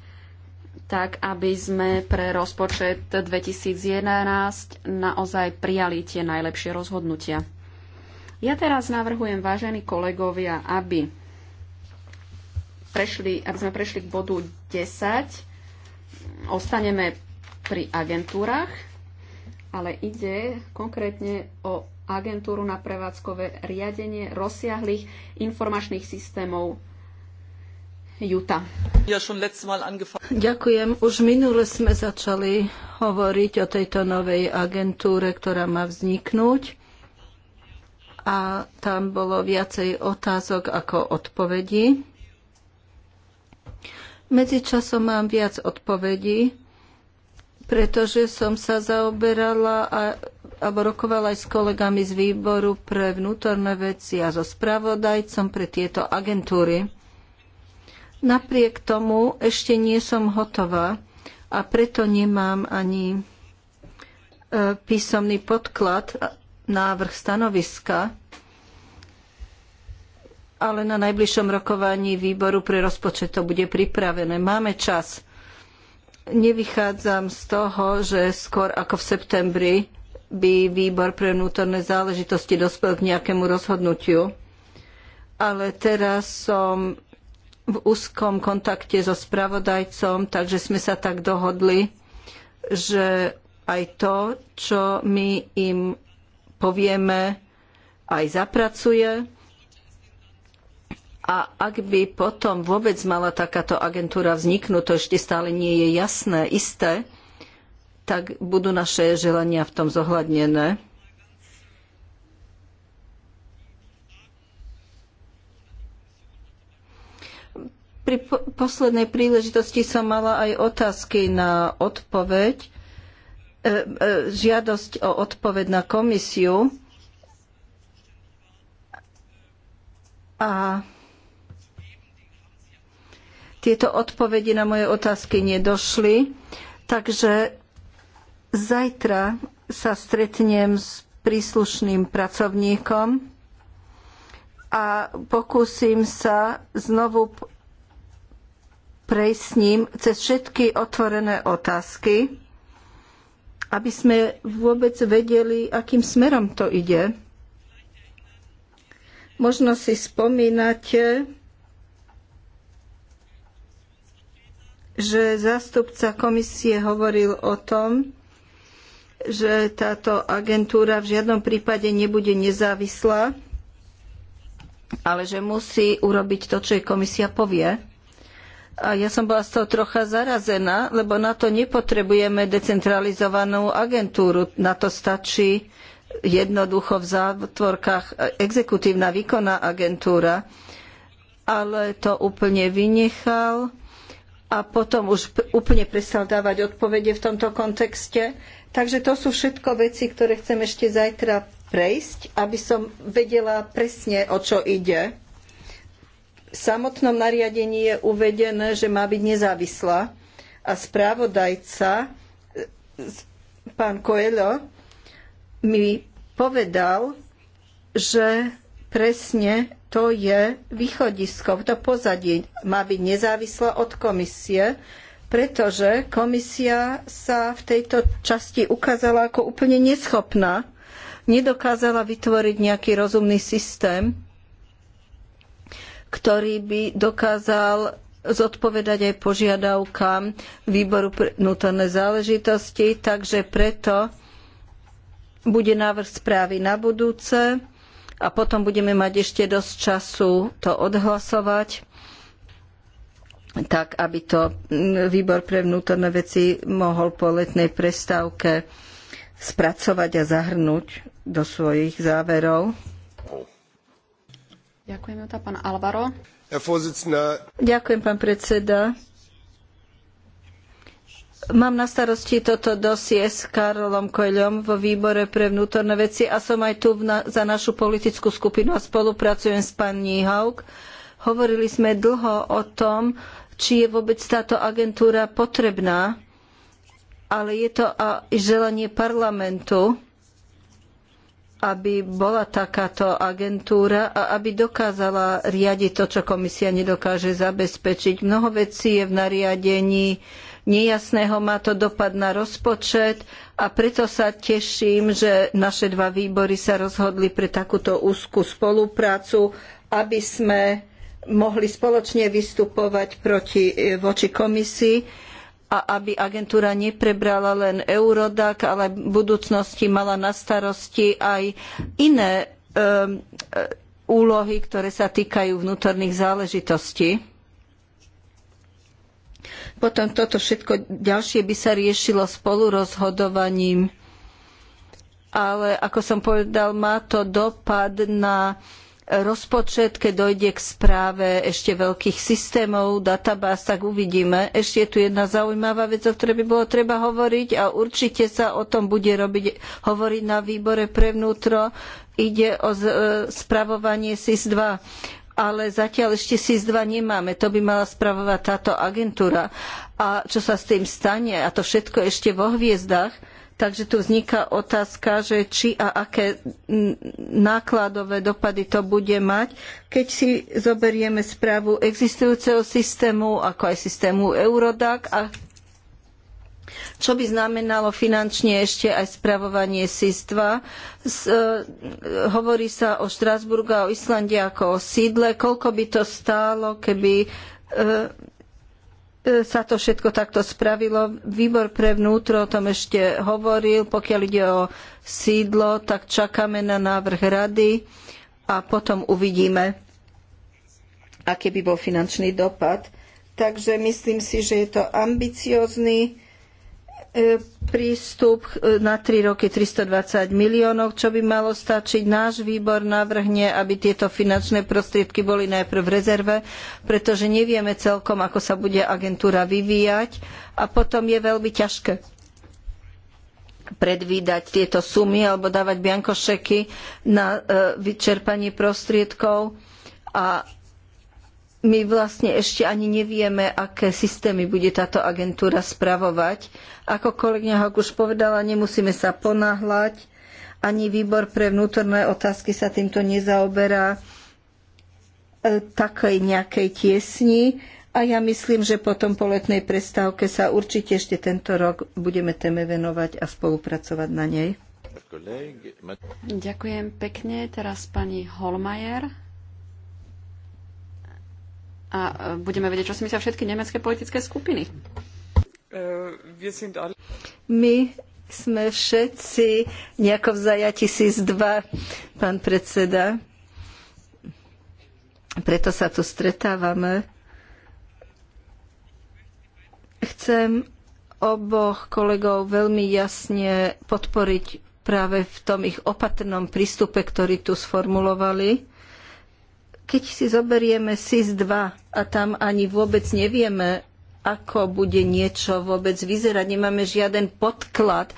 tak, aby sme pre rozpočet 2011 naozaj prijali tie najlepšie rozhodnutia. Ja teraz navrhujem, vážení kolegovia, aby, prešli, aby sme prešli k bodu 10. Ostaneme pri agentúrach, ale ide konkrétne o agentúru na prevádzkové riadenie rozsiahlých informačných systémov Juta. Ďakujem. Už minule sme začali hovoriť o tejto novej agentúre, ktorá má vzniknúť a tam bolo viacej otázok ako odpovedí. Medzičasom mám viac odpovedí, pretože som sa zaoberala a, alebo rokovala aj s kolegami z výboru pre vnútorné veci a so spravodajcom pre tieto agentúry. Napriek tomu ešte nie som hotová a preto nemám ani e, písomný podklad návrh stanoviska, ale na najbližšom rokovaní výboru pre rozpočet to bude pripravené. Máme čas. Nevychádzam z toho, že skôr ako v septembri by výbor pre vnútorné záležitosti dospel k nejakému rozhodnutiu. Ale teraz som v úzkom kontakte so spravodajcom, takže sme sa tak dohodli, že aj to, čo my im povieme, aj zapracuje. A ak by potom vôbec mala takáto agentúra vzniknúť, to ešte stále nie je jasné, isté, tak budú naše želania v tom zohľadnené. Pri po poslednej príležitosti som mala aj otázky na odpoveď E, e, žiadosť o odpoveď na komisiu a tieto odpovede na moje otázky nedošli, takže zajtra sa stretnem s príslušným pracovníkom a pokúsim sa znovu prejsť s ním cez všetky otvorené otázky aby sme vôbec vedeli, akým smerom to ide. Možno si spomínate, že zástupca komisie hovoril o tom, že táto agentúra v žiadnom prípade nebude nezávislá, ale že musí urobiť to, čo jej komisia povie. A ja som bola z toho trocha zarazená, lebo na to nepotrebujeme decentralizovanú agentúru. Na to stačí jednoducho v zátvorkách exekutívna výkonná agentúra. Ale to úplne vynechal a potom už úplne prestal dávať odpovede v tomto kontexte. Takže to sú všetko veci, ktoré chcem ešte zajtra prejsť, aby som vedela presne, o čo ide samotnom nariadení je uvedené, že má byť nezávislá a správodajca pán Coelho mi povedal, že presne to je východisko, to pozadie má byť nezávislá od komisie, pretože komisia sa v tejto časti ukázala ako úplne neschopná, nedokázala vytvoriť nejaký rozumný systém ktorý by dokázal zodpovedať aj požiadavkám výboru pre vnútorné záležitosti, takže preto bude návrh správy na budúce a potom budeme mať ešte dosť času to odhlasovať tak aby to výbor pre vnútorné veci mohol po letnej prestávke spracovať a zahrnúť do svojich záverov. Ďakujem, tá pán Alvaro. Ďakujem, pán predseda. Mám na starosti toto dosie s Karolom Koľom vo výbore pre vnútorné veci a som aj tu za našu politickú skupinu a spolupracujem s pani Haug. Hovorili sme dlho o tom, či je vôbec táto agentúra potrebná, ale je to aj želanie parlamentu aby bola takáto agentúra a aby dokázala riadiť to, čo komisia nedokáže zabezpečiť. Mnoho vecí je v nariadení nejasného, má to dopad na rozpočet a preto sa teším, že naše dva výbory sa rozhodli pre takúto úzku spoluprácu, aby sme mohli spoločne vystupovať proti, voči komisii a aby agentúra neprebrala len Eurodac, ale v budúcnosti mala na starosti aj iné ehm, e, úlohy, ktoré sa týkajú vnútorných záležitostí. Potom toto všetko ďalšie by sa riešilo spolurozhodovaním, ale ako som povedal, má to dopad na rozpočet, keď dojde k správe ešte veľkých systémov, databáz, tak uvidíme. Ešte je tu jedna zaujímavá vec, o ktorej by bolo treba hovoriť a určite sa o tom bude robiť, hovoriť na výbore pre vnútro. Ide o e, spravovanie SIS-2 ale zatiaľ ešte SIS-2 nemáme. To by mala spravovať táto agentúra. A čo sa s tým stane, a to všetko ešte vo hviezdach, Takže tu vzniká otázka, že či a aké nákladové dopady to bude mať, keď si zoberieme správu existujúceho systému, ako aj systému Eurodac a čo by znamenalo finančne ešte aj spravovanie sístva. E, hovorí sa o Štrasburgu a o Islande ako o sídle. Koľko by to stálo, keby e, E, sa to všetko takto spravilo. Výbor pre vnútro o tom ešte hovoril. Pokiaľ ide o sídlo, tak čakáme na návrh rady a potom uvidíme, aký by bol finančný dopad. Takže myslím si, že je to ambiciózny E, prístup e, na 3 roky 320 miliónov, čo by malo stačiť. Náš výbor navrhne, aby tieto finančné prostriedky boli najprv v rezerve, pretože nevieme celkom, ako sa bude agentúra vyvíjať a potom je veľmi ťažké predvídať tieto sumy alebo dávať biankošeky na e, vyčerpanie prostriedkov a my vlastne ešte ani nevieme, aké systémy bude táto agentúra spravovať. Ako kolegyňa Hak už povedala, nemusíme sa ponáhľať, ani výbor pre vnútorné otázky sa týmto nezaoberá e, takej nejakej tiesni a ja myslím, že potom po letnej prestávke sa určite ešte tento rok budeme téme venovať a spolupracovať na nej. Ďakujem pekne. Teraz pani Holmajer a e, budeme vedieť, čo si myslia všetky nemecké politické skupiny. My sme všetci nejako v zajati SIS-2, pán predseda. Preto sa tu stretávame. Chcem oboch kolegov veľmi jasne podporiť práve v tom ich opatrnom prístupe, ktorý tu sformulovali keď si zoberieme SIS-2 a tam ani vôbec nevieme, ako bude niečo vôbec vyzerať, nemáme žiaden podklad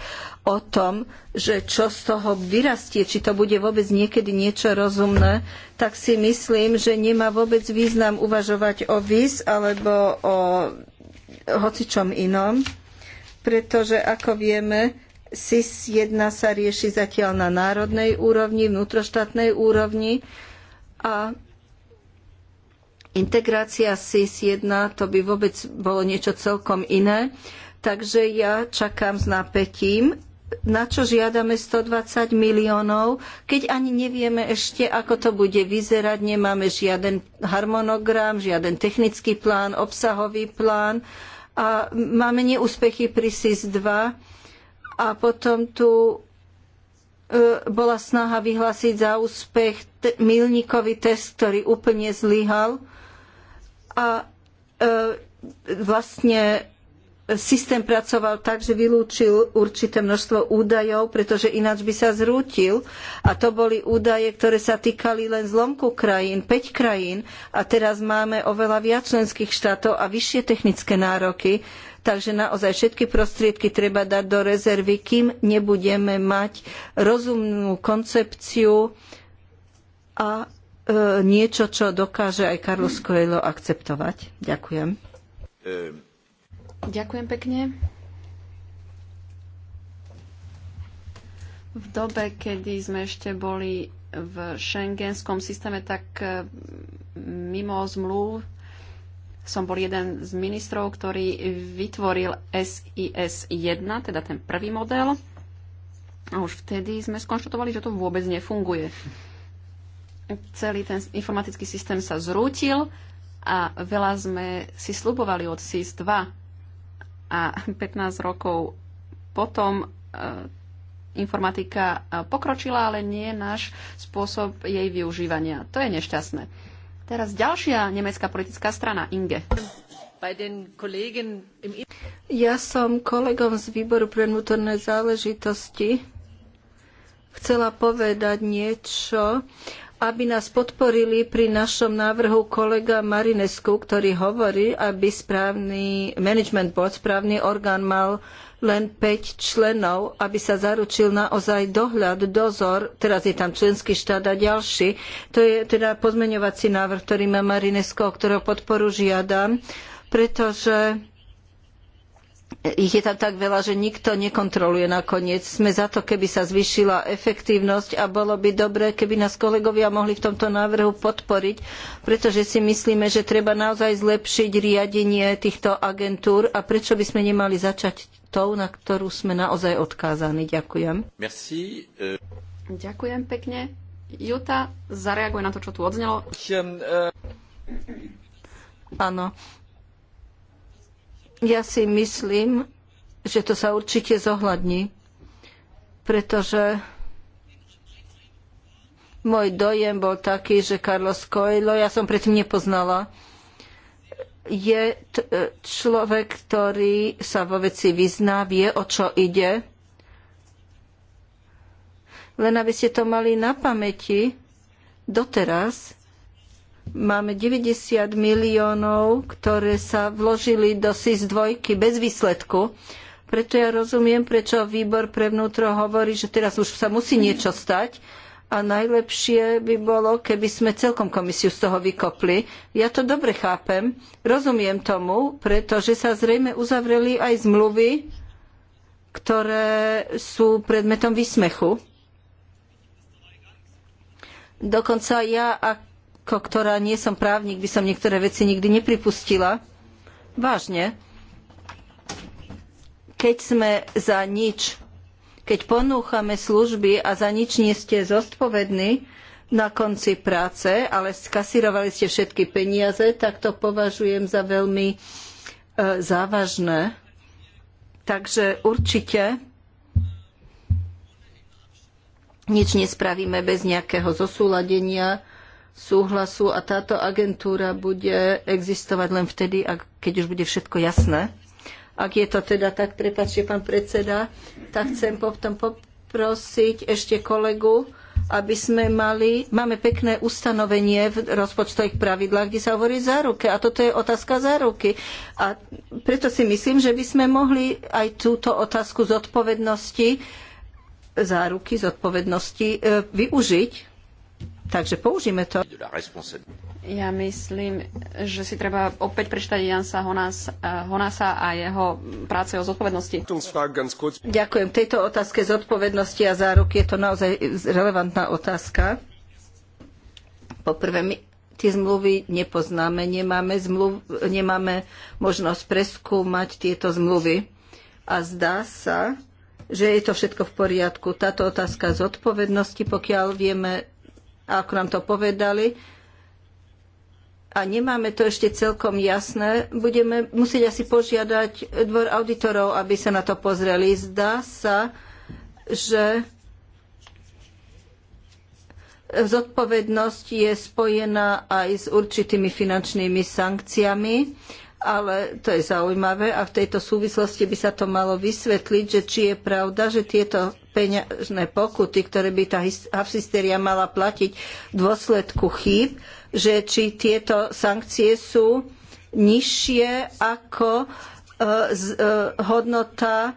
o tom, že čo z toho vyrastie, či to bude vôbec niekedy niečo rozumné, tak si myslím, že nemá vôbec význam uvažovať o VIS alebo o hocičom inom, pretože ako vieme, SIS-1 sa rieši zatiaľ na národnej úrovni, vnútroštátnej úrovni a integrácia SIS-1, to by vôbec bolo niečo celkom iné. Takže ja čakám s napätím, na čo žiadame 120 miliónov, keď ani nevieme ešte, ako to bude vyzerať, nemáme žiaden harmonogram, žiaden technický plán, obsahový plán a máme neúspechy pri SIS-2 a potom tu e, bola snaha vyhlásiť za úspech milníkový test, ktorý úplne zlyhal a e, vlastne systém pracoval tak, že vylúčil určité množstvo údajov, pretože ináč by sa zrútil. A to boli údaje, ktoré sa týkali len zlomku krajín, 5 krajín. A teraz máme oveľa viac členských štátov a vyššie technické nároky. Takže naozaj všetky prostriedky treba dať do rezervy, kým nebudeme mať rozumnú koncepciu a E, niečo, čo dokáže aj Carlos Coelho akceptovať. Ďakujem. Ďakujem pekne. V dobe, kedy sme ešte boli v šengenskom systéme, tak e, mimo zmluv som bol jeden z ministrov, ktorý vytvoril SIS-1, teda ten prvý model. A už vtedy sme skonštatovali, že to vôbec nefunguje celý ten informatický systém sa zrútil a veľa sme si slubovali od SIS-2 a 15 rokov potom e, informatika e, pokročila, ale nie náš spôsob jej využívania. To je nešťastné. Teraz ďalšia nemecká politická strana, Inge. Ja som kolegom z výboru pre vnútorné záležitosti chcela povedať niečo aby nás podporili pri našom návrhu kolega Marinesku, ktorý hovorí, aby správny management board, správny orgán mal len 5 členov, aby sa zaručil naozaj dohľad, dozor, teraz je tam členský štát a ďalší. To je teda pozmeňovací návrh, ktorý má Marinesko, o ktorého podporu žiadam, pretože ich je tam tak veľa, že nikto nekontroluje nakoniec. Sme za to, keby sa zvýšila efektívnosť a bolo by dobré, keby nás kolegovia mohli v tomto návrhu podporiť, pretože si myslíme, že treba naozaj zlepšiť riadenie týchto agentúr a prečo by sme nemali začať tou, na ktorú sme naozaj odkázaní. Ďakujem. Merci. Eh. Ďakujem pekne. Juta, zareaguje na to, čo tu odznelo. Eh. Áno, ja si myslím, že to sa určite zohľadní, pretože môj dojem bol taký, že Carlos Coelho, ja som predtým nepoznala, je e, človek, ktorý sa vo veci vyzná, vie, o čo ide. Len aby ste to mali na pamäti, doteraz Máme 90 miliónov, ktoré sa vložili do SIS-2 bez výsledku. Preto ja rozumiem, prečo výbor pre vnútro hovorí, že teraz už sa musí niečo stať a najlepšie by bolo, keby sme celkom komisiu z toho vykopli. Ja to dobre chápem, rozumiem tomu, pretože sa zrejme uzavreli aj zmluvy, ktoré sú predmetom výsmechu. Dokonca ja, ak ako ktorá nie som právnik, by som niektoré veci nikdy nepripustila. Vážne. Keď sme za nič, keď ponúchame služby a za nič nie ste zodpovední na konci práce, ale skasirovali ste všetky peniaze, tak to považujem za veľmi e, závažné. Takže určite nič nespravíme bez nejakého zosúladenia súhlasu a táto agentúra bude existovať len vtedy, ak, keď už bude všetko jasné. Ak je to teda tak, prepáčte, pán predseda, tak chcem potom poprosiť ešte kolegu, aby sme mali, máme pekné ustanovenie v rozpočtových pravidlách, kde sa hovorí záruke. A toto je otázka záruky. A preto si myslím, že by sme mohli aj túto otázku zodpovednosti, záruky zodpovednosti e, využiť Takže použijeme to. Ja myslím, že si treba opäť prečítať Jansa Honasa, eh, Honasa a jeho práce o zodpovednosti. Ďakujem. Tejto otázke zodpovednosti a záruky je to naozaj relevantná otázka. Poprvé, my tie zmluvy nepoznáme, nemáme, zmluv, nemáme možnosť preskúmať tieto zmluvy. A zdá sa, že je to všetko v poriadku. Táto otázka zodpovednosti, pokiaľ vieme, ako nám to povedali, a nemáme to ešte celkom jasné, budeme musieť asi požiadať dvor auditorov, aby sa na to pozreli. Zdá sa, že zodpovednosť je spojená aj s určitými finančnými sankciami, ale to je zaujímavé a v tejto súvislosti by sa to malo vysvetliť, že či je pravda, že tieto peňažné pokuty, ktoré by tá asistéria mala platiť v dôsledku chýb, že či tieto sankcie sú nižšie ako e, e, hodnota,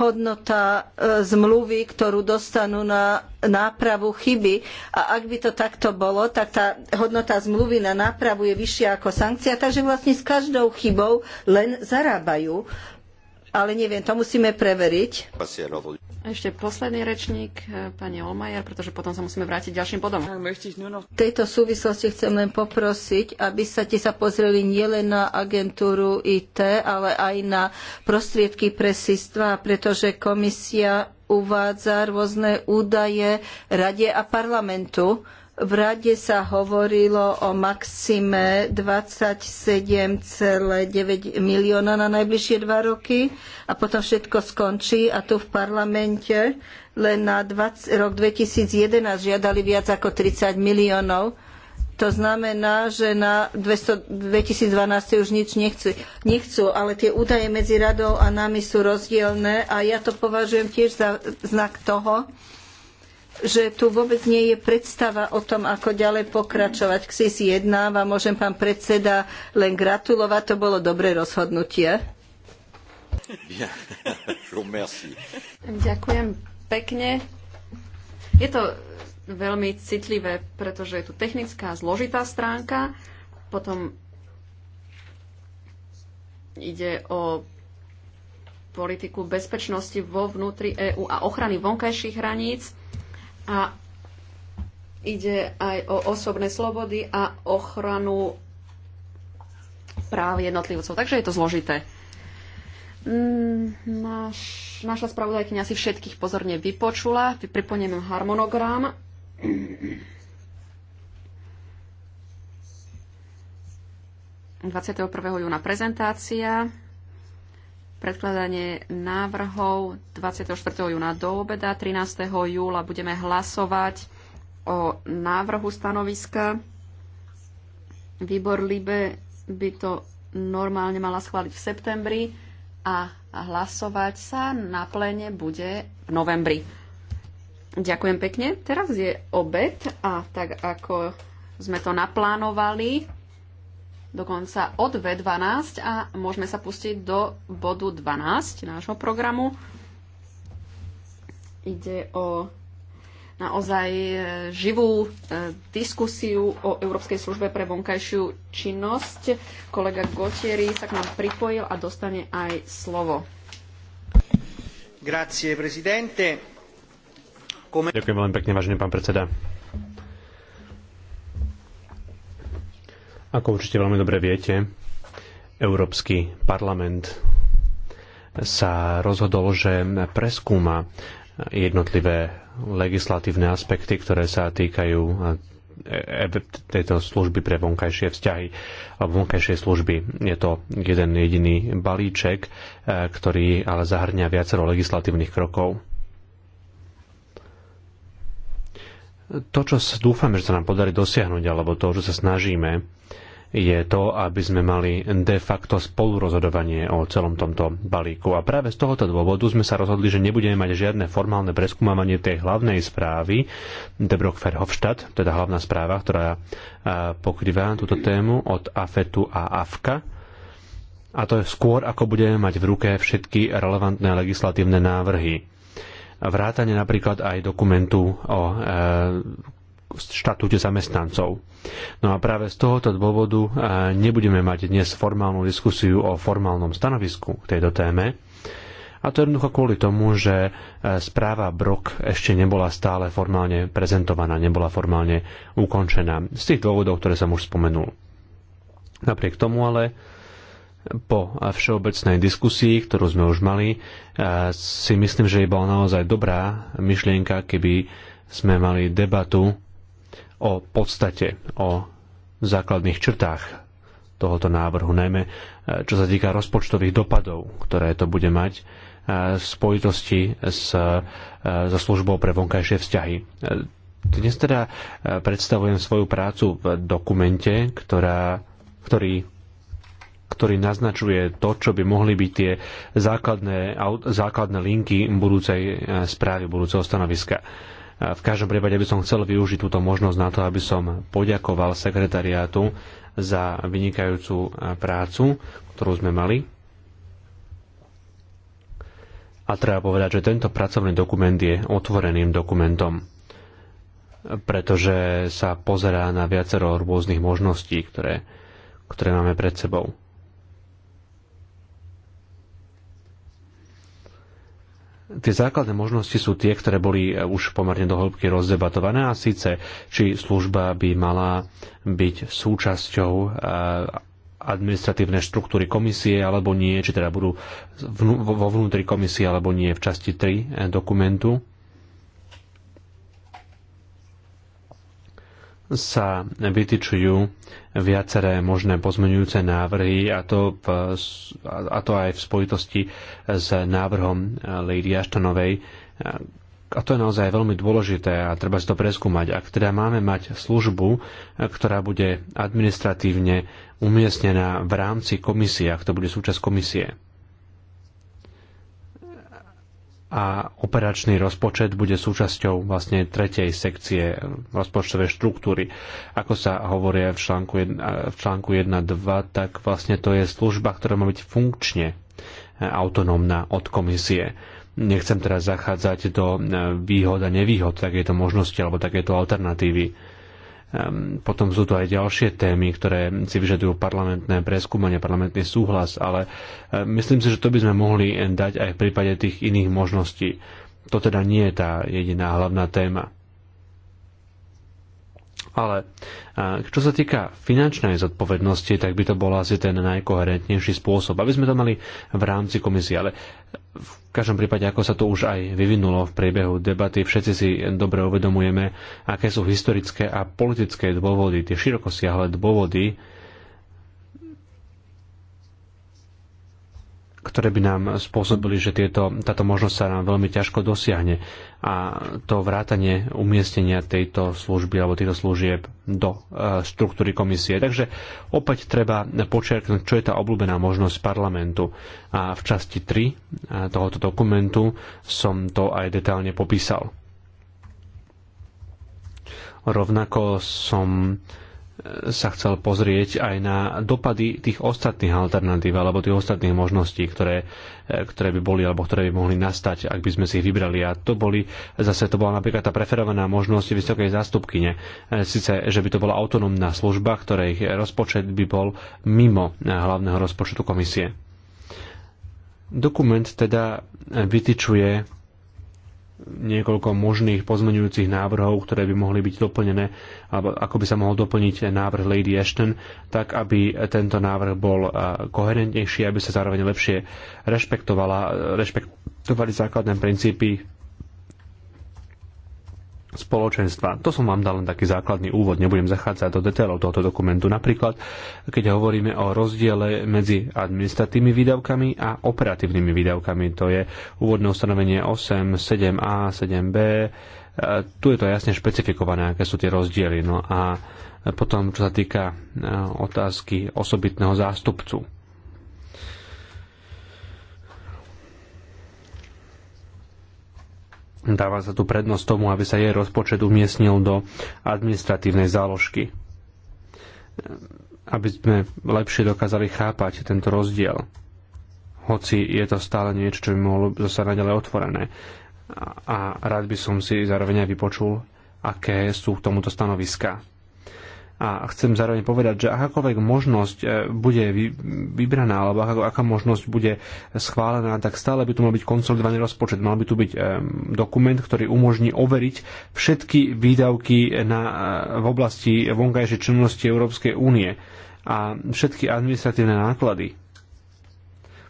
hodnota e, zmluvy, ktorú dostanú na nápravu chyby. A ak by to takto bolo, tak tá hodnota zmluvy na nápravu je vyššia ako sankcia, takže vlastne s každou chybou len zarábajú. Ale neviem, to musíme preveriť. Ešte posledný rečník, e, pani Olmajer, pretože potom sa musíme vrátiť ďalším bodom. No, no. V tejto súvislosti chcem len poprosiť, aby sa ti sa pozreli nielen na agentúru IT, ale aj na prostriedky pre SISTVA, pretože komisia uvádza rôzne údaje rade a parlamentu v rade sa hovorilo o maxime 27,9 milióna na najbližšie dva roky a potom všetko skončí a tu v parlamente len na 20, rok 2011 žiadali viac ako 30 miliónov. To znamená, že na 200, 2012 už nič nechcú, nechcú, ale tie údaje medzi radou a nami sú rozdielne a ja to považujem tiež za znak toho, že tu vôbec nie je predstava o tom, ako ďalej pokračovať. K si 1 môžem, pán predseda, len gratulovať. To bolo dobré rozhodnutie. Ďakujem pekne. Je to veľmi citlivé, pretože je tu technická zložitá stránka, potom ide o politiku bezpečnosti vo vnútri EÚ a ochrany vonkajších hraníc a ide aj o osobné slobody a ochranu práv jednotlivcov. Takže je to zložité. Mm, Naš, naša spravodajkynia si všetkých pozorne vypočula. Pripomeniem harmonogram. ...21. júna prezentácia, predkladanie návrhov 24. júna do obeda. 13. júla budeme hlasovať o návrhu stanoviska. Výbor LIBE by to normálne mala schváliť v septembri a hlasovať sa na plene bude v novembri. Ďakujem pekne. Teraz je obed a tak ako sme to naplánovali, dokonca od 12 a môžeme sa pustiť do bodu 12 nášho programu. Ide o naozaj e, živú e, diskusiu o Európskej službe pre vonkajšiu činnosť. Kolega Gotieri sa k nám pripojil a dostane aj slovo. Grazie, Ďakujem veľmi pekne, vážený pán predseda. Ako určite veľmi dobre viete, Európsky parlament sa rozhodol, že preskúma jednotlivé legislatívne aspekty, ktoré sa týkajú e, e, tejto služby pre vonkajšie vzťahy alebo vonkajšie služby. Je to jeden jediný balíček, e, ktorý ale zahrňa viacero legislatívnych krokov. To, čo dúfame, že sa nám podarí dosiahnuť, alebo to, že sa snažíme, je to, aby sme mali de facto spolurozhodovanie o celom tomto balíku. A práve z tohoto dôvodu sme sa rozhodli, že nebudeme mať žiadne formálne preskúmavanie tej hlavnej správy De Brock Verhofstadt, teda hlavná správa, ktorá pokrýva túto tému od AFETu a AFKA. A to je skôr, ako budeme mať v ruke všetky relevantné legislatívne návrhy vrátane napríklad aj dokumentu o e, štatúte zamestnancov. No a práve z tohoto dôvodu eh, nebudeme mať dnes formálnu diskusiu o formálnom stanovisku k tejto téme. A to jednoducho kvôli tomu, že eh, správa Brok ešte nebola stále formálne prezentovaná, nebola formálne ukončená. Z tých dôvodov, ktoré som už spomenul. Napriek tomu ale po eh, všeobecnej diskusii, ktorú sme už mali, si myslím, že je bola naozaj dobrá myšlienka, keby sme mali debatu o podstate, o základných črtách tohoto návrhu, najmä e, čo sa týka rozpočtových dopadov, ktoré to bude mať e, v spojitosti s, e, so službou pre vonkajšie vzťahy. Dnes teda predstavujem svoju prácu v dokumente, ktorá, ktorý ktorý naznačuje to, čo by mohli byť tie základné, základné linky budúcej správy, budúceho stanoviska. V každom prípade by som chcel využiť túto možnosť na to, aby som poďakoval sekretariátu za vynikajúcu prácu, ktorú sme mali. A treba povedať, že tento pracovný dokument je otvoreným dokumentom, pretože sa pozerá na viacero rôznych možností, ktoré, ktoré máme pred sebou. tie základné možnosti sú tie, ktoré boli eh, už pomerne do hĺbky rozdebatované a síce, či služba by mala byť súčasťou eh, administratívnej štruktúry komisie alebo nie, či teda budú vo vnútri komisie alebo nie v časti 3 eh, dokumentu. sa vytyčujú viaceré možné pozmenujúce návrhy a to, v, a to aj v spojitosti s návrhom Lady Ashtonovej. A to je naozaj veľmi dôležité a treba si to preskúmať. Ak teda máme mať službu, ktorá bude administratívne umiestnená v rámci komisie, ak to bude súčasť komisie, a operačný rozpočet bude súčasťou vlastne tretej sekcie rozpočtovej štruktúry. Ako sa hovorí v článku, článku 1.2, tak vlastne to je služba, ktorá má byť funkčne autonómna od komisie. Nechcem teraz zachádzať do e, výhod a nevýhod takéto možnosti alebo takéto alternatívy Ehm, potom sú to aj ďalšie témy, ktoré si vyžadujú parlamentné preskúmanie, parlamentný súhlas, ale ehm, myslím si, že to by sme mohli dať aj v prípade tých iných možností. To teda nie je tá jediná hlavná téma. Ale čo sa týka finančnej zodpovednosti, tak by to bol asi ten najkoherentnejší spôsob, aby sme to mali v rámci komisie. Ale v každom prípade, ako sa to už aj vyvinulo v priebehu debaty, všetci si dobre uvedomujeme, aké sú historické a politické dôvody, tie širokosiahle dôvody, ktoré by nám spôsobili, že tieto, táto možnosť sa nám veľmi ťažko dosiahne a to vrátanie umiestnenia tejto služby alebo týchto služieb do e, štruktúry komisie. Takže opäť treba počerknúť, čo je tá obľúbená možnosť parlamentu. A v časti 3 e, tohoto dokumentu som to aj detálne popísal. Rovnako som sa chcel pozrieť aj na dopady tých ostatných alternatív alebo tých ostatných možností, ktoré, e, ktoré by boli alebo ktoré by mohli nastať, ak by sme si ich vybrali. A to boli, zase to bola napríklad tá preferovaná možnosť vysokej zástupkyne. E, Sice, že by to bola autonómna služba, ktorej rozpočet by bol mimo e, hlavného rozpočtu komisie. Dokument teda vytyčuje niekoľko možných pozmeňujúcich návrhov, ktoré by mohli byť doplnené, alebo ako by sa mohol doplniť návrh Lady Ashton, tak aby tento návrh bol koherentnejší, aby sa zároveň lepšie rešpektovala, rešpektovali základné princípy spoločenstva. To som vám dal len taký základný úvod, nebudem zachádzať do detailov tohoto dokumentu. Napríklad, keď hovoríme o rozdiele medzi administratívnymi výdavkami a operatívnymi výdavkami, to je úvodné ustanovenie 8, 7a, 7b, tu je to jasne špecifikované, aké sú tie rozdiely. No a potom, čo sa týka e, otázky osobitného zástupcu Dáva sa tu prednosť tomu, aby sa jej rozpočet umiestnil do administratívnej záložky. Aby sme lepšie dokázali chápať tento rozdiel. Hoci je to stále niečo, čo by mohlo zostať naďalej otvorené. A rád by som si zároveň aj vypočul, aké sú k tomuto stanoviska. A chcem zároveň povedať, že akákoľvek možnosť e, bude vybraná, alebo aká, aká možnosť bude schválená, tak stále by tu mal byť konsolidovaný rozpočet. Mal by tu byť e, dokument, ktorý umožní overiť všetky výdavky na, e, v oblasti vonkajšej činnosti Európskej únie a všetky administratívne náklady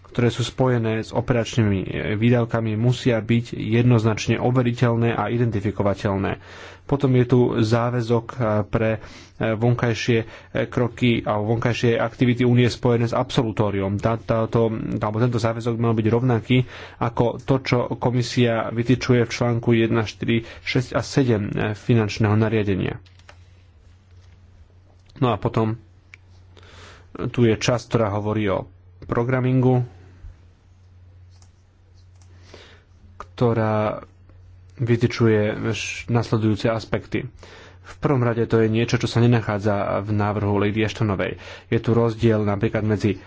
ktoré sú spojené s operačnými výdavkami, musia byť jednoznačne overiteľné a identifikovateľné. Potom je tu záväzok eh, pre eh, vonkajšie eh, kroky a vonkajšie aktivity únie spojené s absolutóriom. Táto, alebo tento záväzok mal byť rovnaký ako to, čo komisia vytyčuje v článku 1, 4, 6 a 7 finančného nariadenia. No a potom tu je časť, ktorá hovorí o programingu, ktorá vytyčuje nasledujúce aspekty. V prvom rade to je niečo, čo sa nenachádza v návrhu Lady Ashtonovej. Je tu rozdiel napríklad medzi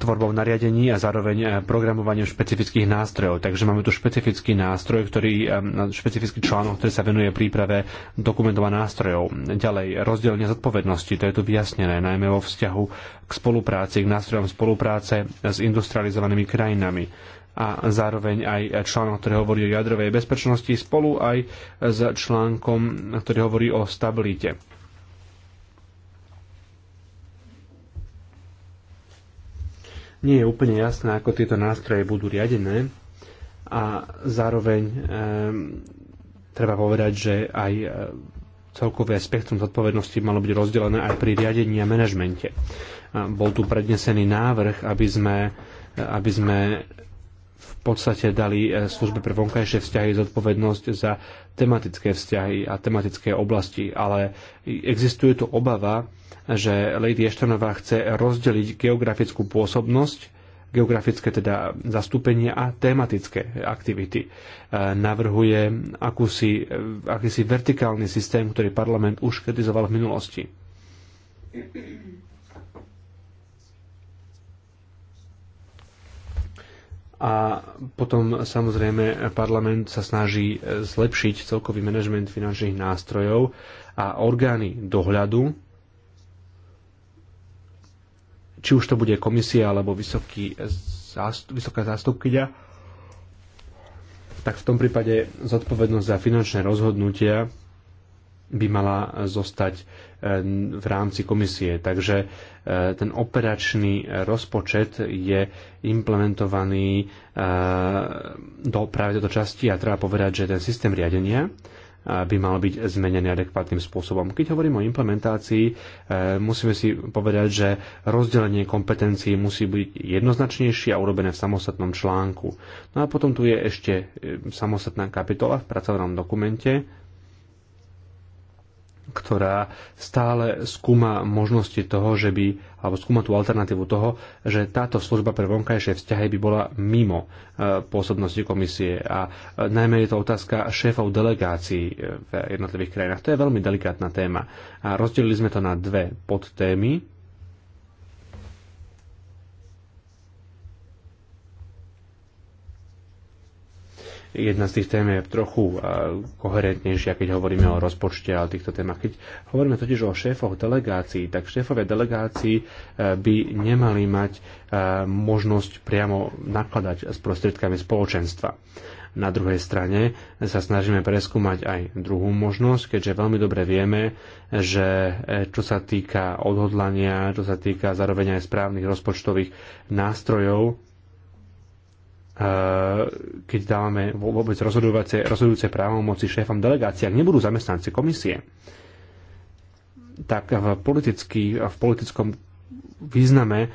tvorbou nariadení a zároveň e, programovaním špecifických nástrojov. Takže máme tu špecifický nástroj, ktorý, e, špecifický článok, ktorý sa venuje príprave dokumentov a nástrojov. Ďalej, rozdelenie zodpovednosti, to je tu vyjasnené, najmä vo vzťahu k spolupráci, k nástrojom spolupráce s industrializovanými krajinami a zároveň aj článok, ktorý hovorí o jadrovej bezpečnosti spolu aj s článkom, ktorý hovorí o stabilite. Nie je úplne jasné, ako tieto nástroje budú riadené a zároveň e, treba povedať, že aj eh, celkové spektrum zodpovednosti malo byť rozdelené aj pri riadení a manažmente. Eh, bol tu prednesený návrh, aby sme, aby sme v podstate dali e, službe pre vonkajšie vzťahy zodpovednosť za tematické vzťahy a tematické oblasti, ale existuje tu obava, že Lady Eštanová chce rozdeliť geografickú pôsobnosť geografické teda zastúpenie a tematické aktivity. E, navrhuje akúsi, e, akýsi vertikálny systém, ktorý parlament už kritizoval v minulosti. a potom samozrejme parlament sa snaží e, zlepšiť celkový manažment finančných nástrojov a orgány dohľadu, či už to bude komisia alebo vysoký, vysoká zástupkyňa, tak v tom prípade zodpovednosť za finančné rozhodnutia by mala zostať e, v rámci komisie. Takže e, ten operačný rozpočet je implementovaný e, do práve tejto časti a treba povedať, že ten systém riadenia by mal byť zmenený adekvátnym spôsobom. Keď hovorím o implementácii, musíme si povedať, že rozdelenie kompetencií musí byť jednoznačnejšie a urobené v samostatnom článku. No a potom tu je ešte samostatná kapitola v pracovnom dokumente, ktorá stále skúma možnosti toho, že by, alebo skúma tú alternatívu toho, že táto služba pre vonkajšie vzťahy by bola mimo e, pôsobnosti komisie. A e, najmä je to otázka šéfov delegácií e, v jednotlivých krajinách. To je veľmi delikátna téma. A rozdelili sme to na dve podtémy. jedna z tých tém je trochu e, koherentnejšia, keď hovoríme o rozpočte a o týchto témach. Keď hovoríme totiž o šéfoch delegácií, tak šéfové delegácií e, by nemali mať e, možnosť priamo nakladať s prostriedkami spoločenstva. Na druhej strane sa snažíme preskúmať aj druhú možnosť, keďže veľmi dobre vieme, že čo sa týka odhodlania, čo sa týka zároveň aj správnych rozpočtových nástrojov, Eh, keď dávame vôbec rozhodujúce, rozhodujúce právomoci šéfom delegácie, ak nebudú zamestnanci komisie, tak v, politický, v politickom význame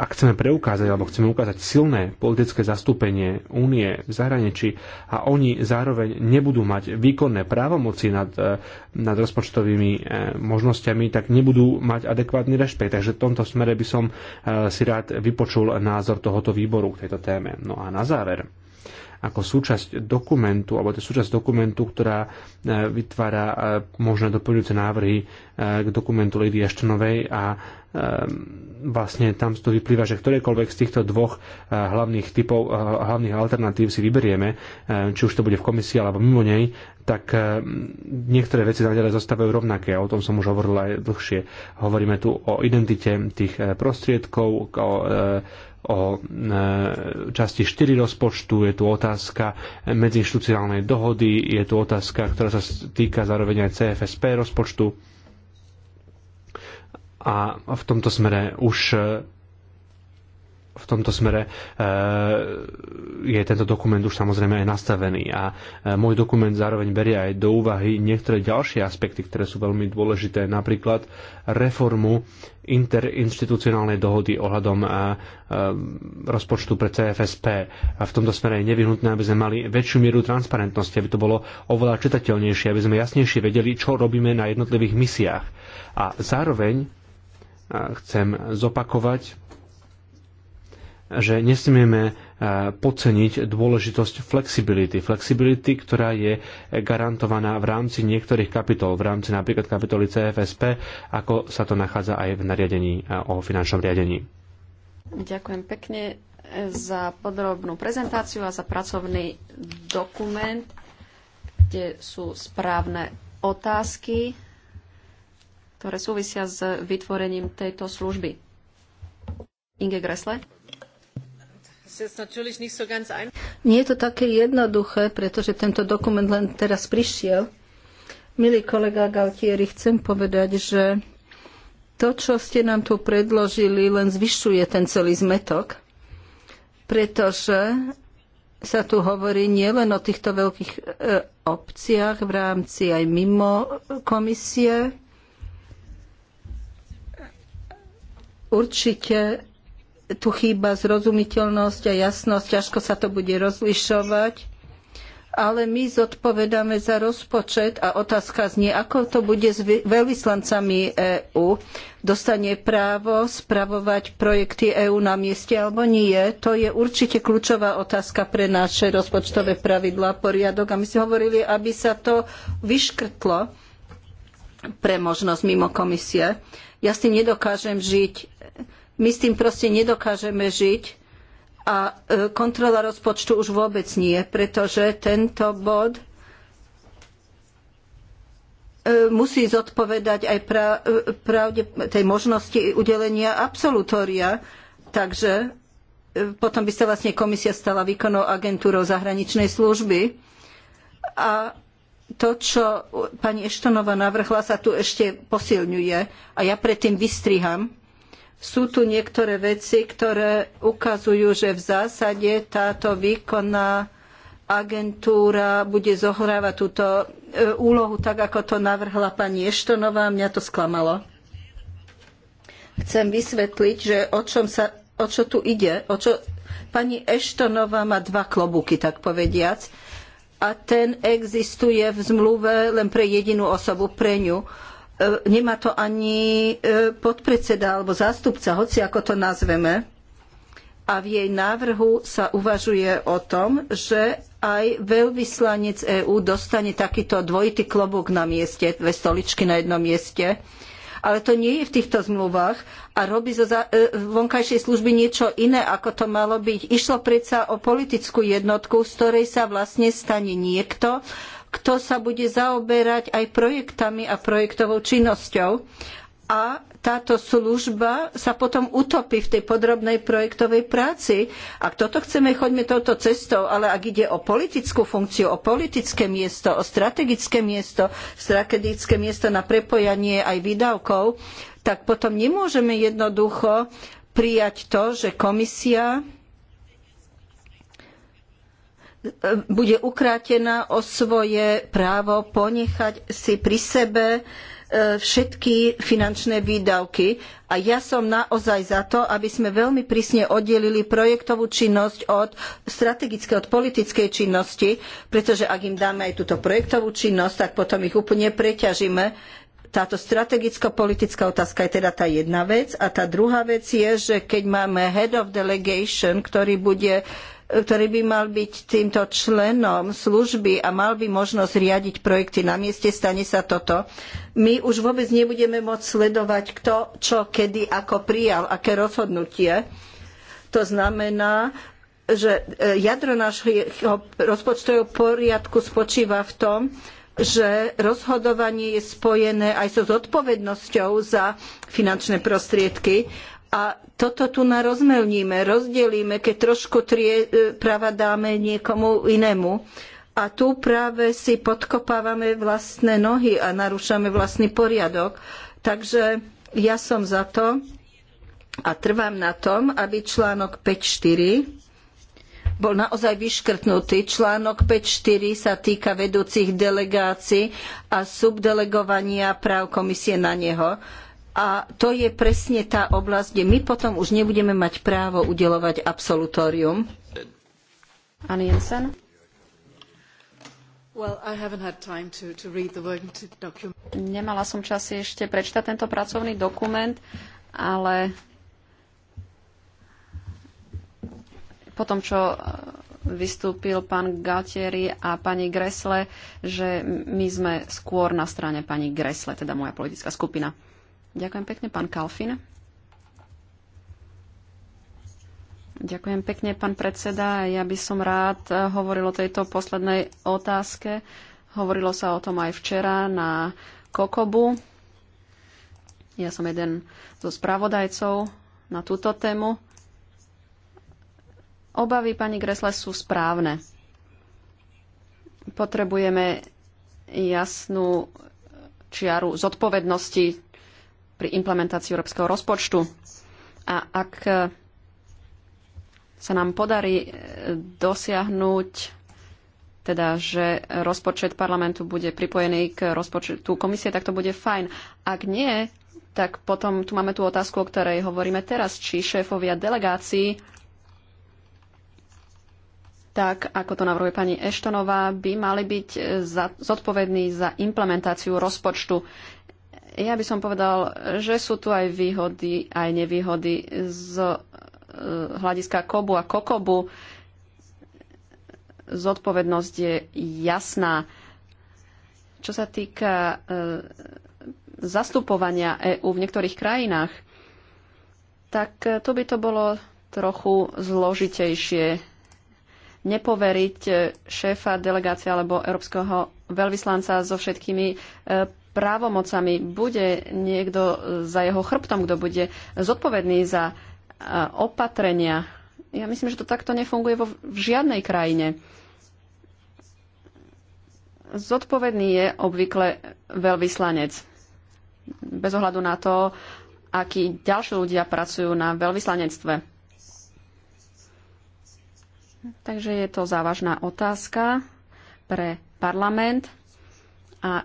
ak chceme preukázať alebo chceme ukázať silné politické zastúpenie únie v zahraničí a oni zároveň nebudú mať výkonné právomoci nad, e, nad rozpočtovými e, možnosťami, tak nebudú mať adekvátny rešpekt. Takže v tomto smere by som e, si rád vypočul názor tohoto výboru k tejto téme. No a na záver ako súčasť dokumentu, alebo to súčasť dokumentu, ktorá e, vytvára e, možné doplňujúce návrhy e, k dokumentu Lady Ashtonovej a vlastne tam to vyplýva, že ktorékoľvek z týchto dvoch hlavných typov, hlavných alternatív si vyberieme, či už to bude v komisii alebo mimo nej, tak niektoré veci naďalej zostávajú rovnaké. O tom som už hovoril aj dlhšie. Hovoríme tu o identite tých prostriedkov, o o e, časti 4 rozpočtu, je tu otázka medziinstitucionálnej dohody, je tu otázka, ktorá sa týka zároveň aj CFSP rozpočtu. A v tomto smere už e, v tomto smere eh, je tento dokument už samozrejme aj nastavený a eh, môj dokument zároveň berie aj do úvahy niektoré ďalšie aspekty, ktoré sú veľmi dôležité, napríklad reformu interinstitucionálnej dohody ohľadom eh, rozpočtu pre CFSP. A v tomto smere je nevyhnutné, aby sme mali väčšiu mieru transparentnosti, aby to bolo oveľa čitateľnejšie, aby sme jasnejšie vedeli, čo robíme na jednotlivých misiách. A zároveň chcem zopakovať, že nesmieme e, podceniť dôležitosť flexibility. Flexibility, ktorá je garantovaná v rámci niektorých kapitol, v rámci napríklad kapitoly CFSP, ako sa to nachádza aj v nariadení e, o finančnom riadení. Ďakujem pekne za podrobnú prezentáciu a za pracovný dokument, kde sú správne otázky, ktoré súvisia s vytvorením tejto služby. Inge Gressle? Nie je to také jednoduché, pretože tento dokument len teraz prišiel. Milý kolega Galtieri, chcem povedať, že to, čo ste nám tu predložili, len zvyšuje ten celý zmetok, pretože sa tu hovorí nielen o týchto veľkých e, obciach v rámci aj mimo komisie. Určite tu chýba zrozumiteľnosť a jasnosť, ťažko sa to bude rozlišovať. Ale my zodpovedáme za rozpočet a otázka znie, ako to bude s veľvyslancami EÚ. Dostane právo spravovať projekty EÚ na mieste alebo nie? To je určite kľúčová otázka pre naše rozpočtové pravidlá a poriadok. A my sme hovorili, aby sa to vyškrtlo pre možnosť mimo komisie. Ja si nedokážem žiť my s tým proste nedokážeme žiť a e, kontrola rozpočtu už vôbec nie, pretože tento bod e, musí zodpovedať aj e, pravde tej možnosti udelenia absolutória. Takže potom by sa vlastne komisia stala výkonnou agentúrou zahraničnej služby. A to, čo pani Eštonová navrhla, sa tu ešte posilňuje. A ja predtým vystriham, sú tu niektoré veci, ktoré ukazujú, že v zásade táto výkonná agentúra bude zohrávať túto e, úlohu tak, ako to navrhla pani Eštonová. Mňa to sklamalo. Chcem vysvetliť, že o, čom sa, o čo tu ide. O čo... Pani Eštonová má dva klobúky, tak povediac. A ten existuje v zmluve len pre jedinú osobu, pre ňu E, nemá to ani e, podpredseda alebo zástupca, hoci ako to nazveme. A v jej návrhu sa uvažuje o tom, že aj veľvyslanec EÚ dostane takýto dvojitý klobúk na mieste, dve stoličky na jednom mieste. Ale to nie je v týchto zmluvách a robí zo e, vonkajšej služby niečo iné, ako to malo byť. Išlo predsa o politickú jednotku, z ktorej sa vlastne stane niekto, kto sa bude zaoberať aj projektami a projektovou činnosťou. A táto služba sa potom utopí v tej podrobnej projektovej práci. Ak toto chceme, choďme touto cestou, ale ak ide o politickú funkciu, o politické miesto, o strategické miesto, strategické miesto na prepojanie aj výdavkov, tak potom nemôžeme jednoducho prijať to, že komisia bude ukrátená o svoje právo ponechať si pri sebe e, všetky finančné výdavky. A ja som naozaj za to, aby sme veľmi prísne oddelili projektovú činnosť od strategickej, od politickej činnosti, pretože ak im dáme aj túto projektovú činnosť, tak potom ich úplne preťažíme. Táto strategicko-politická otázka je teda tá jedna vec. A tá druhá vec je, že keď máme head of delegation, ktorý bude ktorý by mal byť týmto členom služby a mal by možnosť riadiť projekty na mieste, stane sa toto. My už vôbec nebudeme môcť sledovať, kto, čo, kedy, ako prijal, aké rozhodnutie. To znamená, že e, jadro nášho rozpočtového poriadku spočíva v tom, že rozhodovanie je spojené aj so zodpovednosťou za finančné prostriedky a toto tu na rozmelníme, rozdelíme, keď trošku trie, e, práva dáme niekomu inému. A tu práve si podkopávame vlastné nohy a narúšame vlastný poriadok. Takže ja som za to a trvám na tom, aby článok 5.4 bol naozaj vyškrtnutý. Článok 5.4 sa týka vedúcich delegácií a subdelegovania práv komisie na neho a to je presne tá oblasť, kde my potom už nebudeme mať právo udelovať absolutórium. Jensen. Well, to, to Nemala som čas ešte prečítať tento pracovný dokument, ale po tom, čo eh, vystúpil pán Gatieri a pani Gresle, že my sme skôr na strane pani Gresle, teda moja politická skupina. Ďakujem pekne, pán Kalfin. Ďakujem pekne, pán predseda. Ja by som rád hovoril o tejto poslednej otázke. Hovorilo sa o tom aj včera na Kokobu. Ja som jeden zo spravodajcov na túto tému. Obavy pani Gresle sú správne. Potrebujeme jasnú čiaru zodpovednosti pri implementácii európskeho rozpočtu. A ak e, sa nám podarí e, dosiahnuť teda, že rozpočet parlamentu bude pripojený k rozpočtu komisie, tak to bude fajn. Ak nie, tak potom tu máme tú otázku, o ktorej hovoríme teraz, či šéfovia delegácií, tak ako to navrhuje pani Eštonová, by mali byť e, za, zodpovední za implementáciu rozpočtu. Ja by som povedal, že sú tu aj výhody, aj nevýhody z e, hľadiska kobu a kokobu. Zodpovednosť je jasná. Čo sa týka e, zastupovania EÚ v niektorých krajinách, tak e, to by to bolo trochu zložitejšie nepoveriť šéfa delegácie alebo európskeho veľvyslanca so všetkými právomocami bude niekto za jeho chrbtom, kto bude zodpovedný za e, opatrenia. Ja myslím, že to takto nefunguje vo v žiadnej krajine. Zodpovedný je obvykle veľvyslanec. Bez ohľadu na to, akí ďalší ľudia pracujú na veľvyslanectve. Takže je to závažná otázka pre parlament a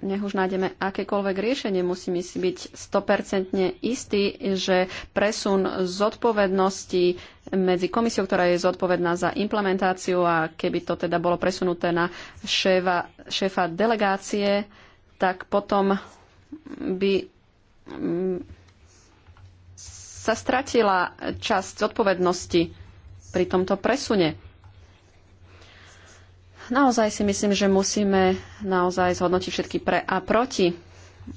nech už nájdeme akékoľvek riešenie, musíme si byť 100% istí, že presun zodpovednosti medzi komisiou, ktorá je zodpovedná za implementáciu a keby to teda bolo presunuté na šéfa, šéfa delegácie, tak potom by mm, sa stratila časť zodpovednosti pri tomto presune naozaj si myslím, že musíme naozaj zhodnotiť všetky pre a proti,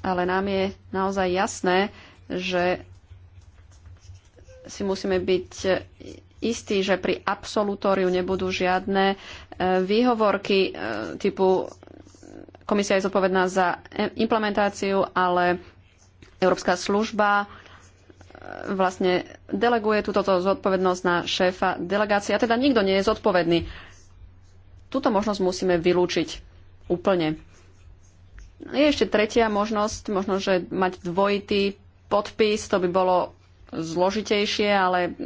ale nám je naozaj jasné, že si musíme byť istí, že pri absolutóriu nebudú žiadne e, výhovorky e, typu komisia je zodpovedná za e, implementáciu, ale Európska služba vlastne deleguje túto zodpovednosť na šéfa delegácie. A teda nikto nie je zodpovedný. Tuto možnosť musíme vylúčiť úplne. Je ešte tretia možnosť, možno, že mať dvojitý podpis, to by bolo zložitejšie, ale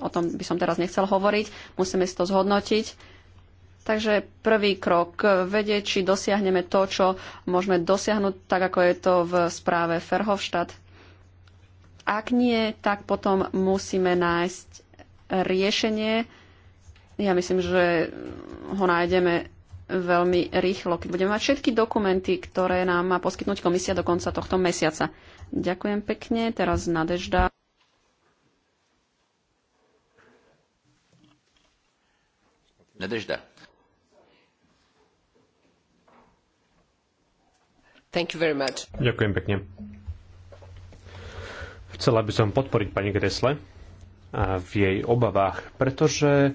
o tom by som teraz nechcel hovoriť. Musíme si to zhodnotiť. Takže prvý krok, vedieť, či dosiahneme to, čo môžeme dosiahnuť, tak ako je to v správe Ferhovštad. Ak nie, tak potom musíme nájsť riešenie, ja myslím, že ho nájdeme veľmi rýchlo, keď budeme mať všetky dokumenty, ktoré nám má poskytnúť komisia do konca tohto mesiaca. Ďakujem pekne. Teraz Nadežda. Nadežda. Thank you very much. Ďakujem pekne. Chcela by som podporiť pani Gresle v jej obavách, pretože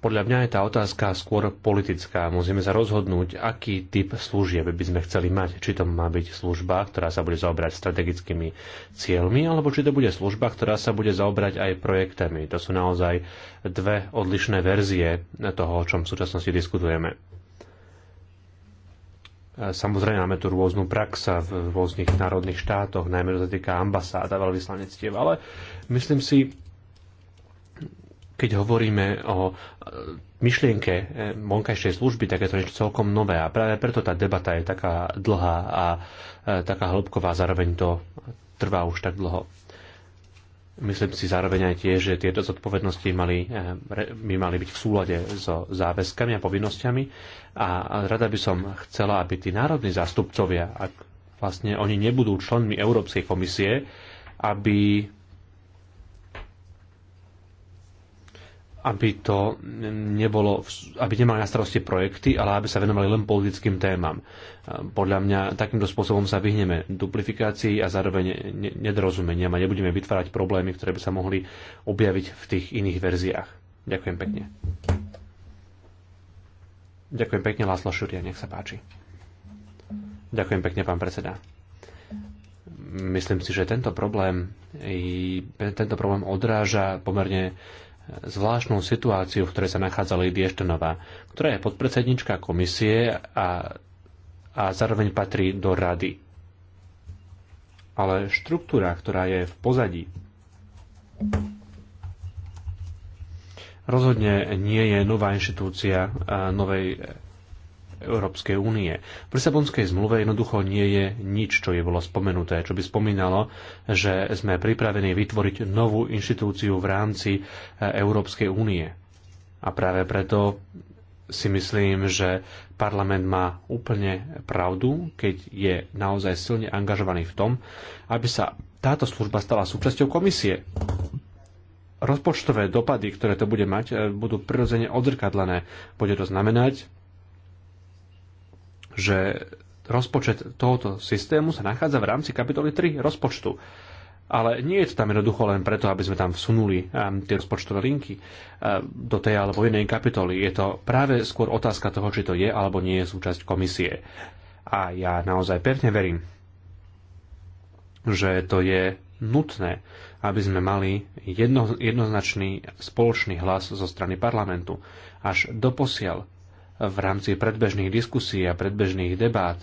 podľa mňa je tá otázka skôr politická. Musíme sa rozhodnúť, aký typ služieb by sme chceli mať. Či to má byť služba, ktorá sa bude zaobrať strategickými cieľmi, alebo či to bude služba, ktorá sa bude zaobrať aj projektami. To sú naozaj dve odlišné verzie toho, o čom v súčasnosti diskutujeme. Samozrejme, máme tu rôznu prax v rôznych národných štátoch, najmä to sa týka ambasáda veľvyslanectiev, ale myslím si, keď hovoríme o e, myšlienke e, vonkajšej služby, tak je to niečo celkom nové a práve preto tá debata je taká dlhá a e, taká hĺbková, zároveň to trvá už tak dlho. Myslím si zároveň aj tiež, že tieto zodpovednosti mali, by mali byť v súlade so záväzkami a povinnosťami a rada by som chcela, aby tí národní zástupcovia, ak vlastne oni nebudú členmi Európskej komisie, aby aby to nebolo, aby nemali na starosti projekty, ale aby sa venovali len politickým témam. Podľa mňa takýmto spôsobom sa vyhneme duplifikácii a zároveň nedorozumeniam a nebudeme vytvárať problémy, ktoré by sa mohli objaviť v tých iných verziách. Ďakujem pekne. Ďakujem pekne, Láslo Šuria, nech sa páči. Ďakujem pekne, pán predseda myslím si, že tento problém, tento problém odráža pomerne zvláštnu situáciu, v ktorej sa nachádza Lady Eštenová, ktorá je podpredsednička komisie a, a zároveň patrí do rady. Ale štruktúra, ktorá je v pozadí, rozhodne nie je nová inštitúcia novej Európskej únie. V Lisabonskej zmluve jednoducho nie je nič, čo je bolo spomenuté, čo by spomínalo, že sme pripravení vytvoriť novú inštitúciu v rámci e, Európskej únie. A práve preto si myslím, že parlament má úplne pravdu, keď je naozaj silne angažovaný v tom, aby sa táto služba stala súčasťou komisie. Rozpočtové dopady, ktoré to bude mať, e, budú prirodzene odzrkadlené. Bude to znamenať, že rozpočet tohoto systému sa nachádza v rámci kapitoly 3 rozpočtu. Ale nie je to tam jednoducho len preto, aby sme tam vsunuli um, tie rozpočtové linky uh, do tej alebo inej kapitoly. Je to práve skôr otázka toho, či to je alebo nie je súčasť komisie. A ja naozaj pevne verím, že to je nutné, aby sme mali jedno, jednoznačný spoločný hlas zo strany parlamentu. Až doposiaľ v rámci predbežných diskusí a predbežných debát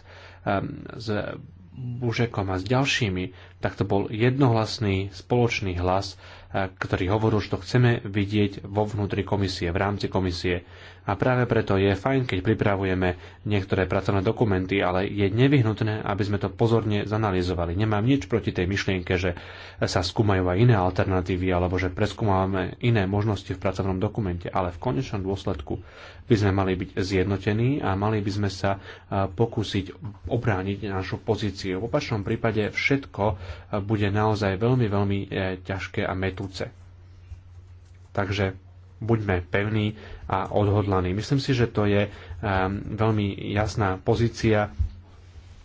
ehm, s Bužekom a s ďalšími, tak to bol jednohlasný spoločný hlas, eh, ktorý hovoril, že to chceme vidieť vo vnútri komisie, v rámci komisie. A práve preto je fajn, keď pripravujeme niektoré pracovné dokumenty, ale je nevyhnutné, aby sme to pozorne zanalizovali. Nemám nič proti tej myšlienke, že sa skúmajú aj iné alternatívy alebo že preskúmame iné možnosti v pracovnom dokumente, ale v konečnom dôsledku by sme mali byť zjednotení a mali by sme sa pokúsiť obrániť našu pozíciu. V opačnom prípade všetko bude naozaj veľmi, veľmi e, ťažké a metúce. Takže buďme pevní a odhodlaní. Myslím si, že to je um, veľmi jasná pozícia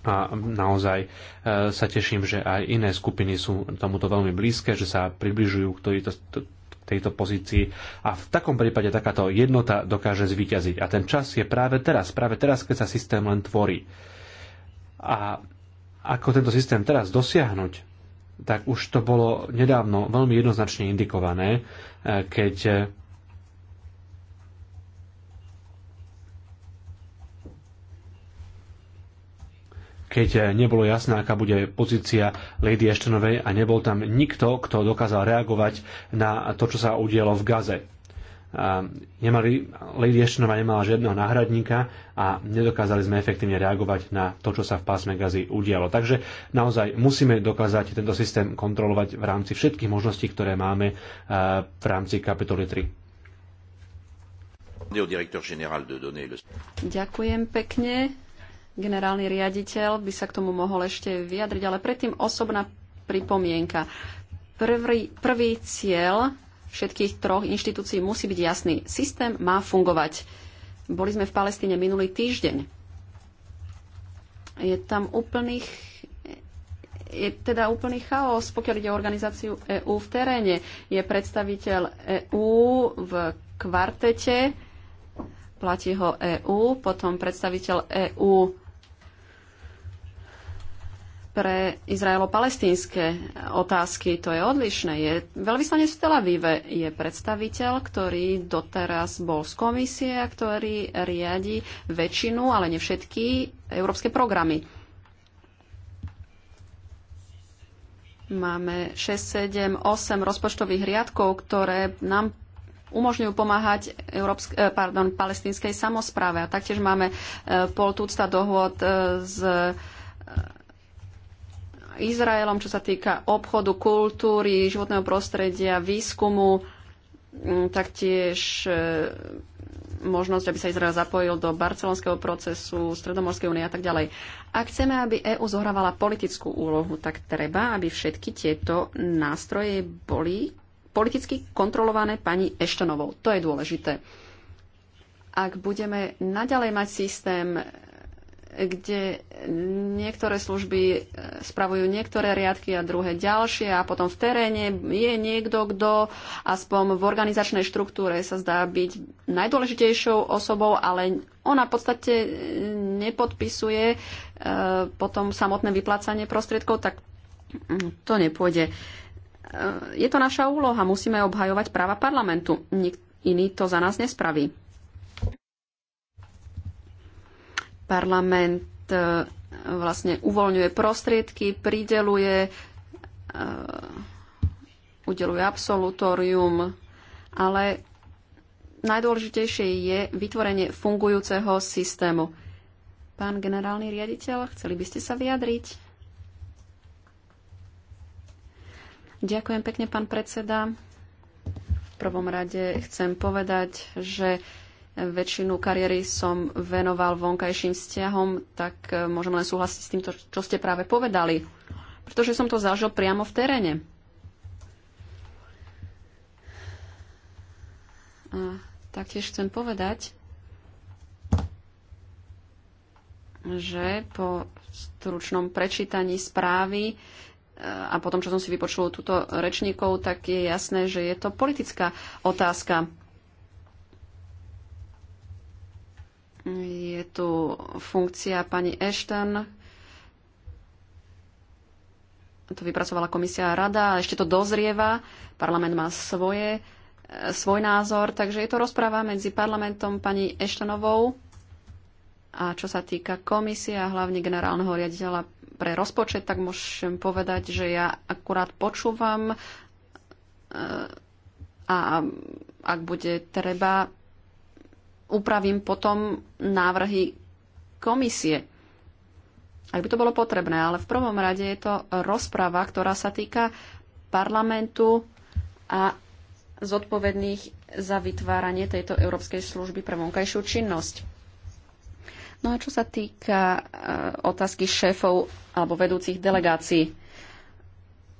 a naozaj uh, sa teším, že aj iné skupiny sú tomuto veľmi blízke, že sa približujú k tejto, tejto pozícii a v takom prípade takáto jednota dokáže zvíťaziť. A ten čas je práve teraz, práve teraz, keď sa systém len tvorí. A ako tento systém teraz dosiahnuť, tak už to bolo nedávno veľmi jednoznačne indikované, uh, keď keď nebolo jasné, aká bude pozícia Lady Ashtonovej a nebol tam nikto, kto dokázal reagovať na to, čo sa udialo v Gaze. A nemali, Lady Ashtonová nemala žiadneho náhradníka a nedokázali sme efektívne reagovať na to, čo sa v pásme gazy udialo. Takže naozaj musíme dokázať tento systém kontrolovať v rámci všetkých možností, ktoré máme v rámci kapitoly 3. Ďakujem pekne. Generálny riaditeľ by sa k tomu mohol ešte vyjadriť, ale predtým osobná pripomienka. Prvý, prvý cieľ všetkých troch inštitúcií musí byť jasný. Systém má fungovať. Boli sme v Palestíne minulý týždeň. Je tam úplný. je teda úplný chaos, pokiaľ ide o organizáciu EÚ v teréne. Je predstaviteľ EÚ v kvartete, platí ho EÚ, potom predstaviteľ EÚ pre izraelo-palestínske otázky to je odlišné. Je, veľvyslanec v Tel Avive je predstaviteľ, ktorý doteraz bol z komisie a ktorý riadi väčšinu, ale ne všetky európske programy. Máme 6, 7, 8 rozpočtových riadkov, ktoré nám umožňujú pomáhať Európsk- eh, pardon, palestinskej samozpráve. A taktiež máme eh, pol tucta dohôd eh, s Izraelom, čo sa týka obchodu, kultúry, životného prostredia, výskumu, mm, taktiež možnosť, aby sa Izrael zapojil do barcelonského procesu, Stredomorskej únie a tak ďalej. Ak chceme, aby EÚ zohrávala politickú úlohu, tak treba, aby všetky tieto nástroje boli politicky kontrolované pani Eštonovou. To je dôležité. Ak budeme naďalej mať systém, kde niektoré služby e, spravujú niektoré riadky a druhé ďalšie a potom v teréne je niekto, kto aspoň v organizačnej štruktúre sa zdá byť najdôležitejšou osobou, ale ona v podstate e, nepodpisuje e, potom samotné vyplácanie prostriedkov, tak mm, to nepôjde je to naša úloha, musíme obhajovať práva parlamentu. Nik iný to za nás nespraví. Parlament e, vlastne uvoľňuje prostriedky, prideluje, e, udeluje absolutórium, ale najdôležitejšie je vytvorenie fungujúceho systému. Pán generálny riaditeľ, chceli by ste sa vyjadriť? Ďakujem pekne, pán predseda. V prvom rade chcem povedať, že väčšinu kariéry som venoval vonkajším vzťahom, tak e, môžem len súhlasiť s týmto, čo ste práve povedali, pretože som to zažil priamo v teréne. A taktiež chcem povedať, že po stručnom prečítaní správy a potom, čo som si vypočul túto rečníkov, tak je jasné, že je to politická otázka. Je tu funkcia pani Ashton. To vypracovala komisia a rada, a ešte to dozrieva. Parlament má svoje, e, svoj názor, takže je to rozpráva medzi parlamentom pani Ashtonovou a čo sa týka komisie a hlavne generálneho riaditeľa pre rozpočet, tak môžem povedať, že ja akurát počúvam e, a ak bude treba, upravím potom návrhy komisie. Ak by to bolo potrebné, ale v prvom rade je to rozprava, ktorá sa týka parlamentu a zodpovedných za vytváranie tejto Európskej služby pre vonkajšiu činnosť. No a čo sa týka eh, otázky šéfov alebo vedúcich delegácií,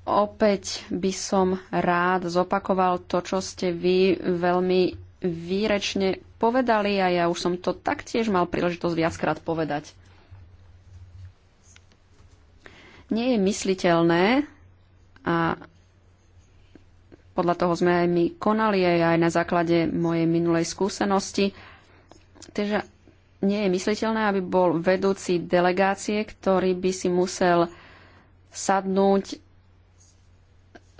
opäť by som rád zopakoval to, čo ste vy veľmi výrečne povedali a ja už som to taktiež mal príležitosť viackrát povedať. Nie je mysliteľné a podľa toho sme aj my konali aj na základe mojej minulej skúsenosti, Takže nie je mysliteľné, aby bol vedúci delegácie, ktorý by si musel sadnúť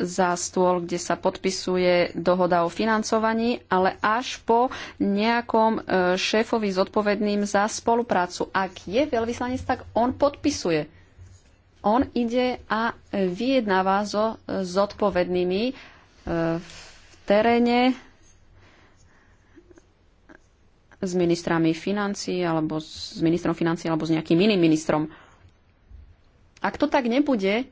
za stôl, kde sa podpisuje dohoda o financovaní, ale až po nejakom e, šéfovi zodpovedným za spoluprácu. Ak je veľvyslanec, tak on podpisuje. On ide a vyjednáva so e, zodpovednými e, v teréne s ministrami financí alebo s ministrom financí alebo s nejakým iným ministrom. Ak to tak nebude,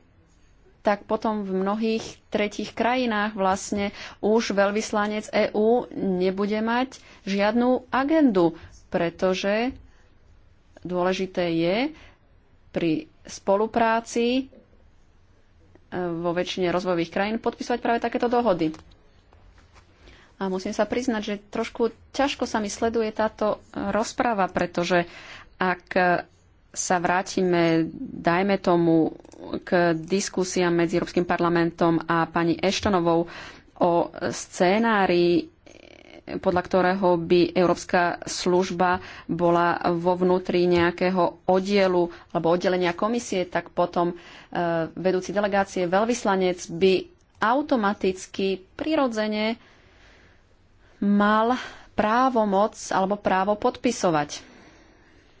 tak potom v mnohých tretích krajinách vlastne už veľvyslanec EÚ nebude mať žiadnu agendu, pretože dôležité je pri spolupráci e, vo väčšine rozvojových krajín podpísať práve takéto dohody. A musím sa priznať, že trošku ťažko sa mi sleduje táto e, rozpráva, pretože ak e, sa vrátime, dajme tomu, k diskusiám medzi Európskym parlamentom a pani Eštonovou o scénári, e, podľa ktorého by Európska služba bola vo vnútri nejakého oddielu alebo oddelenia komisie, tak potom vedúci delegácie, veľvyslanec by automaticky, prirodzene mal právo moc alebo právo podpisovať.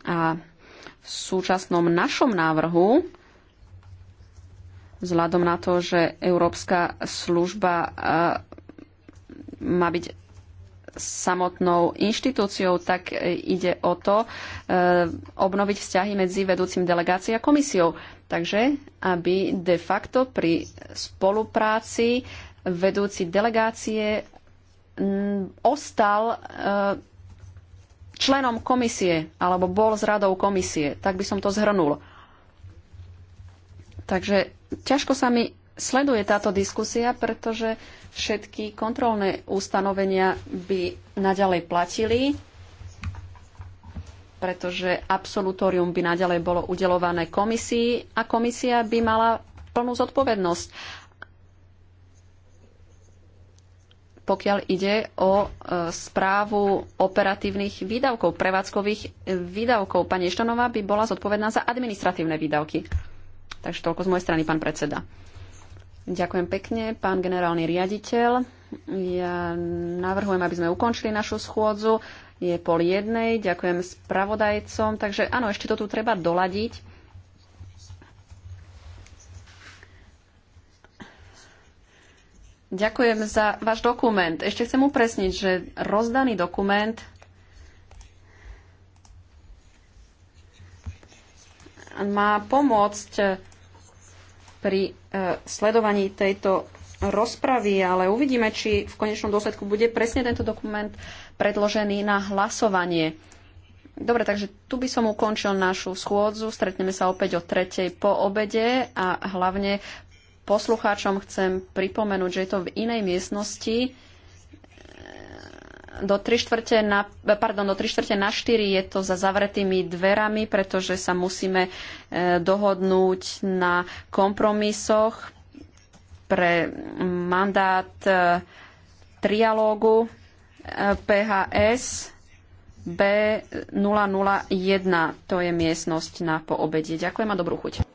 A v súčasnom našom návrhu, vzhľadom na to, že Európska služba e, má byť samotnou inštitúciou, tak e, ide o to e, obnoviť vzťahy medzi vedúcim delegáciou a komisiou. Takže aby de facto pri spolupráci vedúci delegácie ostal e, členom komisie alebo bol s radou komisie. Tak by som to zhrnul. Takže ťažko sa mi sleduje táto diskusia, pretože všetky kontrolné ustanovenia by naďalej platili, pretože absolutórium by naďalej bolo udelované komisii a komisia by mala plnú zodpovednosť. pokiaľ ide o e, správu operatívnych výdavkov, prevádzkových e, výdavkov. Pani Eštanová by bola zodpovedná za administratívne výdavky. Takže toľko z mojej strany, pán predseda. Ďakujem pekne, pán generálny riaditeľ. Ja navrhujem, aby sme ukončili našu schôdzu. Je pol jednej, ďakujem spravodajcom. Takže áno, ešte to tu treba doladiť. Ďakujem za váš dokument. Ešte chcem upresniť, že rozdaný dokument má pomôcť pri e, sledovaní tejto rozpravy, ale uvidíme, či v konečnom dôsledku bude presne tento dokument predložený na hlasovanie. Dobre, takže tu by som ukončil našu schôdzu. Stretneme sa opäť o tretej po obede a hlavne poslucháčom chcem pripomenúť, že je to v inej miestnosti. Do 3 štvrte na, pardon, do 3 štvrte na 4 je to za zavretými dverami, pretože sa musíme e, dohodnúť na kompromisoch pre mandát e, trialógu e, PHS B001. To je miestnosť na poobede. Ďakujem a dobrú chuť.